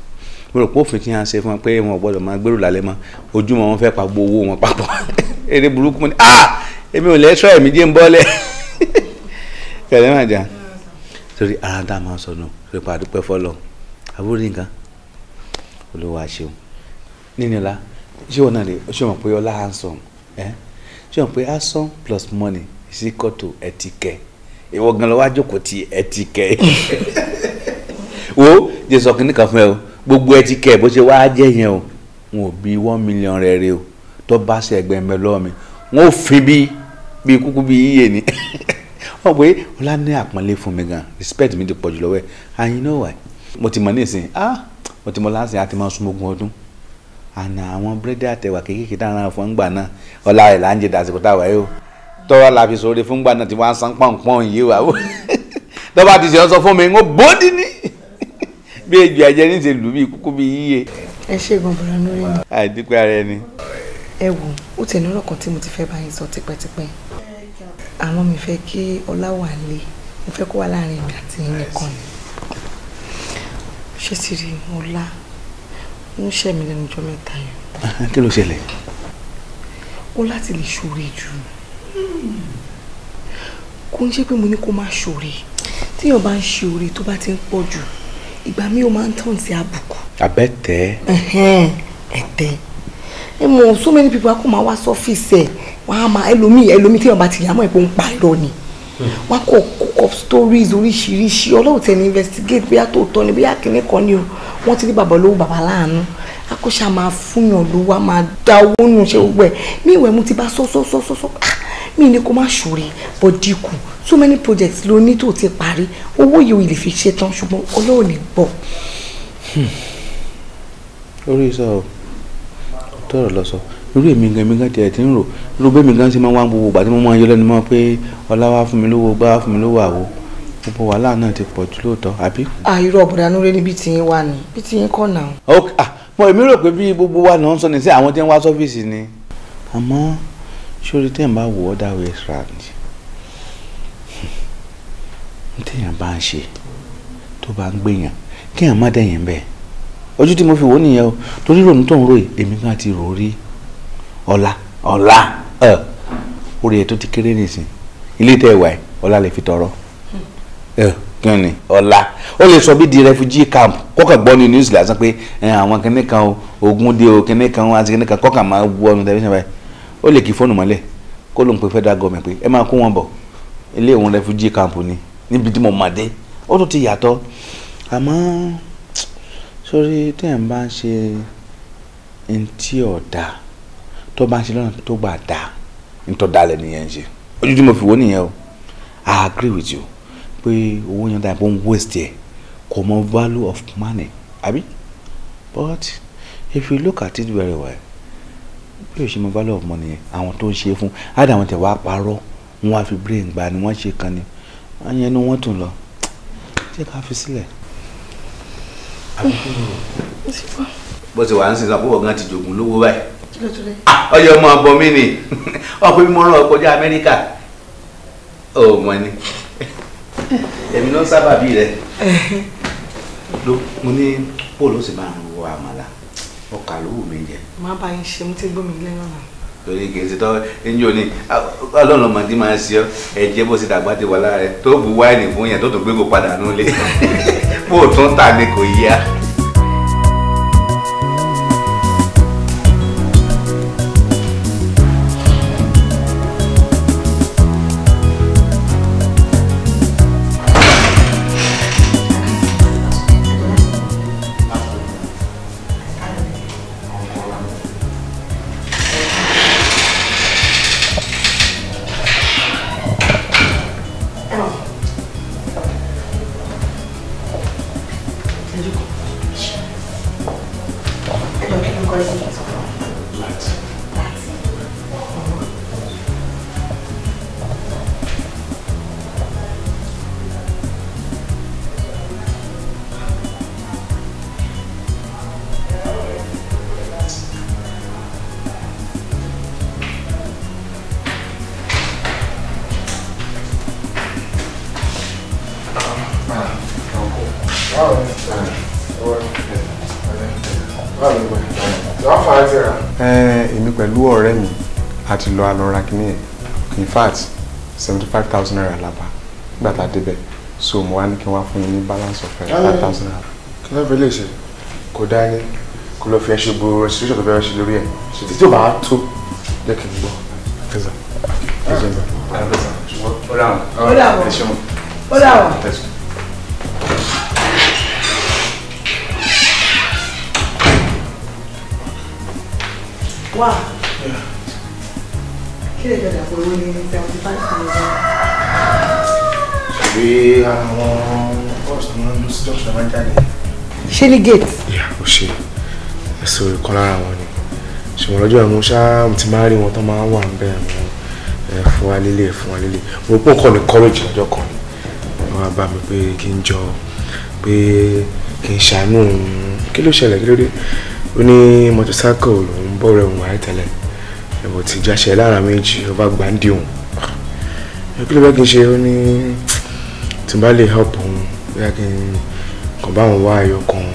mo rò pé òfin tí wọ́n ṣe fún wọn pé wọn ò gbọ́dọ̀ máa gbèrò lálẹ́ mọ́ ojúmọ́ wọn fẹ́ pa gbogbo owó wọn papọ̀ eré burúkú mo ní ah èmi ò lẹ́tọ́ ẹ̀mí jẹ́ ń bọ́lẹ̀ kẹ̀lẹ́ máa jà torí ara dá máa sọnù torí pàdé pẹ́ fọlọ́ àbúrò nìkan olúwa ṣeun nínúlá ṣé wọn náà lè ṣé wọn pé ọlá handsome ẹ ṣé wọn pé handsome plus money is equal to ẹtìkẹ ìwọ gan lọ wá jókòó ti ẹtìkẹ wo jésù ọkùnrin kan fún ẹ o gbogbo ẹ ti kẹ bó ṣe wáá jẹ yẹn o wọn ò bí one million rẹ rẹ o tó bá ṣe ẹgbẹ mẹ lọ mi wọn ò fi bí bí kúkú bí yíyẹ ni wọn pé ọlá ní àpọ́nlé fún mi gan respect mi ti pọ̀ jù lọ́wọ́ ẹ̀ and ah, you know why mo ti mọ̀ ní ìsìn ah mo ti mọ̀ láti àti máa sún ogún ọdún àná àwọn búrẹ́dì àtẹwà kéékèèké dáná fún ńgbà náà ọlá rẹ̀ là ń jẹ dàsìkò táwa yìí o tọ́wọ́ la fi sọ̀rọ̀ fún ńgbà náà tí wọ́n á san pọ̀npọ̀n yìí wà ó tọ́ba ti ṣe ọ́ sọ fún mi ń bó dín bí ejò ajẹ́ ní ṣe lù mí kúkú bí yíyé. ẹ ṣe gbọ̀ngbọ̀n lórí mi. àìdípẹ́ ara ẹni. ẹ wò ó tẹ̀ lọ́rọ̀ kan tí mo ti fẹ́ bá yín sọ tipẹ́tipẹ́ àmọ́ mi fẹ́ kí Ọláwálé mo fẹ́ kó wà láàrin mi àti yín nìkan ni ṣé ti rí ọlá ń ṣẹ̀ mí lẹ́nu ọjọ́ mẹ́ta yẹn. kí ló ṣẹlẹ̀. ó láti lè ṣòre jù kò ń ṣe pé mo ní kó má ṣòre tíyàn bá ń ṣe tó bá ti ń pọ̀ jù ìgbà mi ò máa ń tàn sí àbùkù. abẹ́tẹ̀. ẹ̀tẹ̀ ẹ mọ̀ so many people akó máa wá sọ́fíìsì ẹ̀ wọ́n á máa ẹlòmíì ẹlòmíì tí wọ́n bá ti yà mọ́ ẹ̀ pé ń pa irọ́ ni hmm. wọ́n á kọ́ cook up stories oríṣiríṣi ọlọ́run tẹ̀ ní investigate bóyá tó tọ́ ni bóyá kìnìún kan ni o wọ́n ti rí bàbá olówó bàbá láàánú akọ́ṣà máa fúnyàn lówó a máa da owó nù ṣe gbogbo ẹ̀ mí ìwẹ̀ mu ti bá sọ́sọ́sọ́sọ́ ah, mi ni kò má ṣòre bọ́ dínkù so many projects ló ní tó ti parí owó yìí ò lè fi ṣe tán ṣùgbọ́n ọlọ́run ní gbọ́. Hmm. orí sọ ọ tọrọ lọ sọ irú èmi gan èmi gan tiẹ̀ ti ń rò irú bẹ́ẹ̀ mi gan ṣe máa ń wá gbogbo ìgbà tí mo máa ń yọ lẹ́nu mọ́ pé ọlá wá fún mi lówó gbá wá fún mi lówó àwo gbogbo wàhálà náà ti pọ̀ jù lóòótọ́ àbí. àìrò ọ̀bùdá núré níbi tí yín wà ní bí tí yín kọ̀ náà. ok ah mo èmi rò pé bí gbogbo wa náà ń sọ ní sí àwọn tí ń wá sọ́fíìsì ni àmọ́ sórí tẹ́ ń bá wò ó dáwọ́ ẹ̀ sàrà ni téèyàn bá ń ṣe tó bá ń gbèyàn kéèyàn má dẹ̀yìn bẹ́ẹ̀ ojú tí mo fi wò ó nìyẹn o torí rònú tó ń ròyìn èmi kan ti rò ó rí ọ̀la ọ̀la ẹ̀ orí ẹ̀ tó ti kéré nìsín ilé tẹ́ ẹ ọ̀la lè fi tọrọ ẹ̀ kí ni ọ̀la ó lè sọ bí di refugee camp kọ́kàn gbọ́ ní news lásán pé àwọn kìnìún kan ogun dé o kìnìún kan àti kìnìún kan kọ́kàn máa wú ọ̀nà tẹ̀lifíṣàn báyìí ó lè kí fóònù mọ́lẹ̀ kó ló ń pe federal government pé ẹ máa kó wọn bọ̀ ilé òun refugee camp ni níbi tí mo mà dé ó tún ti yàtọ̀ àmọ́ sórí téèyàn bá ń ṣe ní tí ò da tó bá ṣe lọ́nà tó gbà da ní tó dalẹ̀ nìyẹn ṣe ojú tí mo fi wò nìyẹn o I agree with you pé owó yẹn dàbí òun waste ẹ̀ kò mọ value of money àbí but if you look at it very well bí o ṣe mọ value of money yẹn àwọn tó ń ṣe fún àdàwọn tẹ̀ wá parọ́ wọn á fi brain gbà ni wọ́n ṣe kan ni àyẹn inú wọn tún lọ ṣé ká fi sílẹ̀. bó ti wà ń sinzan púpọ̀ gan ti jogún lówó báyìí ọyọ ọmọ ọbọ mi ni ọkọ mi mọ ọ̀rọ̀ kọjá Amẹ́ríkà ò mọ ni èmi ló ń sábàbí rẹ mo ní paul ó sì máa ń wo àmàlà ọkà ló wù jẹ. má bá yín ṣe mo ti gbómi lẹ́yìn ọ̀nà torí kì í ṣe tọ́ ẹnjú òní ọlọ́run ọmọdé máa ń ṣe ọ́ ẹ̀jẹ̀ bó ṣe dàgbà ti wà lára rẹ̀ tó bu wáìnì fún yẹn tó tún gbé padà nulẹ̀ bó tún ta ni kò yíya. lọ alọ́ra kìíní yẹn in fact seventy five thousand naira laba nígbà tá a débẹ̀ so mo wá ní kí n fún yín ní balance of five thousand naira. kí ló fẹ́ lè ṣe kò dá ní kó lọ fi ẹ ṣe gbogbo restitution tó fẹ́ ṣe lórí ẹ̀ ṣe tí tí ò bá tó jẹ́ kí n gbọ́. ó dà wọ́n ó dà wọ́n. owó ní seventy five thousand. ṣèbí àwọn bọ́ọ̀sì náà ń ṣọ́ọ̀ṣì náà máa jáde. ṣé ní gate. ìyá ò ṣe ẹ̀sùn ìkan lára wọn ni ṣùgbọ́n lọ́jọ́ ìmú ṣáà mo ti máa rí wọn tó máa ń wà ń bẹ́ẹ̀ mọ́ fún wa lílé fún wa lílé mo pọ́n kàn ní courage lọ́jọ́ kan ni wọ́n á bá mi pé kí n jọ pé kí n ṣàánú kí ló ṣẹlẹ̀ kí ló dé ó ní motorcycle lòún bọ̀rẹ̀ òun àìtẹ́lẹ̀ ẹ̀wọ̀n ti jáṣẹ lára méjì ọba gbàǹdì òun kí ló bá kí n ṣe ó ní tí n bá lè help òun bóyá kí kàn bá òun wá ayọ̀ kan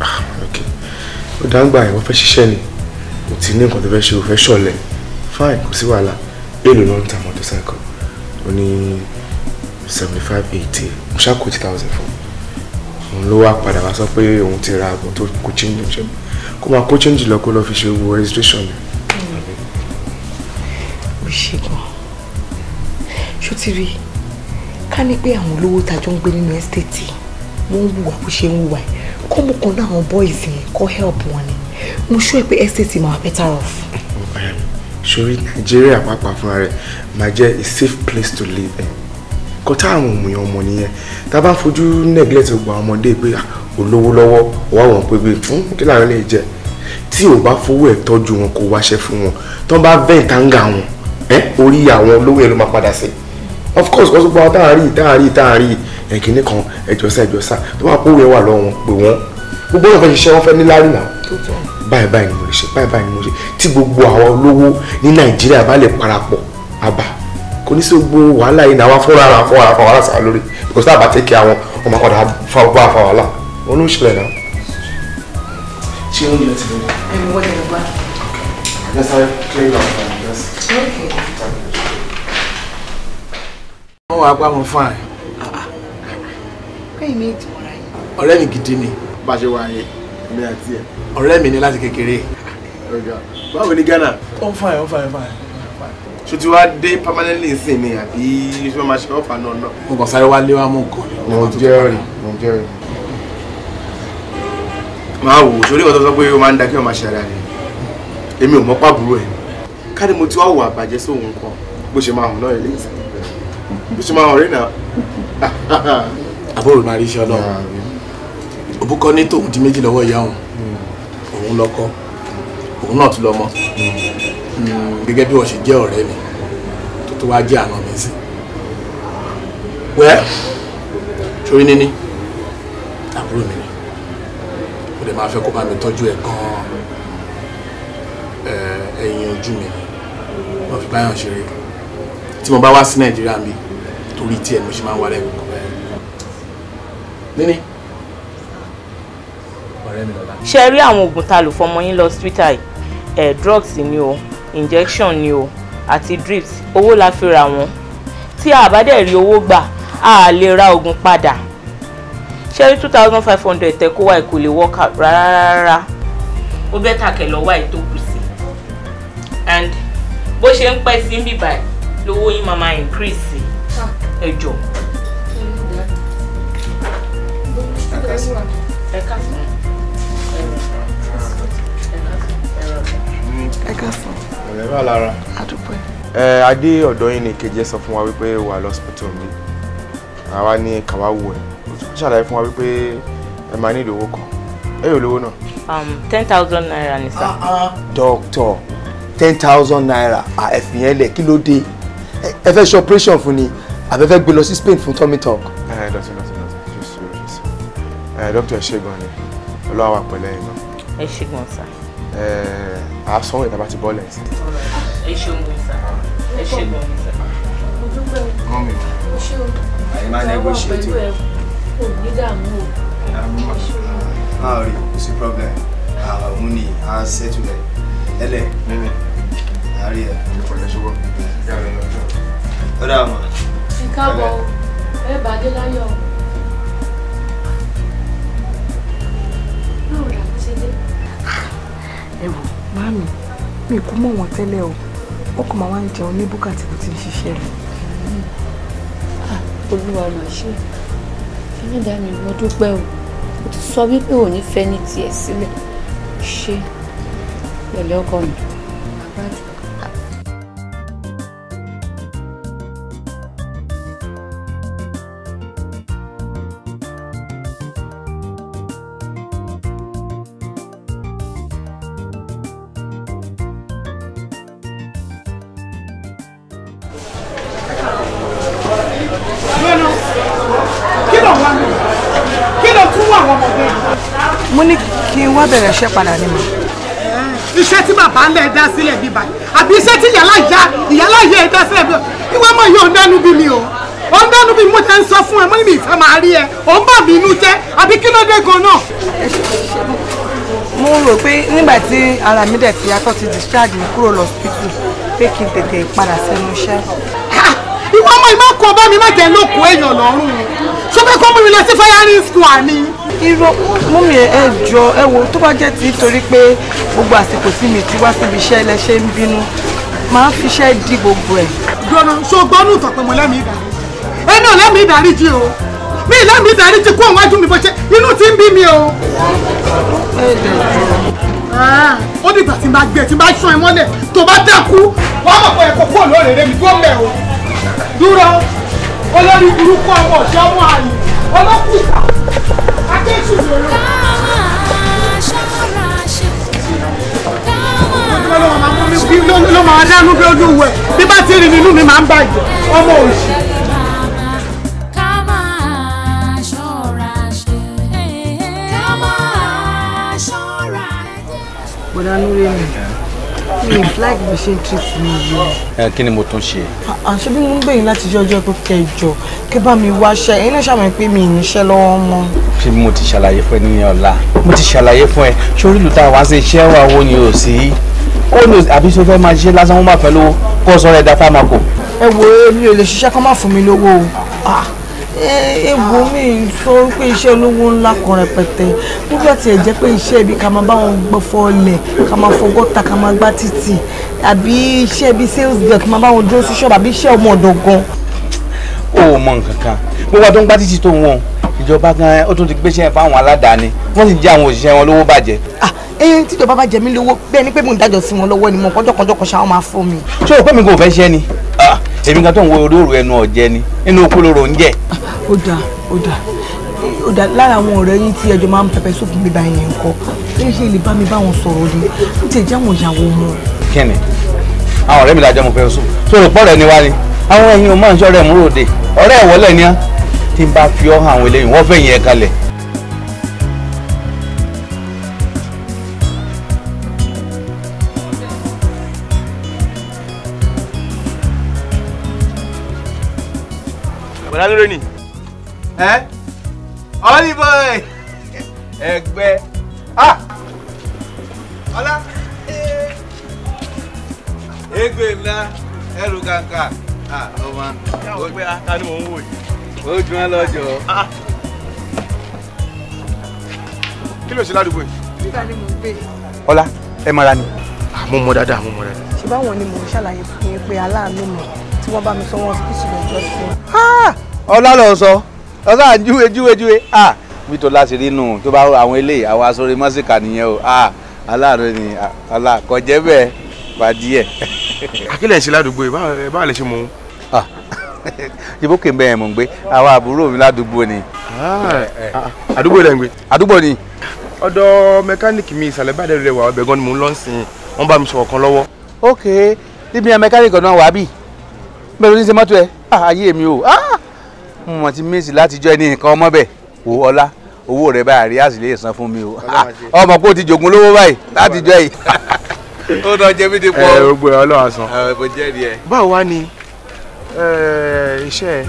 ah, ó dáńgbà ẹ̀ wọ́n fẹ́ ṣiṣẹ́ ni kò tí ní nǹkan tó fẹ́ ṣe ò fẹ́ ṣọ̀lẹ̀ fine kò sí wàhálà èèlò náà ta motorcycle ó ní seventy five eighty mo ṣàkó eight thousand fún un ló wá padà wá sọ pé òun ti ra àgbọn tó kó change kó máa kó change lọ kó lọ fi ṣe owó registration ni. ti rí ká ní pé àwọn olówó tajọ ń gbé nínú ẹ́stéètì wọ́n ń wùwà bó ṣe ń wùwà kọ́ mú kan náà àwọn boys yẹn kọ́ help wọn ni mo ṣọ́ ẹ pé ẹ́stéètì máa better off. sori Nàìjíríà pàápàá fúnra rẹ̀ máa jẹ́ a safe place to live in kọtá àwọn òmùyàn ọmọ nìyẹn tá a bá fojú neglect gbogbo àwọn ọmọdé pé ah, olówó lọ́wọ́ wà wọ́n pé pé hmm, kí làwọn lè jẹ tí ò bá fowó ẹ̀ tọ́jú wọn kó wáṣẹ́ fún wọn tó bá vent anger wọn orí àwọn olówó yẹn ló máa padà sí of course kò sọ pé táàrí táàrí táàrí ẹ̀kíní kan ẹ̀jọ̀sá ẹ̀jọ̀sá tó bá kówó ẹ̀ wà lọ́wọ́ pé wọ́n gbogbo ọ̀nà fẹ́ ṣiṣẹ́ wọn fẹ́ ní lárí náà báyìí báyìí ni mo ṣe báyìí báyìí ni mo ṣe tí gbogbo àwọn olówó ní nàìjíríà bá lè parapọ̀ àbá kò ní sí gbogbo wàhálà yìí náà wá fúnra ara fún ara fún wàhálà sáà lórí because táà bá tẹ́ kí àwọn ọmọ akọ̀dà fa bá fa wàhálà wọn ló ń ṣẹlẹ̀ náà. ṣé oúnjẹ ti lọ. ẹ wọ́n jẹ lọ bá. ok ẹ sáré clean up and dress. okay. Oh, wá gbá wọn fún àyè. kẹ́yìn mi ti wọ̀ra yìí. ọ̀rẹ́ mi gidi ni. bá a ṣe wà yẹn èmi àti ẹ̀. ọ̀rẹ́ mi ni láti kékeré. báwo ni Ghana. ó ń fàyè ó ń fàyè fàyè. ṣùtú wa dé permanently sìn ni àbí ṣé wọ́n máa ṣe ọ̀fà náà náà. mo kàn sáré wá lé wa mú nǹkan. mo jẹ́rìí mo jẹ́rìí. máa wò sórí ìwọ́n sọ pé ó máa ń dákẹ́ ọmọ àṣàrà ni èmi ò mọ́ pàbúrò ẹ̀ káàdì mo ti wá wò àbàjẹ́ sóhun kan bó ṣe bó ṣe máa hàn rí náà. àbúrò máa rí iṣẹ́ ọlọ́run òbúkọ ní tòun di méjì lọ́wọ́ ìyá òun hmm. òun lọ́kọ òun náà tún lọ́mọ hmm. hmm, gẹ́gẹ́ bí wọ́n ṣe jẹ́ ọ̀rẹ́ mi tó tó wá jẹ́ àná mi sí. wẹ́ẹ́ sórí níní àbúrò mi ni mo dẹ̀ máa fẹ́ kó bá mi tọ́jú ẹ̀ gan-an ẹ̀yìn ojú mi wọ́n fi báyọ̀ ṣeré tí mo bá wá sí nàìjíríà mi torí tí ẹnu ṣe máa ń wà lẹ́nu kan bẹ́ẹ̀. níní. ṣe rí àwọn oògùn tá a lò fọmọ yín lọ hospital yìí eh, drugs ni o injection ni o àti drips owó la fi ra wọn tí a bá dẹ̀ rí owó gbà a lè ra oògùn padà ṣe rí two thousand five hundred tẹ kó wá kò lè work out rárá rárá ó bẹ́tà kẹ̀ lọ́wọ́ àìtókù sí and bó ṣe ń pẹ́ sí bíbáyìí lówó yín máa máa increase ẹ jọ. ẹ káàsán. ọ̀rẹ́ bá lára. àdúpẹ́. ẹ adé ọ̀dọ́ yín ni kejì ẹ sọ fún wa wípé wà lọ́sítọ̀ mi àwa ní kàwá wo ẹ̀ ó tún ṣàlàyé fún wa wípé ẹ máa ní ìlówó kan ẹ yóò lówó náà. Um, ten thousand naira ni sá. Ah, ah. doctor ten thousand naira ah, ẹ fi yẹn lẹ̀ kí ló dé ẹ fẹ́ ṣe operation fún ni abẹ́fẹ́ gbé lọ sí Spain fún tummy talk. ẹ dọ̀tí dọ̀tí dọ̀tí jù sí o jù sí ẹ dókítà ṣẹ́gun ni olúwa wà pẹ̀lẹ́ yìí náà. ẹ ṣẹ́gun sá. ẹ àásán ìta bá ti bọ́ lẹ́yìn sí. ẹ ṣeun sá ẹ ṣẹ́gun sá. mọ́ mi o ṣe o àyè máa negotiate o. kò ní dààmú o. máa rí kò sí problem àwọn òun ni a settle ẹ ẹlẹ mímí àárí ẹ. ọ̀dà wọn káàbọ̀ ẹ bàdé láyọ̀ náà rà tẹ́lẹ̀. ẹ wò màmí mi kú mọ̀ wọ́n tẹ́lẹ̀ o ó kàn máa wá ń jẹun ní búkà tí mo ti ń ṣiṣẹ́ rẹ̀. Ah, olúwa mà ṣe o mo ti sọ wípé ò ní fẹ́ ní tiẹ̀ sílẹ̀ ṣe pẹ̀lẹ́ ọkọ bẹ̀rẹ̀ iṣẹ́ padà ni mà. iṣẹ́ tí bàbá ńlá ẹ̀ dá sílẹ̀ bíbá àbí iṣẹ́ tí ìyálà ìyá ìyálà ìyá ẹ̀ dá sílẹ̀ bíbá ìwọ ọmọ yìí ò ń dánú bí mi o ò ń dánú bí mo ti ń sọ fún ẹ mo ní mi ìfẹ́ máa rí ẹ ò ń bà mí inú jẹ́ àbí kí ló dé gan-an. mo rò pé nígbà tí ara mi dẹ̀ ti yàtọ̀ ti discharge mi kúrò lọ hospital pé kí n tètè padà sẹ́nu iṣẹ́ ìwọ ọmọ ìmọ̀ kan bá mi má jẹ́ lóko èèyàn lọ́rùn ṣó fẹ́ kó mú mi lọ sí firing squad ni irọ́ mú mi ẹ jọ ẹ wo tó bá jẹ́ ti torí pé gbogbo àsìkò tí mi ti wá síbi iṣẹ́ ẹlẹ́ṣẹ́ ń bínú máa ń fiṣẹ́ di gbogbo ẹ̀. gbọ́nà ṣó gbọ́nù tọ̀pẹ̀ mọ́ lẹ́mìí ìdárí ẹ náà lẹ́mìí ìdárí jí o mi lẹ́mìí ìdárí jí kó òun wájú mi bọ́ ṣe inú ti ń bí mi o. ó dìgbà tí n bá gbẹ tí n bá sún ẹ mọ́lẹ̀ tó bá dákú wọ́n mọ̀ pé ẹ̀kọ́ kúrò lóòrè rẹ mi dúró mẹ́ o dúró olórí burúkú ọmọ ọ̀ṣẹ́ ọmọ àyè ọlọ́kùnrin ló máa dánú bí ojú wẹ̀ bí bá ti rí nínú mi máa ń bàjẹ́ ọmọ òṣì. bọ̀dá lórí mi mi ò like bí ṣe ń treat mi yìí. ẹ kí ni mo tún ṣe. àṣé bí mo ń gbẹ̀yìn láti ṣe ọjọ́ pé kẹjọ kí bá mi wáṣẹ ẹ̀yin náà ṣàmì pé mi ì níṣẹ́ lọ́wọ́ mọ́. ṣé mo ti ṣàlàyé fún ẹ ní ọ̀la mo ti ṣàlàyé fún ẹ sórí ìlú táwa ṣe iṣẹ́ wa wo ni ò sí ó ní àbí ṣe fẹ́ máa ṣe lásán wọ́n máa fẹ́ lówó kó sọ ẹ da fámakò. ẹ wo mi ò lè ṣiṣẹ́ kó má fún mi lówó o egbò mi sọ pé iṣẹ́ olówó ńlá kan rẹpẹtẹ nígbà tí ẹ jẹ́ pé iṣẹ́ ibi ká máa bá wọn gbọ́fọ́ ọlẹ̀ ká máa fọ gọ́ta ká máa gbá títì àbí iṣẹ́ ibi sales girl ká máa bá wọn dúró sí ṣọ́ọ̀bù àbí iṣẹ́ ọmọ ọ̀dọ̀ gan. o ò mọ nǹkan kan gbogbo àdó ń gbá títì tó wọn ìjọba gan ó tún ti gbéṣẹ́ fáwọn aládàáni wọ́n sì jẹ́ àwọn òṣìṣẹ́ wọn lówó bàjẹ́. ah ẹyìn tíjọba bá jẹ mí lówó bẹ́ẹ̀ ni pé mò ń dájọ́ sí wọn lọ́wọ́ ni mo kọjọkọjọkọ ṣáà wọn máa fún mi. ṣé o pé mi kò fẹ́ ṣẹ́ ni èmi kan tó ń wo olóró ẹnu ọ̀jẹ́ ni nínú okú lóró ń jẹ́. ó dáa ó dáa ó dáa lára àwọn ọ̀rẹ́ yín tí ẹjọ́ máa ń pẹpẹ sókun bíbá ẹ̀yìn nǹkan ṣé ṣe lè bá mi bá wọn sọ̀rọ̀ ni ó ti jẹ́ àwọn ìyàwó wọn. kíni àwọn ọ̀rẹ́ mi làjọ mo fẹ́ sùn sórí pọ́ọ̀rẹ́ ni wá ni àwọn ẹ̀yin ò máa ń ṣọ́ọ̀rẹ́ mú ròde ọ̀rẹ́ ìwọlẹ̀ ni á tí n bá fi ọ́ àwọn eléyìí wọ́n fẹ̀yìn ẹ̀ kalẹ̀ Ìyálóde ni. Ẹ Ọlí bọ́ẹ̀ ẹgbẹ́ ah! Ọlá egbe ńlá ẹrù kàǹkà ah, ọmọ. Ó gbé ata ni mò ń wò yìí. Ó jù wọ́n lọ́jọ́. Ah. Kí ló ṣe ládùúgbò yìí? Nígbà ni mò ń gbé. Ọlá ẹ mara ni. Àmọ́ mọ dáadáa, àmọ́ mọ dáadáa. Ṣé báwọn ni mò ń ṣàlàyé fún yín pé aláàánú mi tí wọ́n bá mi sọ wọn sí kìsìlẹ̀ ọlá lọ sọ ọsà júwe júwe ah mi tó láti rí nù tó bá àwọn eléyìí àwọn asọ̀rọ̀ mọ́síkà nìyẹn o ah aláàárọ̀ ni ọlá kọjẹ́ bẹ́ẹ̀ pàdí ẹ̀. akílẹ̀ ṣe ládùúgbò yìí báwo lè ṣe mọ̀ ọ́n. ibo kì í bẹ́ẹ̀ mọ̀ ń gbé àwọn àbúrò mi ládùúgbò ni. àdúgbò rẹ̀ ń gbé. àdúgbò ni. ọ̀dọ̀ mẹkáníìkì mi ìsàlẹ̀ bá dẹ̀rẹ̀ wà ọbẹ̀ gan ni mò ń lọ sìn wọ́n bá mi sọ̀rọ̀ kan lọ́wọ́. ok ibi mẹkáníìkì náà wà á bì bẹ́ẹ̀ ló ní ṣe mọ́tò ẹ̀ ayé mi o ah mo mọ̀ ti mísì láti jọ ẹni nǹkan ọmọ bẹ̀ wò ọlá owó rẹ báyìí ríásì lè san fún mi o ọmọ kó o ti jogún lówó báyìí láti jọ yìí ó lọ jẹ mí dípò. ẹ gbogbo ẹ ọlọ́wà san. ẹ bó jẹ́ rí ẹ. báwo wá ni iṣẹ́ ẹ.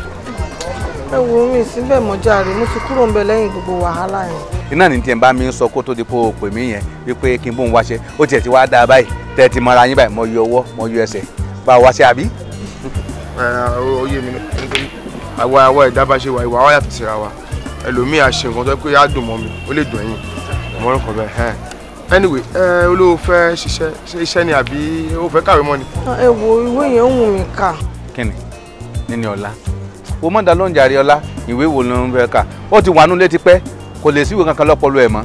ẹ wo mi síbẹ̀ mọ́ jàre mo ti kúrò ń bẹ lẹ́yìn gbogbo wàhálà yẹn. iná ní tiẹ̀ bá mi ń sọ kó tó di pé o pè mí yẹn wípé kí n bóun wáṣẹ ó tiẹ̀ ti wá dáa báyìí tẹ́ ẹ ti mọra yín báyìí mo yọ ọwọ́ mo yọ ẹsẹ̀ bá wáṣẹ àbí. ẹ oyè mi ni àwa àwa ẹ̀dá bá ṣe wà ìwà wa yàtọ̀ síra wa ẹlòmíì á ṣe nǹkan tó pé á dùn mọ́ mi ó lè dùn ẹ̀yìn ọmọ ọlọ́kọ̀ bẹ́ẹ̀ anyway ẹ olówó fẹ́ ṣiṣẹ́ ṣe iṣẹ́ ni àbí o fẹ́ kàwé mọ́ ni. ẹ wo ìwé yẹn ń wù mí kà. kíni níní ọlá wo mọ̀dà ló ń jàre ọlá ìwé wo ló ń fẹ́ kà ó ti wà nú létí pẹ́ kò lè síwèé kankan lọ́pọ̀lọ́ ẹ̀ mọ́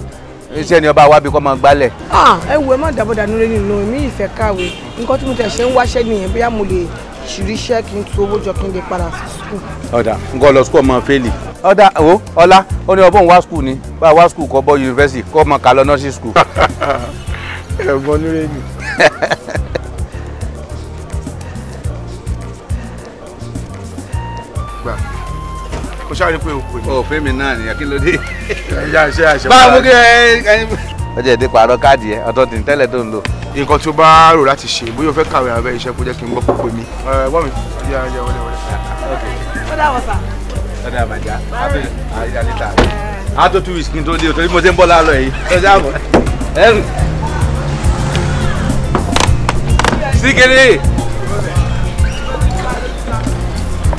iṣẹ́ ni ọba wa bí kò máa gbálẹ̀. Ah, ẹ wo ẹ má dàbọ̀dà nulẹ̀ nínú mi ìfẹ́ kàwé nǹkan tí mo tẹ̀ ṣe ń wáṣẹ́ nìyẹn bí mo lè ṣìríṣẹ́ kí n tu owó jọ kí n lè padà sí skul. ọ̀dà nǹkan lọ skul ọmọ fẹ́lì. ọ̀dà o ọlá ó ní ọbọ̀n wá skul ni bá a wá skul kọ́ bọ́ yunifásitì kọ́ ọmọ kà lọ nọ́ọ̀sì skul. ẹ̀gbọ́n nílé mi. gbà kò sáré pé o pè mí. o pè mí náà nìyà kí ló dé. báwo kí ẹ ẹ ọjọ́ èdè pààrọ̀ káàdì ẹ ọ̀tọ̀ tí ń tẹ́lẹ̀ tó ń lò. nǹkan tí o bá rò láti ṣe bóyá o fẹ́ kàwé abẹ́ iṣẹ́ kó jẹ́ kí n gbọ́ pípé mi. ẹ wọ́n mi ọjà ọjà wọlé wọlé. ó dà wọ́n sà. ọ̀dà àbàjá abẹ́ àyàlítà. a tó two weeks kí n tó dé o torí mo ti ń bọ́ láàárọ̀ yìí. ọjà àbọ̀ ẹrù. síkèrè.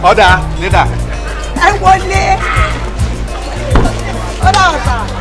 ọ̀dà níta. ẹ wọlé. ó dà wọ́n sà.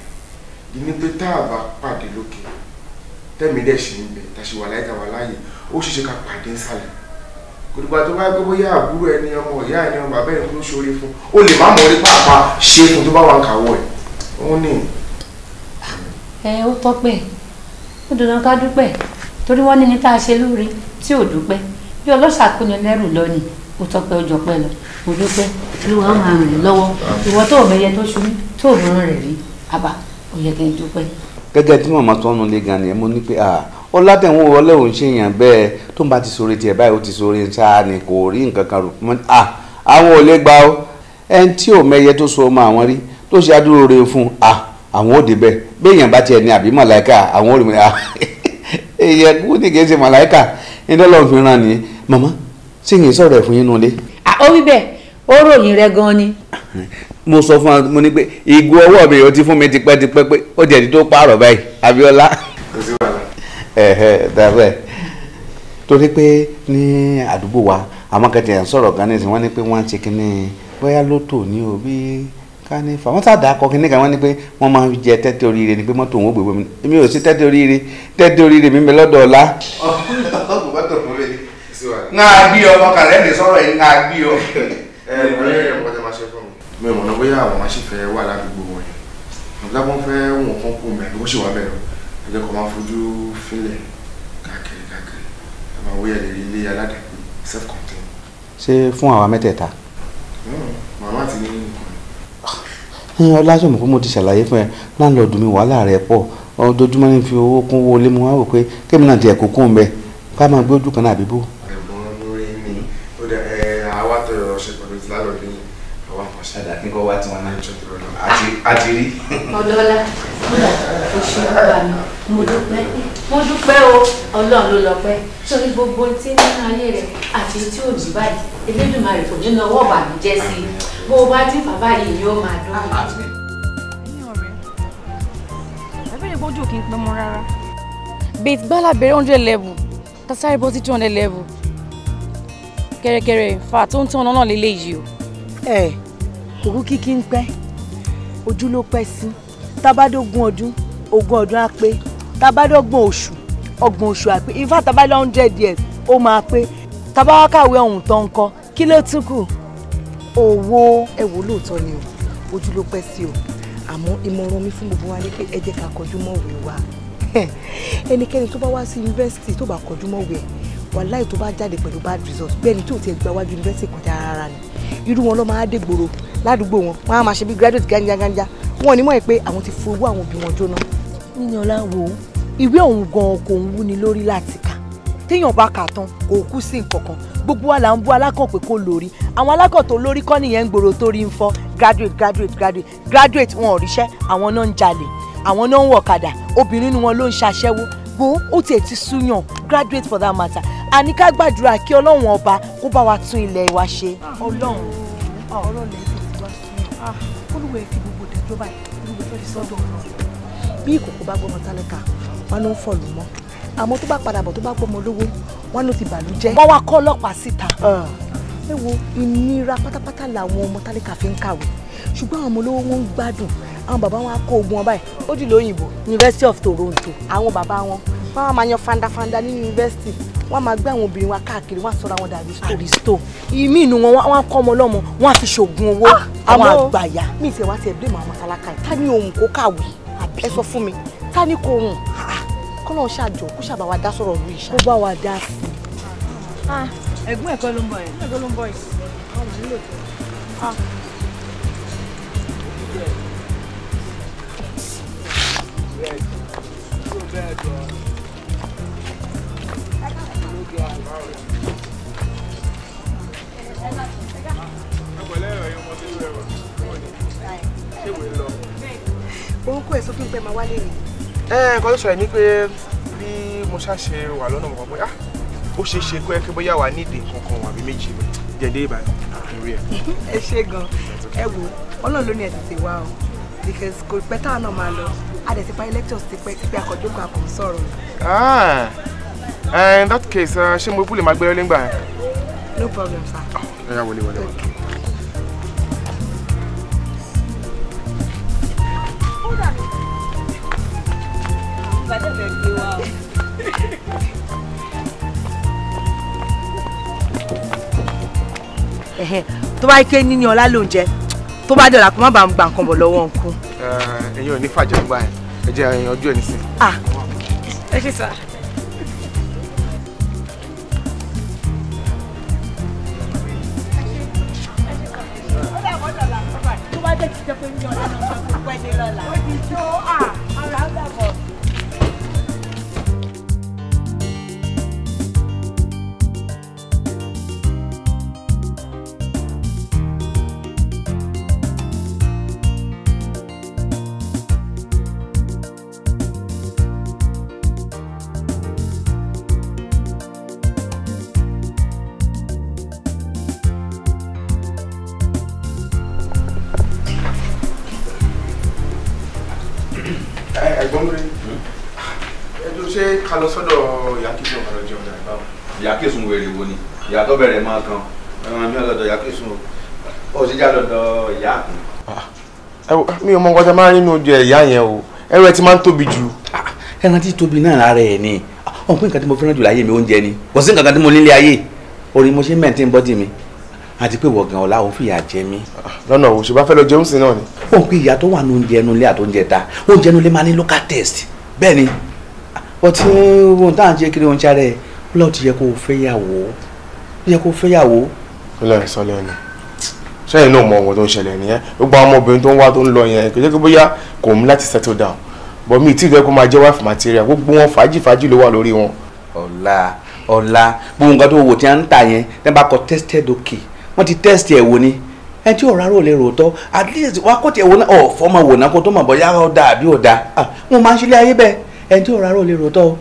ní pé tá a bá pàdé lókè tẹ́mi dẹ̀ ṣì ń bẹ̀ tàṣì wà láyé tàwà láàyè ó ṣeéṣe ká pàdé nsàlẹ̀ kòtùgbà tó bá gbé bóyá àbúrò ẹni ọmọ ìyá ẹni ọmọ bàbá ẹni ló ṣoore fún ó lè má mọ̀ orí pàápàá ṣe fún tó bá wà ń kàwọ́ ẹ̀ òun ni. ẹ ó tọ́pẹ́ ó dùnà ká dúpẹ́ torí wọ́n ní ní tá a ṣe lóore tí ò dúpẹ́ bí ọlọ́ṣà pinnu lẹ́rù lọ ni ó tọ́pẹ́ ọjọ́ pẹ́ lọ mo dúpẹ́ ló wàá máa rìn lọ́wọ́ ìwọ tó ò mẹyẹ tó ṣubú tó ò mọ̀ rẹ̀ rí àbá ó yẹ kí n dúpẹ́. gẹ́gẹ́ tí màmá tó ọ̀nà lè gan ni mo ní pé ọlátẹ̀wọ̀n wọlé òun ṣe èèyàn bẹ́ẹ̀ tó ń bá ti sọ̀rọ̀ tiẹ̀ báyìí ó ti sọ̀rọ̀ ṣáà ni kò rí nǹkan kan rò mọ́ àwọn ò lè gbà ó ẹni tí ò mẹyẹ tó so ọmọ àwọn rí tó ṣe adúró re fún àwọn ò débẹ̀ béèyàn bá tiẹ̀ ní àbí màláìka àwọn ò rí mi èèyàn kú ní kìí ṣe màláìka iná lọ́ọ̀ fi ràn ní màmá sí yìí sọ̀rọ̀ ẹ̀ yín nulẹ̀. ó wí bẹ́ẹ̀ ó ròyìn rẹ gan-an ni. mo sọ fún wa mo ní pé ìgò ọwọ́ mi ti fún mi tipẹ́tipẹ́ pé ó jẹ̀dí tó pààrọ̀ báyìí Abíọ́lá. kò torí pé ní àdúgbò wa àwọn sọ̀rọ̀ gan nísìnyí wọ́n ní pé wọ́n ti kíní kan wọ́n ní pé wọ́n máa ń jẹ tẹ́tẹ́ oríire ni pé mọ́tò òun ò gbé bomi mi ò sí tẹ́tẹ́ oríire tẹ́tẹ́ oríire mi mi lọ́dọ̀ ọ̀la. mi ò mọ̀nà bóyá àwọn aṣèfẹ́ wà ládùúgbò wọn yẹn àbúlá wọn fẹ́ wọn kàn kú mẹ́ bó ṣe wà bẹ́ẹ̀ lọ ẹ jẹ́ kó máa fojú fílẹ̀ káàkiri káàkiri ẹ máa wóyà lè rí ilé aládàgbé self contained. ṣé fún àwa mẹ́tẹ̀ẹ̀ta. Hmm, màmá ti ní nǹkan. ọlásùnmù ah, kó mo ti ṣàlàyé fún ẹ láńlọ́ọ̀dù mi wàhálà rẹ̀ pọ̀ ojoojúmọ́ ní fi owó kún owó lé mu wá wò pé kémi náà ti ẹ̀kọ́ kún un bẹ́ẹ̀ ká máa gbé ojú kan náà àbíbó. àti rí. ọlọ́lá oṣù bàbá mi mo dúpẹ́ mo dúpẹ́ o ọlọ́run ló lọ pẹ́ sórí gbogbo tí nínú ayé rẹ̀ àti tí ò jí báyìí elédùnmarè kò ní lọ wọ́ bàbújẹ́ sí i bó o bá dín bàbá yìí ni ó máa dún. ẹ̀yin ọ̀rẹ́ ẹ̀bẹ̀rẹ̀ gbójú kì í pẹ́ mọ́ rárá. bẹ́ẹ̀ gbala bẹ̀rẹ̀ hundred level tasari bọ́ sí two hundred level kẹ̀rẹ̀kẹ̀rẹ̀ fà tó ń tán ọ̀nà náà lélẹ́yìí o. ẹ òkú kíkí ń pẹ́ ojú ló pẹ́ sí tábádógún ọdún ogún ọdún á pé tábádọ́gbọ̀n oṣù ọgbọ̀n oṣù á pé in fact tábádọ́ hundred years ó máa pé tábáwá kàwé ọ̀hún tán ń kọ́ kí ló tún kù owó ẹ̀wò lóòótọ́ ni o ojú ló pẹ́ sí o àmọ́ ìmọ̀ràn mi fún gbogbo wa ni pé ẹ jẹ́ kọjú mọ́wé wa ẹnikẹ́ni tó bá wá sí yunifásitì tó bá kọjú mọ́wé ẹ̀ wàláì tó bá jáde pẹ̀lú bad result bẹ́ẹ̀ ni tí ò ti gba wájú yunifásitì kọjá rárá ni irú wọn ló máa dé gbòòrò ládùúgbò wọn wọn á máa ṣe bí graduate gánjagánjá wọn ò ní mọ̀ pé àwọn ti fowó àwọn òbí wọn jóná. níyàn láwo ìwé ọ̀hún gan-an kò ń wúni lórí láti kà téèyàn bá kà tán kò kú sí nǹkan kan gbogbo wa là ń bú alákàn pé kó lórí àwọn alákàn tó lórí kọ́ nìyẹn ń gbòòrò tó rí ń fọ́ graduate graduate graduate graduate wọn ò ríṣẹ́ àwọn náà ń jalè àwọn náà ń wọ̀kadà obìnrin ni wọn ló ń ṣaṣẹ́wó wo ó tiẹ̀ ti súyàn graduate for that matter àní ká gbàdúrà kí ọlọ́run ọba kó bá wa tún ilẹ̀ wa ṣe. ọlọ́run ọ̀rọ̀ lẹ́yìn tó ti wá súyàn olùwẹ̀ fi gbogbo ìdájọba olùwẹ̀ fẹ́ẹ́ sọ́dọ̀ ọ̀rọ̀ bí ìkòkò bá gbọmọ tálákà wọn ló ń fọlù mọ́ àmọ́ tó bá padà bọ̀ tó bá gbọmọ olówó wọn ló ti bàlújẹ́. wọ́n wá kọ́ ọlọ́pàá síta. ẹ wo ìnira pátápátá làwọn ọmọ tálákà fi ń kàwé ṣùgbọ́n àwọn ọmọ olówó wọn ń gbádùn àwọn bàbá wọn á kó ogun wọn báyìí ó dì lóyìnbó University of Toronto àwọn bàbá wọn wọ́n máa yan fandafanda ní yunifásitì wọ́n máa gbé àwọn obìnrin wa káàkiri wọ́n á sọ̀rọ̀ àwọn dàbí storisto ìmí inú wọn wọ́n á kọ́ ọmọ lọ́mọ wọ́n á fi ṣoògùn owó ah, àwọn àgbàyà mi ìtẹ̀ wá tiẹ̀ bímọ àwọn tálákà yìí ta ni ohun kó kàwé ẹ sọ fún mi ta kò hùn ah, ah. kọ́nà ṣàjọ kó ṣàbà wa dá sọ̀rọ̀ lu ìṣá. kó bá wa dá sí i. ẹ̀gbọ́n ẹ̀kọ́ ló ń bọ̀ yìí. ẹ̀kọ́ ló ń bọ̀ yìí. Red. Red. Red. Red orúkọ ẹ̀ sọ fún pé máa wálé ni. ẹ nǹkan tó sọ ẹ ní pé bí mo ṣàṣe wà lọ́nà mọ̀kàn bóyá ah, ó ṣeé ṣe pé kí bóyá wà nídìí kankan wà bí méjì mi jẹ̀dé ìbàdàn lórí ẹ. ẹ ṣe gan ẹ wo ọlọ́run ló ní ẹ tètè o because kò pẹ́ táwọn náà máa lọ a dẹ̀ ti parí lectures ti pẹ́ pé akọ̀jókòó akọ̀ sọ̀rọ̀. Ah! Uh, in that case, eh, ṣé mo búlẹ̀ máa gbé ọ́lẹ́ngbà yẹn? No problem, sir. Oh, ẹ yá wọlé wọlé wọlé. tó bá ké níní ọlá ló to jẹ tó bá dọ̀là kó má bàa gba nǹkan bọ̀ lọ́wọ́ nǹkan. Eh, ẹ̀yin ò ní fàjẹ́ gbà ẹ̀ ẹ jẹ́ ẹ̀yin ọjọ́ ẹ̀ nísìnyí. Ah. ẹ ṣe sá. 快乐来。ìyá bẹ̀rẹ̀ máa kan ẹran mi ọ̀dọ̀ ìyá kìsùn o sì já lọ́dọ̀ ìyá àkùn. Ah, mi ò mọ nǹkan tí a máa ń rí nínú ojú ìyá yẹn o ẹran ẹ ti máa ń tóbi jù. Ah, ẹran tí tóbi náà lára ẹ ni ọ̀n ah, pé nǹkan tí mo fẹ́ràn jù láyé mi oúnjẹ ni kò sí nǹkan tí mo nílé ayé orí mo ṣe mẹ́ǹtín bọ́dì mi àti pé wọ̀gàn ọ̀la òun fìyà jẹ mí. lọ́nà òwò ṣùgbọ́n fẹ́ lọ jẹun sí náà ni. ó ń pe ìyá tó wà ní oúnjẹ inú ilé àti oúnjẹ ta oúnjẹ inú ilé máa ní local test bẹ́ẹ̀ ni ọtí eh, ohun tá à ń ṣe kiri oúnjẹ rẹ̀ ó yẹ kó o fẹ́ yàwó yẹ kó fẹ́yàwó. ọlọ́run sọ lẹ́nu sẹ́yìn náà mọ ohun tó ń ṣẹlẹ̀ nìyẹn gbogbo àwọn ọmọbìnrin tó ń wá tó ń lọ yẹn kò jẹ́ kó bóyá kò mú láti settle down but mi ì tí ì fẹ́ kó máa jẹ́ wife material gbogbo wọn fàájì fàájì ló wà lórí wọn. ọ̀la ọ̀la gbogbo nǹkan tó wò tí wọ́n ń tà yẹn tẹ́ bá kọ tested okay wọ́n ti test ẹ̀ wò ni ẹ tí ọ̀rá rò lè rò tọ́ at least wá kó tiẹ̀ wò náà ọ̀ fọ́mọ wò náà kó tó mọ̀ bọ́yá ó dáa àbí ò dáa ah mo máa ń ṣílẹ̀ ayé bẹ́ẹ̀ ẹ tí ọ̀rá rò lè rò tọ́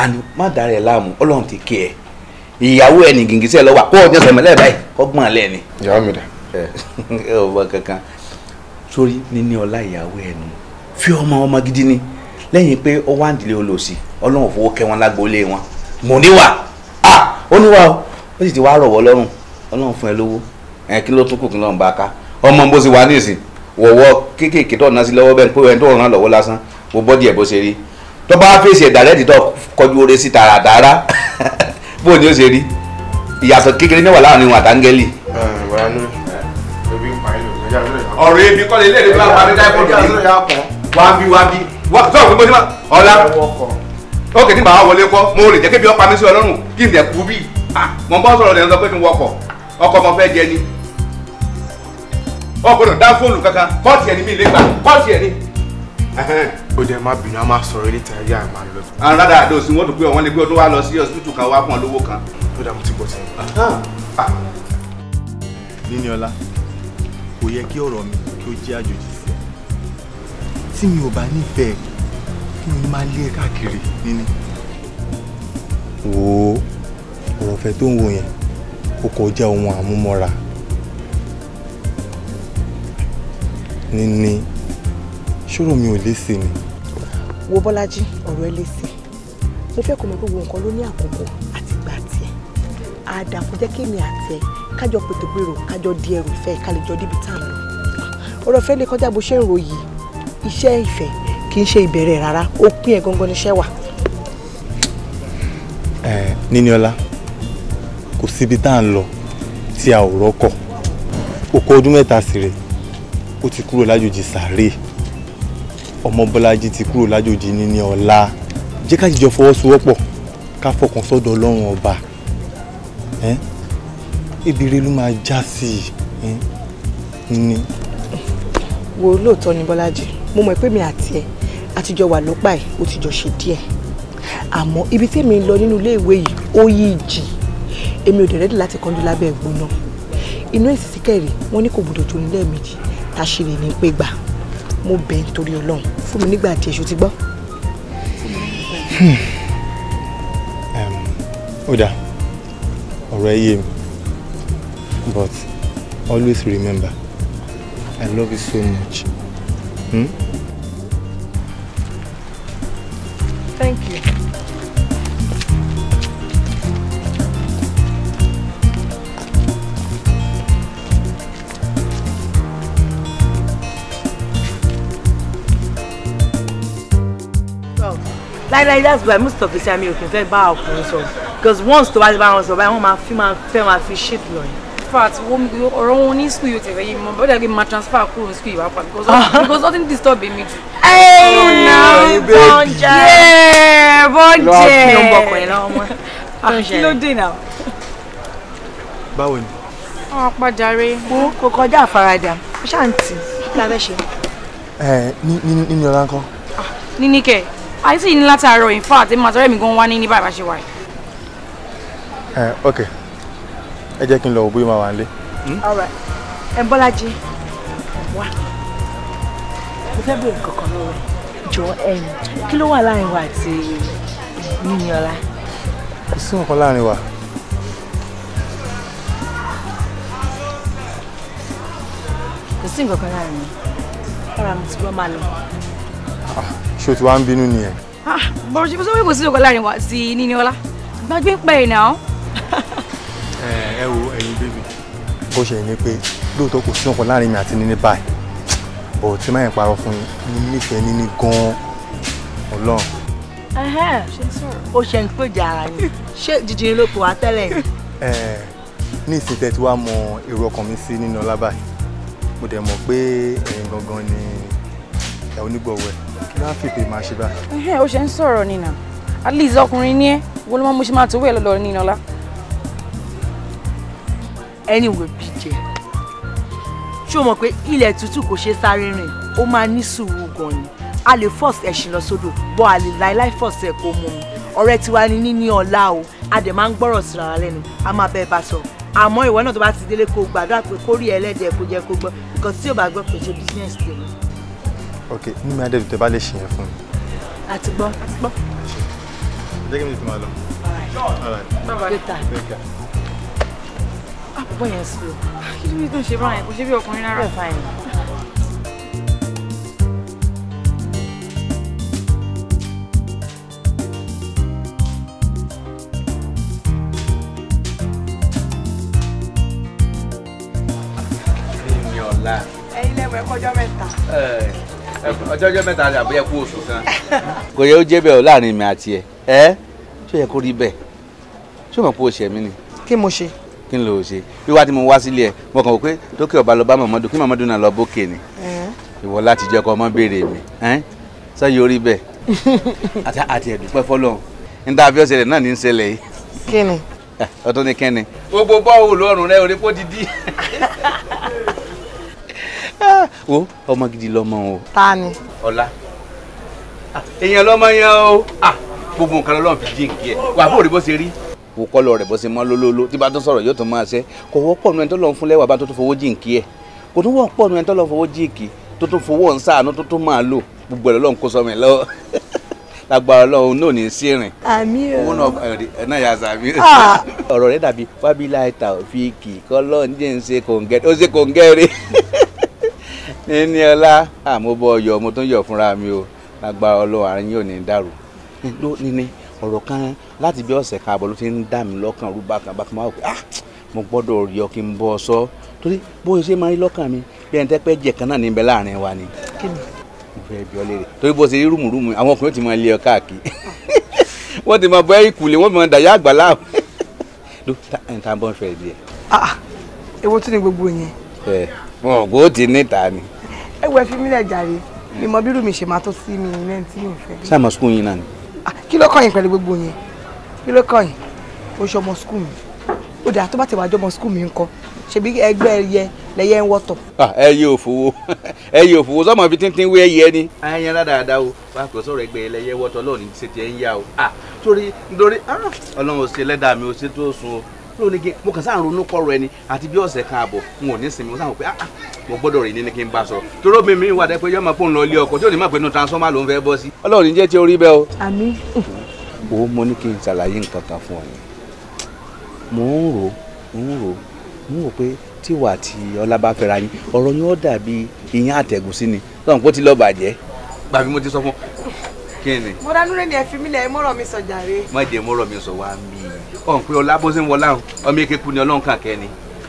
àná má dàrẹ̀ láàmú ọlọ́run ti kí ẹ ìyàwó ẹni gìngì lọ́wọ́ àkó ọjọ́ sẹ̀mẹ́lẹ̀ báyìí alẹ́ ni. ìyàwó mi ẹ kankan sórí níní ọlá ìyàwó ẹnu fi gidi ni lẹ́yìn pé ó wá olóòsì ọlọ́run fowó kẹ́ wọn wọn níwà ó ó sì ti wá rọ̀wọ́ lọ́rùn ọlọ́run fún ẹ lówó ẹ kí ló ọmọ bó ṣe wà ní wọ̀wọ́ kéékèèké tó ná sí bó ni ó ṣe rí ìyàtọ̀ kékeré náà wà láàrin wọn àtàngẹ́lì. ọ̀rọ̀ ebi kọ́ni ilé ìdílé máa ń dáìpọ̀ kìí wábí wábí sọ̀rọ̀ pé mo ti máa ọ̀la ó kè ní bàá wọlé kọ́ mo lè jẹ́ kébi ọ̀pá mi sí ọlọ́run kí n tẹ̀ kú bí mo bá sọ̀rọ̀ lẹ́nu sọ pé mi wọkọ̀ ọkọ̀ mo fẹ́ jẹ ni ọkọ̀ náà dá fóònù kankan kọ́ọ̀tì ẹ̀ ní mi lè gbà kọ́ọ̀tì ẹ̀ ní ó dẹ̀ má bínú a máa sọ̀rọ̀ ilé tàbí a máa lọ. aráda ah, àdó sí wọn dùn pé ọ̀wọ́n lè gbé ọdún wa lọ sí ọsibítù kan wá pọn lówó kan. ó dààmú ti gbọ́ sẹ́yìn. Ah. Ah. Níníọlá kò yẹ kí ọ̀rọ̀ mi kí ó jẹ́ àjòjì sí ẹ tí mi ò bá nífẹ̀ẹ́ kí mi máa lé káàkiri níní. wò ọ̀rọ̀ fẹ́ tó ń wò yẹn ó kọjá ohun àmúmọ́ra níní ṣòro mi ò léṣe ni. wo bọ́lájí ọ̀rọ̀ ẹ léṣe mo fẹ́ kó mọ̀ pé gbogbo nǹkan ló ní àkókò àti ìgbà tiẹ̀ àdàkù jẹ́ kémi àti ẹ kájọ pètòpérò kájọ di ẹrù ìfẹ́ ká lè jọ débi tá à ń lọ ọ̀rọ̀ ìfẹ́ lè kọjá bó ṣe ń ròyìn iṣẹ́ ìfẹ́ kì í ṣe ìbẹ̀rẹ̀ rárá ó pín ẹ̀ gangan níṣẹ́ wà. ẹ Níníọlá kò síbi tá à ń lọ tí a ò rọ́kọ̀ òkú ọdún mẹ́ta sì rè ó ti kúrò lájòjì sàárè ọmọ Bọ́lájí ti kúrò lájòjì ní ní ọ̀la jẹ́ ká jìjọ fọwọ́sowọ́pọ̀ ká fọkàn sọ́dọ̀ ọlọ́run ọba ebire ló máa já sí i ní. wo lóòótọ́ ni Bọ́lájí mo mọ̀ pé mi àti ẹ̀ àtijọ́ wà lọ́pàá ẹ̀ ó ti jọ ṣe díẹ̀ àmọ́ ibi tí èmi ń lọ nínú ilé ìwé yìí ó yí ìjì èmi ò dẹ̀ láti kánjú lábẹ́ ẹ̀gbọ́n náà inú èsì síkẹ̀rì wọ́n ní kò gbọdọ̀ jó nílẹ̀ méjì táṣìírí ní pé gbà mo bẹ̀ nítorí ọlọ́run fún mi nígbà tí èṣù ti gbọ́. Hmm. ó dáa ọ̀rọ̀ ẹ yé mi but always remember I love you so much. Hmm? láíláí that's why most of the time mi ò kì í for bá because once to bá ti bá wọn sọ báyìí wọ́n máa fi máa fẹ́ máa fi shit lọ yẹn. fact ọ̀rọ̀ wọn ní school you tell me yé mi bọ́dà my transfer kúrò ní school yìí wá pa ah. because nothing disturb mi jù. Oh, bọ́njẹ́ bọ́njẹ́ kí ló dé ah, náà. báwo ni. wọn ah, pàjáre. wo kò kọjá àfaradà ṣáà ń tì kí la fẹ́ ṣe. ẹ ni ni ní ní ọlá ń kọ́. níní kẹ́ àyè sì ní látàárọ̀ in fact ẹ máa sọ ẹ̀mí gan wá ní ní bàbá ṣe wà. ẹ eh, ok ẹ jẹ́ kí n lọ òbí máa wà nílé. Hmm? ẹ Bọ́lájí wá mo fẹ́ bèrè kankan lọ́wọ́ jọ eh, kí ló wà láàrin wa àti Níníọlá. kò sí nǹkan láàrin wa. kò sí nǹkan kan láàrin mi. ọ̀rọ̀ àmì tí wọ́n máa lọ ṣé o ti wá ń bínú nìyẹn. bọ̀rọ̀ ah, ṣe fún sọ́wọ́ ìwòsí òkò láàrin wa àti níníọlá gbàgbé ń pẹ́ ìnà ọ́. Eh, ẹ wo ẹyin bébì. bó ṣe ní pé lóòótọ́ kò sí ọkàn láàrin mi àti níní báyìí bọ̀ tí máa ń parọ́ fún mi nífẹ̀ẹ́ níní gan-an ọlọ́run. ó ṣe ń pèjà ara ni ṣé jíjìn ló pò wá tẹ́lẹ̀ ni. Eh, ní ìsìn tẹ́tí wàá mọ èrò ọkàn mi sí níníọlá báyìí mo dẹ̀ mọ̀ pé ẹ̀yin gangan ni ẹ̀ onígbọ̀wọ́ ẹ̀ kí láá fi pè máa ṣe báyìí. ó ṣe ń sọ̀rọ̀ nìyà at least ọkùnrin ní ẹ wo ló máa mú ṣe máa tówó ẹ lọ́dọ̀ nínú ọlá. anyway bíjẹ ṣé o mọ̀ pé ilẹ̀ tútù kò ṣe sáré rìn ó máa ní sùúrù gan ni a lè force ẹṣin lọ sódò bọ́ a lè láíláí force ẹ̀ kó mú un ọ̀rẹ́ tiwa ni níní ọ̀la o a dẹ̀ máa ń gbọ́rọ̀ sí lẹ́nu a máa bẹ́ẹ̀ bá sọ àmọ́ ìwọ náà tó bá ti délé kó gbàdúrà pé kórìí ẹlẹ́dẹ̀ẹ́ kó jẹ́ kó gbọ́ because tí yóò bá gbọ́ pé ṣe business tèmi ok ní mi adébí tẹ bá lè ṣe yẹn fún mi. àti gbọ́ àti gbọ́. jẹ́ kí mi fi máa lọ. àpò yẹn sí o kí ló ń tó ṣe báyẹn kò ṣe Hey, let me Ẹ̀yin lẹwọ ẹkọjọ Hey ọjọ́ ọjọ́ mẹ́ta ni àbúyẹ kú oṣù kan. kò yẹ ó jẹ́ bẹ́ẹ̀ o láàrin mi àti ẹ ẹ ṣó yẹ kó rí bẹ́ẹ̀ ṣó mọ̀ pé o ṣẹ̀ mí ni. kí mo ṣe. kí n lò ó ṣe wíwá tí mo wá sílé ẹ mo kàn wò pé tókè ọba lọ bá mọ̀mọ́dún kí mọ̀mọ́dún náà lọ bókè ni ìwọ láti jẹ́ kó ọmọ béèrè mi sọ yìí rí bẹ́ẹ̀ àti àti ẹ̀dùpẹ́ fọlọ́run wo ọmọ gidi lọmọ o. ta ni. ọlá ah, èèyàn lọmọ yẹn o ah, gbogbo nǹkan lọ́lọ́run fi jí nǹkan ẹ̀ wà bó rí bó ṣe rí wò kọ́ lọ rẹ̀ bó ṣe mọ́ lólólo tí bá tó sọ̀rọ̀ yóò tó máa ṣe kò wọ́pọ̀ nu ẹni tó lọ́n fún lẹ́wà bá tó tó fowó jí nǹkan ẹ̀ kò tó wọ́pọ̀ nu ẹni tó lọ́n fowó jí nǹkan tó tó fowó ń sáànú tó tó máa lò gbogbo ẹ̀ lọ́n kó sọmọ ẹ̀ lọ́wọ́ lágbára Ọlọ́run náà ní sí rìn. àmì o owó náà ẹ náà yà sàmì. Ah! ọ̀rọ̀ rẹ̀ dàbí fábílà ìtà òfin kì í kọ́ lọ́ọ̀ jẹ́ ń ṣe kòǹgẹ́rẹ́ ó ṣe níní ọlá àmúbọ ọyọ mo tún yọ fúnra mi o lágbára Ọlọ́run àárín yóò ní dàrú níní ọ̀rọ̀ kan láti bí ọ̀sẹ̀ kan àbọ̀ ló ti ń dà mí lọ́kàn rú bákan bákan máa wò pé ah mo gbọ́dọ̀ rí ọ kí n bọ́ ọ sọ torí bó o ṣe máa rí lọ́kàn mi bí ẹni tẹ́pẹ́ jẹ̀ kan náà níbẹ̀ láàrin wa ni. mo ni ìfẹ́ bí ọ léèrè torí bó ṣe rí rùmùrùmù àwọn ọkùnrin ti máa lé ọ káàkiri wọ́n ti máa bọ́ ìkùlé ah ewo tún ni gbogbo yẹn. ẹ wọn ò gbó ti níta ni ẹ wẹ fi mílẹ̀ jàre ni mo bírù mi ṣe máa tó sí mi ilé tí mi fẹ́. ṣáà mọ sukùn yín náà ni. kí ló kàn yín pẹ̀lú gbogbo yẹn kí ló kàn yín o ṣe ọmọ sukùn mi ó dà tó bá ti wà jọmọ sukùn mi ńkọ́ ṣebí ẹgbẹ́ ẹyẹ lẹyẹ ń wọ́tọ̀. ẹyẹ òfowó ẹyẹ òfowó sọmọ fi tíntín wé ẹyẹ ni. ayẹyẹ ládàáda o wàá kò sọ̀rọ̀ ẹgbẹ́ ẹlẹyẹ wọ́tọ̀ lọ́ọ̀ni ṣètì ẹ̀ ń yá o. torí nítorí ah, ọlọ́run ò ṣe lẹ́dàá mi ò ṣe tó sùn o lónìí mo kàn sáà ronú kọ̀rọ̀ ẹni àti bí ọ̀sẹ̀ kan àbọ̀ n ò ní sinmi mo sáà pé ah, ah mo gbọ́dọ̀ rìn ní kí n bá sọ̀rọ̀ toró mi mi wà dẹ́ pé yọ́mọ pò ń lọ ilé ọkọ̀ tí ò ní má pé inú transformer ló ń fẹ́ bọ́ sí. ọlọ́run ní jẹ́ ti orí bẹ́ẹ̀ o. àmín. o mo ní kí n ṣàlàyé nǹkan kan fún ọ yẹn mo ń rò ń rò ń rò pé tíwà àti ọlá bá fẹ́ra yín ọ̀rọ̀ yín ó dàbí iyán àtẹ̀gùsí ni lọ́run kó ti lọ́ọ́ bàjẹ́. gbàgbé mo ti sọ fún kí ni. mo ránú rẹ ni ẹ fi mí lẹ mọ̀rọ̀ mi sọ jàre. má jẹ́ mọ̀rọ̀ mi sọ wá mí ọ̀n pé ọlá bó ṣe ń wọlá ọmọ eke kú ni ọlọ́run kàn kẹ́ ni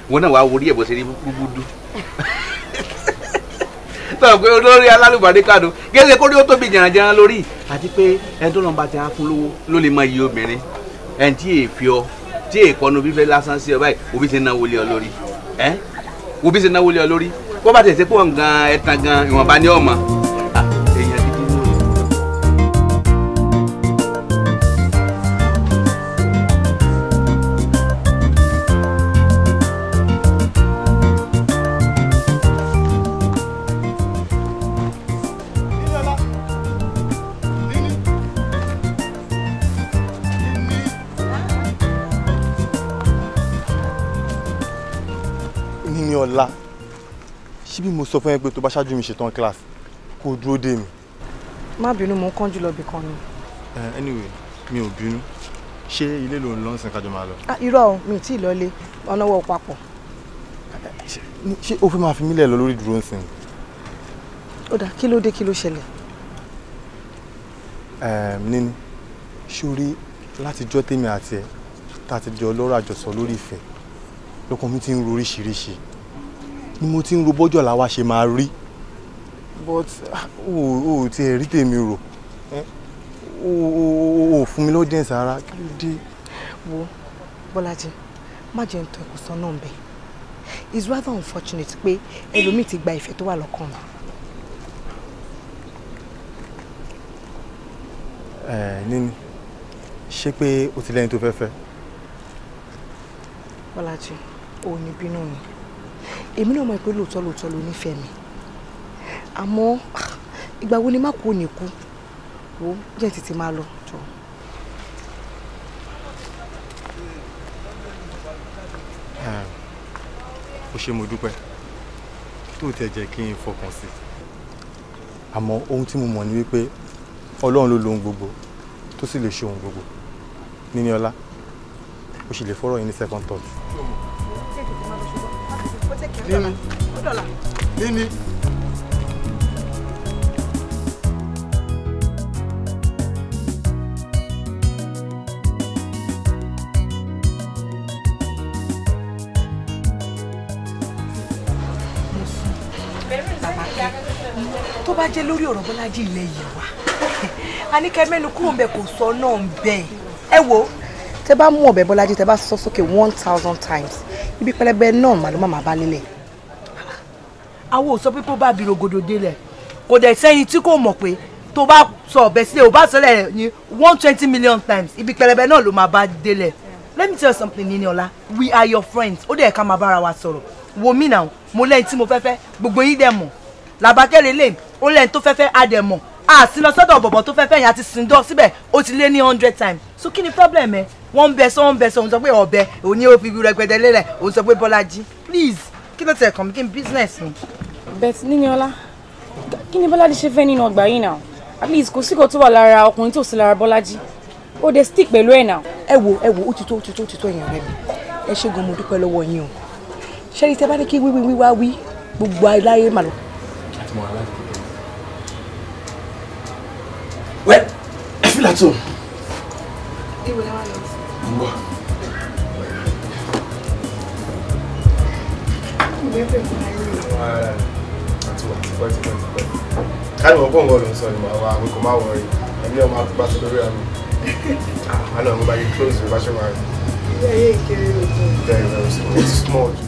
wọn náà wàá worí ẹ̀ bó ṣe rí búburú tọ́ pé olórí alálùbàdé kàdó gẹ́gẹ́ kó ní ó tóbi jàǹjàǹ lórí àti pé ẹni tó lọ́nba ti á fún lówó ló lè mọ iye obìnrin ẹni tí èèfì ọ tí èèkọ́nu fífẹ́ lásán sí ọ báyìí òbí ti náwó lé ọ lórí ẹ òbí ti náwó lé ọ lórí bó bá tẹ̀sí pọ̀ gan ẹ̀tàn gan ìwọ̀nba ni ọ̀ mọ̀. ọ̀la ṣé bí mo sọ fún ẹ pé tó bá ṣáájú mi ṣetán class kó dúró dé mi. má bínú mo ń kánjú lọ bìkan ni. anyway mi ò bínú ṣé ilé ló ń lọ sìn kájọ máa lọ. Ah, irọ́ o mi ò tí ì lọlé ọ̀nà wọ papọ̀. ṣé o fẹ́ máa fi mí lẹ̀ lọ lórí dúró sìn. ó dà kí ló dé kí ló ṣẹlẹ̀. níní ṣorí látijọ́ tèmi àti ẹ̀ tá a ti jọ lọ́rọ̀ àjọsọ lórí ìfẹ́ lọ́kàn mi ti ń ro oríṣiríṣi ni mo ti ń ro bọ́jọ̀ làwa ṣe máa rí but ah, o ò tiẹ̀ rí tèmi rò o ò fún mi lọ́dẹ̀ẹ́sì ara kí ló dé. wo Bọ́lájí má jẹ́ ń tọ́ ẹ̀kú sọ náà bẹ́ẹ̀ it's rather unfortunate pé ẹlòmíì ti gba ìfẹ́ tó wà lọ́kàn mi. ẹ níní ṣé pé o ti lẹ́yìn tó fẹ́ fẹ́. Bọ́lájí o ò ní bínú ni èmi náà mọ̀ pé lóòótọ́ lóòótọ́ ló nífẹ̀ẹ́ mi àmọ́ ah, ìgbà wo ni má kú òní kú wo jẹ́ títí máa lọ jọ. Ah, ó ṣe mo dúpẹ́ tó tẹ̀ jẹ́ kí n fọkàn sí àmọ́ ohun tí mo mọ̀ ni wípé ọlọ́run ló lo ohun gbogbo tó sì lè ṣe ohun gbogbo níní ọlá ó sì lè fọ́rọ̀ yín ní second thought níní níní. tó bá jẹ́ lórí ọ̀rọ̀ Bọ́lájí ilẹ̀ yìí wá a ní kẹ́ mẹ́nu kúrò ń bẹ kò sọ náà ń bẹ ẹ wo tẹ bá mú ọ̀bẹ Bọ́lájí tẹ bá sọ sókè one thousand times ibi pẹlẹbẹ náà màlúmọ́ màá bá lélẹ̀ àwọn ò sọ pé kó bá bi rògòdò délẹ̀ kò dẹ̀ sẹ́yìn tí kò mọ̀ pé tó bá sọ ọ̀bẹ sílẹ̀ ò bá sọlẹ̀ ní one twenty million times ibi pẹlẹbẹ náà ló máa bá délẹ̀ let me tell you something Niniola we are your friends ó dẹ̀ ká máa bára wa sọ̀rọ̀ wo mí náà mo lẹ́yìn tí mo fẹ́ fẹ́ gbogbo yín dẹ̀ mọ̀ làbákẹ́ lélẹ̀ ó lẹ́yìn tó fẹ́ fẹ́ á dẹ̀ mọ̀ àsìnà sọ́dọ̀ bọ̀bọ̀ tó fẹ́fẹ́ yẹn àti sìndọ́ síbẹ̀ ó ti lé ní hundred times so kí ni problem ẹ wọ́n ń bẹ sọ wọ́n ń bẹ sọ òun sọ pé ọ̀bẹ òun ní òfin rẹgbẹdẹ lélẹ̀ òun sọ pé Bọ́lájí please kí ló tẹ̀ kàn mí kí n business ni bet Níníọlá kí ni Bọ́lájí ṣe fẹ́ nínú ọgbà yìí náà at least kò síkò tó wà lára ọkùnrin tó sí lára Bọ́lájí ó dé stick pẹ̀lú ẹ̀ náà. ẹ wo ẹ wo ó ti tó ó ti tó ó ti tó èèyàn rẹ mi ẹ ṣe gan mo dúpẹ́ lọ́wọ́ yín o ṣé ní tẹ bá ní kí wíwí wíwá wí gbogbo aláyé màlọ. wẹ́ ẹ fi làtọ̀. ìwé wa lọ. ǹgbọ́. ìwé fẹ́ fún ayé rẹ̀ tipẹ́ tipẹ́ tipẹ́ tipẹ́ káàdì mọ̀ pọ̀n bọ́ọ̀lù ń sọ ni màá mi kò má wọrí ẹ̀mí ọmọ akópa ti lórí àmì àná close bí bá ṣe máa rí. very very small it's small ju.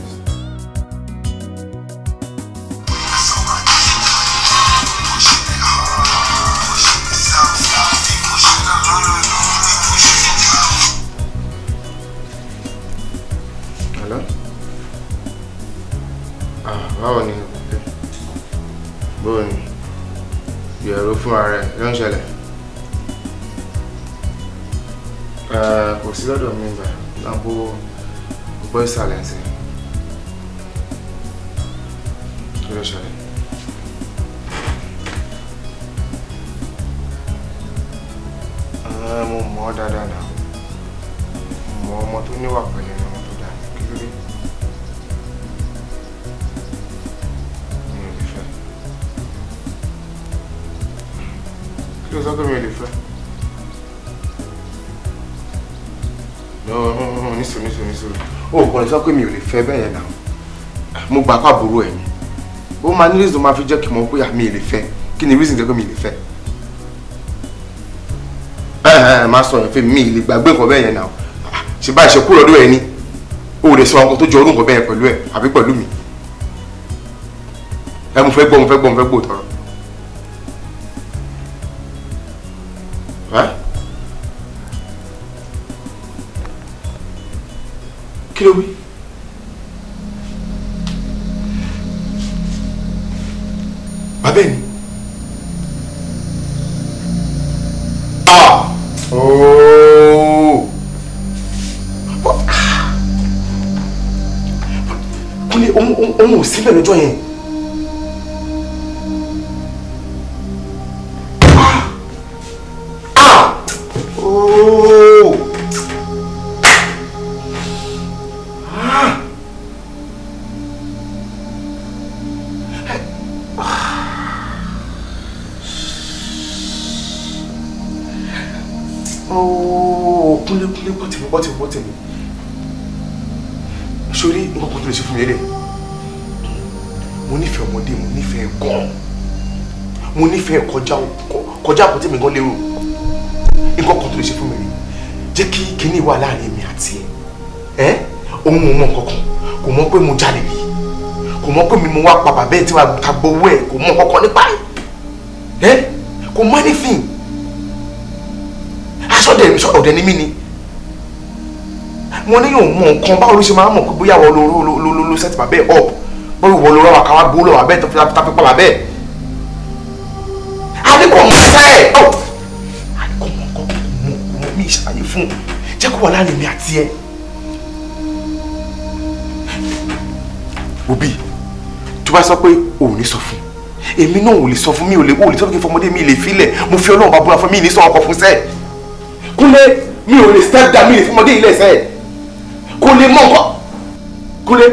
Hello? Ah, how are you? fúnra rẹ̀ ló ń ṣẹlẹ̀ eh, kò sí lọ́dọ̀ mi gbà lábó gbọ́ ìsàlẹ̀ ẹ̀sìn kí ló ṣẹlẹ̀. Eh, mo mọ̀ ọ́ dáadáa náà mo mọ ọmọ tó níwà pẹ̀lú kí ló sọ pé mi ò não fẹ́. ní sùúrù ní sùúrù ní sùúrù ó kò lè sọ pé não ò lè fẹ́ bẹ́ẹ̀ yẹn náà mo gbà pa àbúrò ẹ̀yìn ó máa ní reason máa fi jẹ́ kí mo pé ah, mi ò lè fẹ́ kí ni reason jẹ́ pé mi ò lè fẹ́ eh, eh, eh, máa sọ yẹn fún mi mi não lè gbàgbé nǹkan bẹ́ẹ̀ yẹn náà ah, ṣe báyìí ṣe kúrò lọ́dọ̀ ẹ ni o lè sọ nǹkan tó não, orú nǹkan bẹ́ẹ̀ não ẹ àbí pẹ̀lú mi ẹ mo fẹ́ gbọ́ mo fẹ́ gbọ́ mo fẹ́ gbọ́ tọrọ. kí ló wí. bàbá ẹ̀ ni. Ah! Oh! kúnlé òun ò síbẹ̀ lọ́jọ́ yẹn. bàbá ẹ̀ tí wàá gbàgbọ́ owó ẹ̀ kò mọ kankan nípa ẹ̀ ẹ́ kò mọ anything asọ́dẹ̀ mi sọ́dẹ̀ ni mí ni wọn ní yóò mọ nǹkan báwo ló ṣe máa mọ̀ pé bóyá wọ́n lo lo set bàbá ẹ̀ up bóyá wọ́n lo rọ́wà káwá gbó lọ́wọ́ abẹ́ tó fi ta pípa bàbá ẹ̀ àdínkù mọ̀ ẹ́ sáyẹ̀ ọ̀ àdínkù mọ̀ nǹkan mọ̀ mọ̀ mí ìṣàlàyé fún un jẹ́ kó wà láàrin mi àti ẹ̀ òbí tó bá sọ pé òun ní sọ fún èmi náà ò lè sọ fún mi ò lè ò lè sọ fún mi fọmọdé mi lè filẹ̀ mo fi ọlọ́run bá búra fún mi ní sọ ọkọ̀ fún sẹ́ẹ̀ kúnlé mi ò lè step down mi lè fọmọdé ilé sẹ́ẹ̀ kúnlé mọ̀ nǹkan kúnlé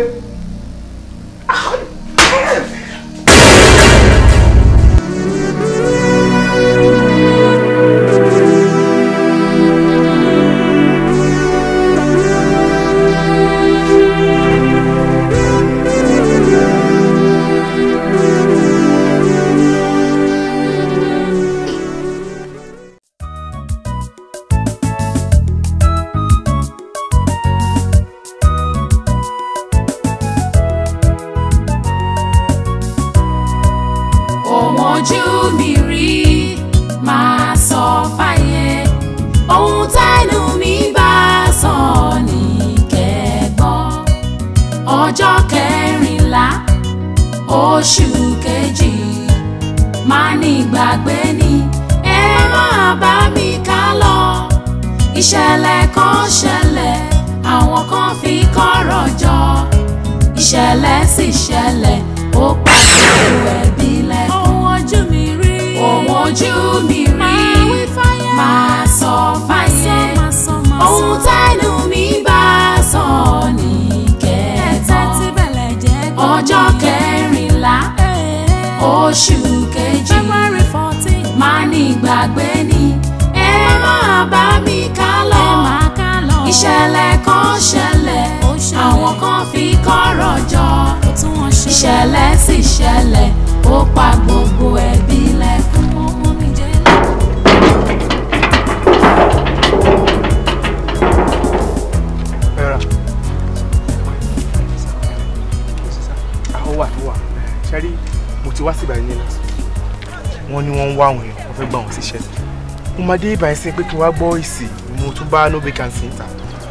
mo máa dé ibà ẹsẹ̀ pé kí mo tún bá no vacancy ta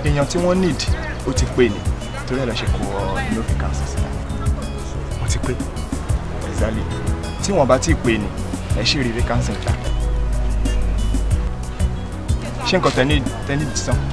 èèyàn tí wọ́n need ó ti pè ní torí ẹ̀ lọ́ ṣe kó no vacancy síta wọ́n ti pè exactly tí wọ́n bá ti pè ní ẹ̀ ṣì rí vacancy ta ṣé nǹkan tẹ́ ní tẹ́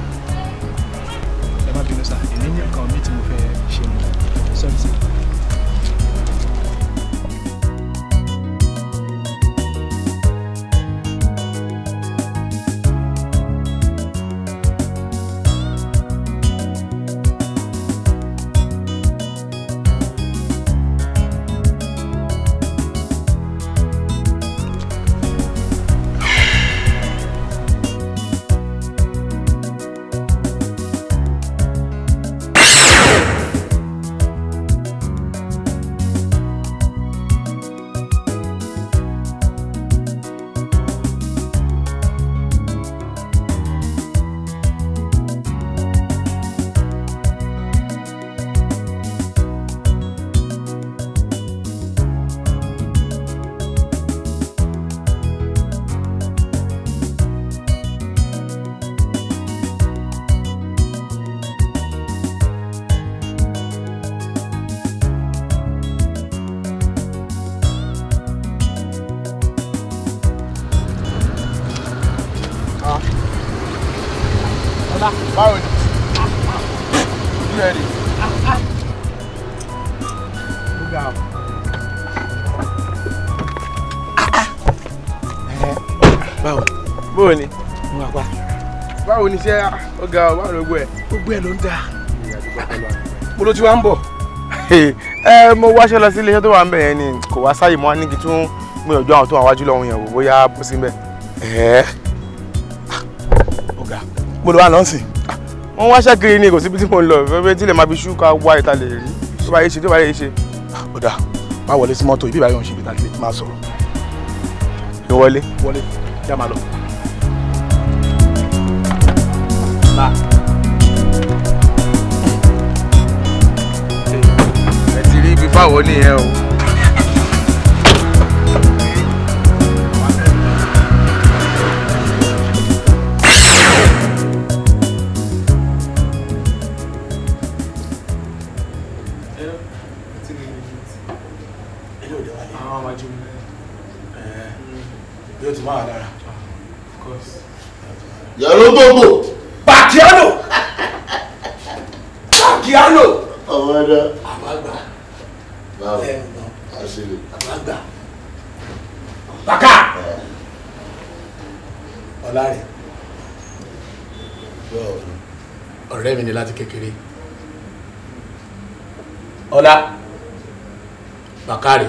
iṣẹ́ ọ̀gá ọ̀wá gbogbo ẹ̀. gbogbo ẹ̀ ló ń da. mo ló ti wá ń bọ̀. ẹ eh, mo wáṣẹ́ lọ sí iléeṣẹ́ tó wà ń bẹ̀ yẹn ni kò wá sáyè mọ́ ní kí tún gbìyànjú àwọn tó wà wájú lọ́hùn yẹn wò bóyá bó sí bẹ́ẹ̀. ẹ̀ẹ́ eh. ọ̀gá mo lọ wá lọ́ọ̀sì. wọ́n wáṣẹ́ kiri ni kò síbi tí mo lọ fẹ́fẹ́ tí ilẹ̀ máa fi ṣú ká wá ìta lè rí tó bá yé ṣe tó bá yé ṣe. ọ̀dà máa wọlé sí mọ́tò ìbí ìbáyọ̀ ń ṣe ìbí fáwọn oníyẹn o. ọlá bàkárì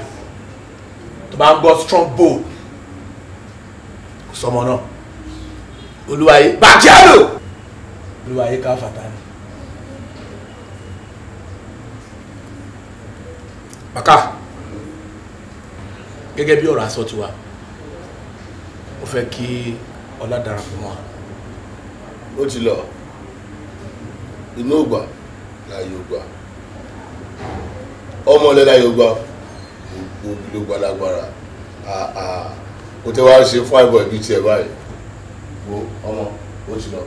tó bá ń gbọ́ strongbow kò sọmọ náà olúwaye bàjẹ́lò olúwaye ká fàtà ni. bàkà gẹ́gẹ́ bí ọ̀rọ̀ àsọ tiwa ó fẹ́ kí ọlá darapọ̀ mọ́ wa. ó ti lọ inú ògbà láàyè ògbà ọmọ ọlẹ́lá yorùbá gbogbo ló gbalagbara kò tẹ́ wá ṣe fún àìbọ̀ ìbí tiẹ̀ báyìí wo ọmọ ó ti lọ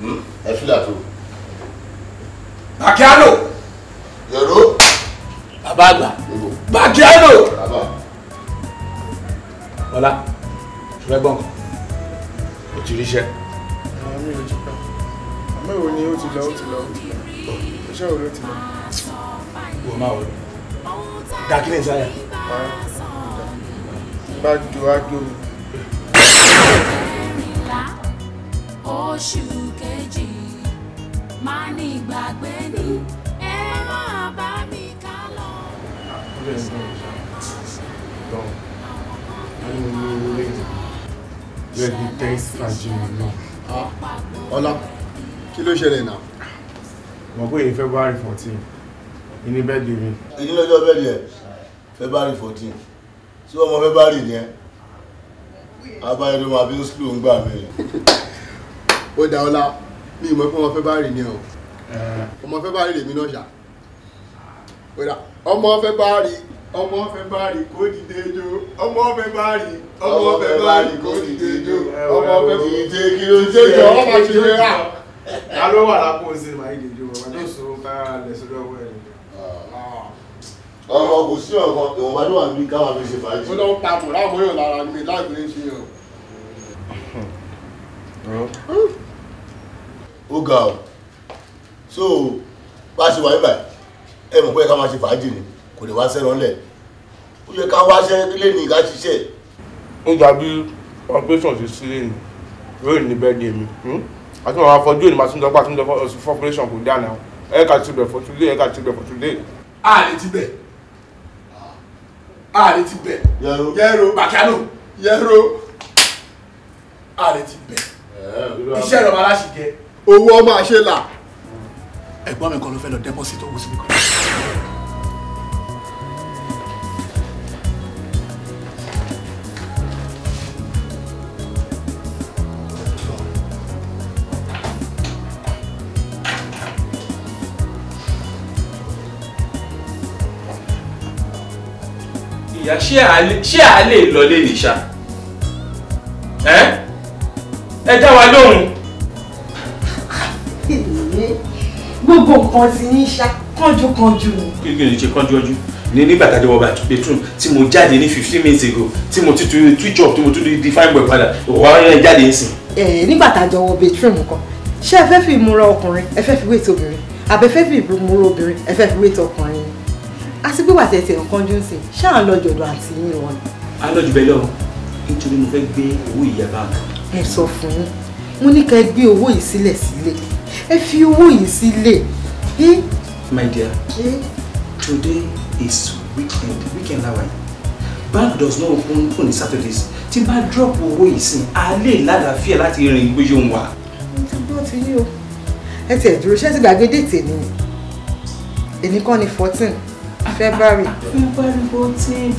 hmm? ẹ fílà tó. bàkíánò. yòrò. bàbá àgbà. bàkíánò. bàbá. ọlá ṣùgbọ́n ẹ̀gbọ́n kan ó ti ríṣẹ́. àmì ò ti pa àmì ò ní ó ti lọ ó ti lọ iṣẹ́ òru ó ti lọ wò máa wọlé dàkínì sáyà. bá a jò á jò mí. oṣù kejì máa ní ìgbàgbé ní ẹ máa bá mi ká lọ. Ọlá, kí ló ṣẹlẹ̀ náà? Mọ̀ pé February fourteen ìní bẹ́ẹ̀dì mi. ìní lọ́jọ́ bẹ́ẹ̀dì ẹ̀ february fourteen tí ọmọ february yẹn abáyọ̀dé máa bí sùkúlù ń gbà mí. ó dá ọlá mi ìmọ̀ pé ọmọ february ni o ọmọ february lèmi náà ṣá ọmọ february ọmọ february kò dìde jo ọmọ february ọmọ february kò dìde jo ọmọ february kò dìde jo ọmọ february kò dìde jo ọmọ february kò dìde jo ọmọ february kò dìde jo ọmọ february kò dìde jo ọmọ february kò dìde jo ọmọ february kò dìde february kò dìde jo ọmọ february february kò dìde jo ọmọ february kò february kò dìde jo ọmọ february kò dìde jo ọmọ february kò dìde jo ọmọ february ọmọ kò sí ọ̀kan ìwọ̀nba ló wà níbi káwọn àmì ṣe fàájì. ó lọ ń papò láwọn yóò lára mi láìpẹ́ ṣe o. ó ga ọ so bá a ṣe wà nígbà ẹ mọ̀ pé ká máa ṣe fàájì ni kò lè wá sẹ́ran lẹ̀ ó yẹ ká wá ṣẹ́ nílé ní ká ṣiṣẹ́. ó dàbí operation ṣe sílé ni yóò ní bẹ́ẹ̀ ni èmi àti hmm? wọn afọjú ènìyàn tí ń dọ́gba tí ń dọ́gba ọ̀sùn fọ́pulation kò dáná ẹ̀ka tìbẹ̀ for today ẹ̀ka tìbẹ̀ for today. a lè ti bẹ̀ ààrẹ ti bẹ̀ yẹ́rọ bàkíánù yẹ́rọ ààrẹ ti bẹ̀ iṣẹ́ ìrọ̀mọ́ aláṣìkẹ́ owó ọmọ àṣẹ là ẹ̀gbọ́n mi kan ló fẹ́ lọ dẹ́pọ́sìtì owó síbi kan. ìyá ṣé à lè lọlé nìṣá ẹ dá wa lóhùn. gbogbo nǹkan ti ní ṣá kánjúkánjú ni. kí ni ṣe kánjúkánjú ní nígbà tá a jẹ́wọ́ bàtú bedroom tí mo jáde ní fifteen minutes ago tí mo ti tu twitch off tí mo tún di fine boy padà wà á yẹn jáde ń sìn. ẹ nígbà tá a jọwọ bedroom kan ṣé ẹ fẹ́ fi ìmúra ọkùnrin ẹ fẹ́ fi wéètì obìnrin àbẹ fẹ́ fi ìmúra obìnrin ẹ fẹ́ fi wéètì ọkùnrin àti pé wà tí ẹsẹ̀ nǹkan jù sí ṣáà ń lọ jọ̀dọ̀ àti yín wọn. a lọ jù bẹ́ẹ̀ lọ nítorí mo fẹ́ gbé owó ìyá báàgì. ẹ sọ fún yín mo ní ká ẹ gbé owó yìí sílẹ̀ sílé ẹ fi owó yìí sílé. my dear yeah. today is weekend weekend lawa yìí bank does not open on saturdays tí bá drop owó yìí sí a lè lálàáfíà láti rìn ìgbé yóò mo ti gbọ́ ti yí o ẹ tiẹ̀ dúró ṣé ti gbàgbé déètì ni èmi kọ́ ni fourteen february. february fourteen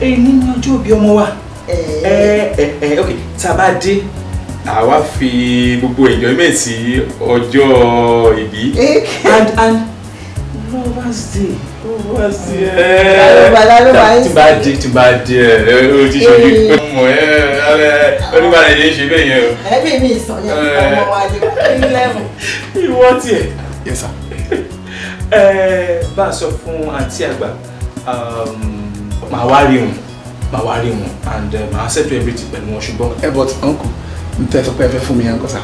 èyí ni ọjọ́ òbí ọmọ wa. ẹ ẹ ẹ ok tá a bá dé àwa fi gbogbo enjoyment ọjọ́ ìbí. and and lovers day lovers day. lálùbà lálùbà yín sí. bá di tí bá di ẹ o ti ṣojú ọmọ ẹ alẹ oníbàárà yẹn ṣe bẹ́ẹ̀ yẹn o. ẹbí mi ìsọ̀yẹ́ ọmọ wa ni ilé ẹ̀mú. ìwọ tiẹ̀. yẹ sá bá a sọ fún àǹtí àgbà um, màá wá rí wọn màá wá rí wọn and uh, màá ṣètò everything pẹ̀lú wọn ṣùgbọ́n. ẹ eh, but uncle n tẹ́ sọ pé ẹ fẹ́ fún mi yẹn kọ́sà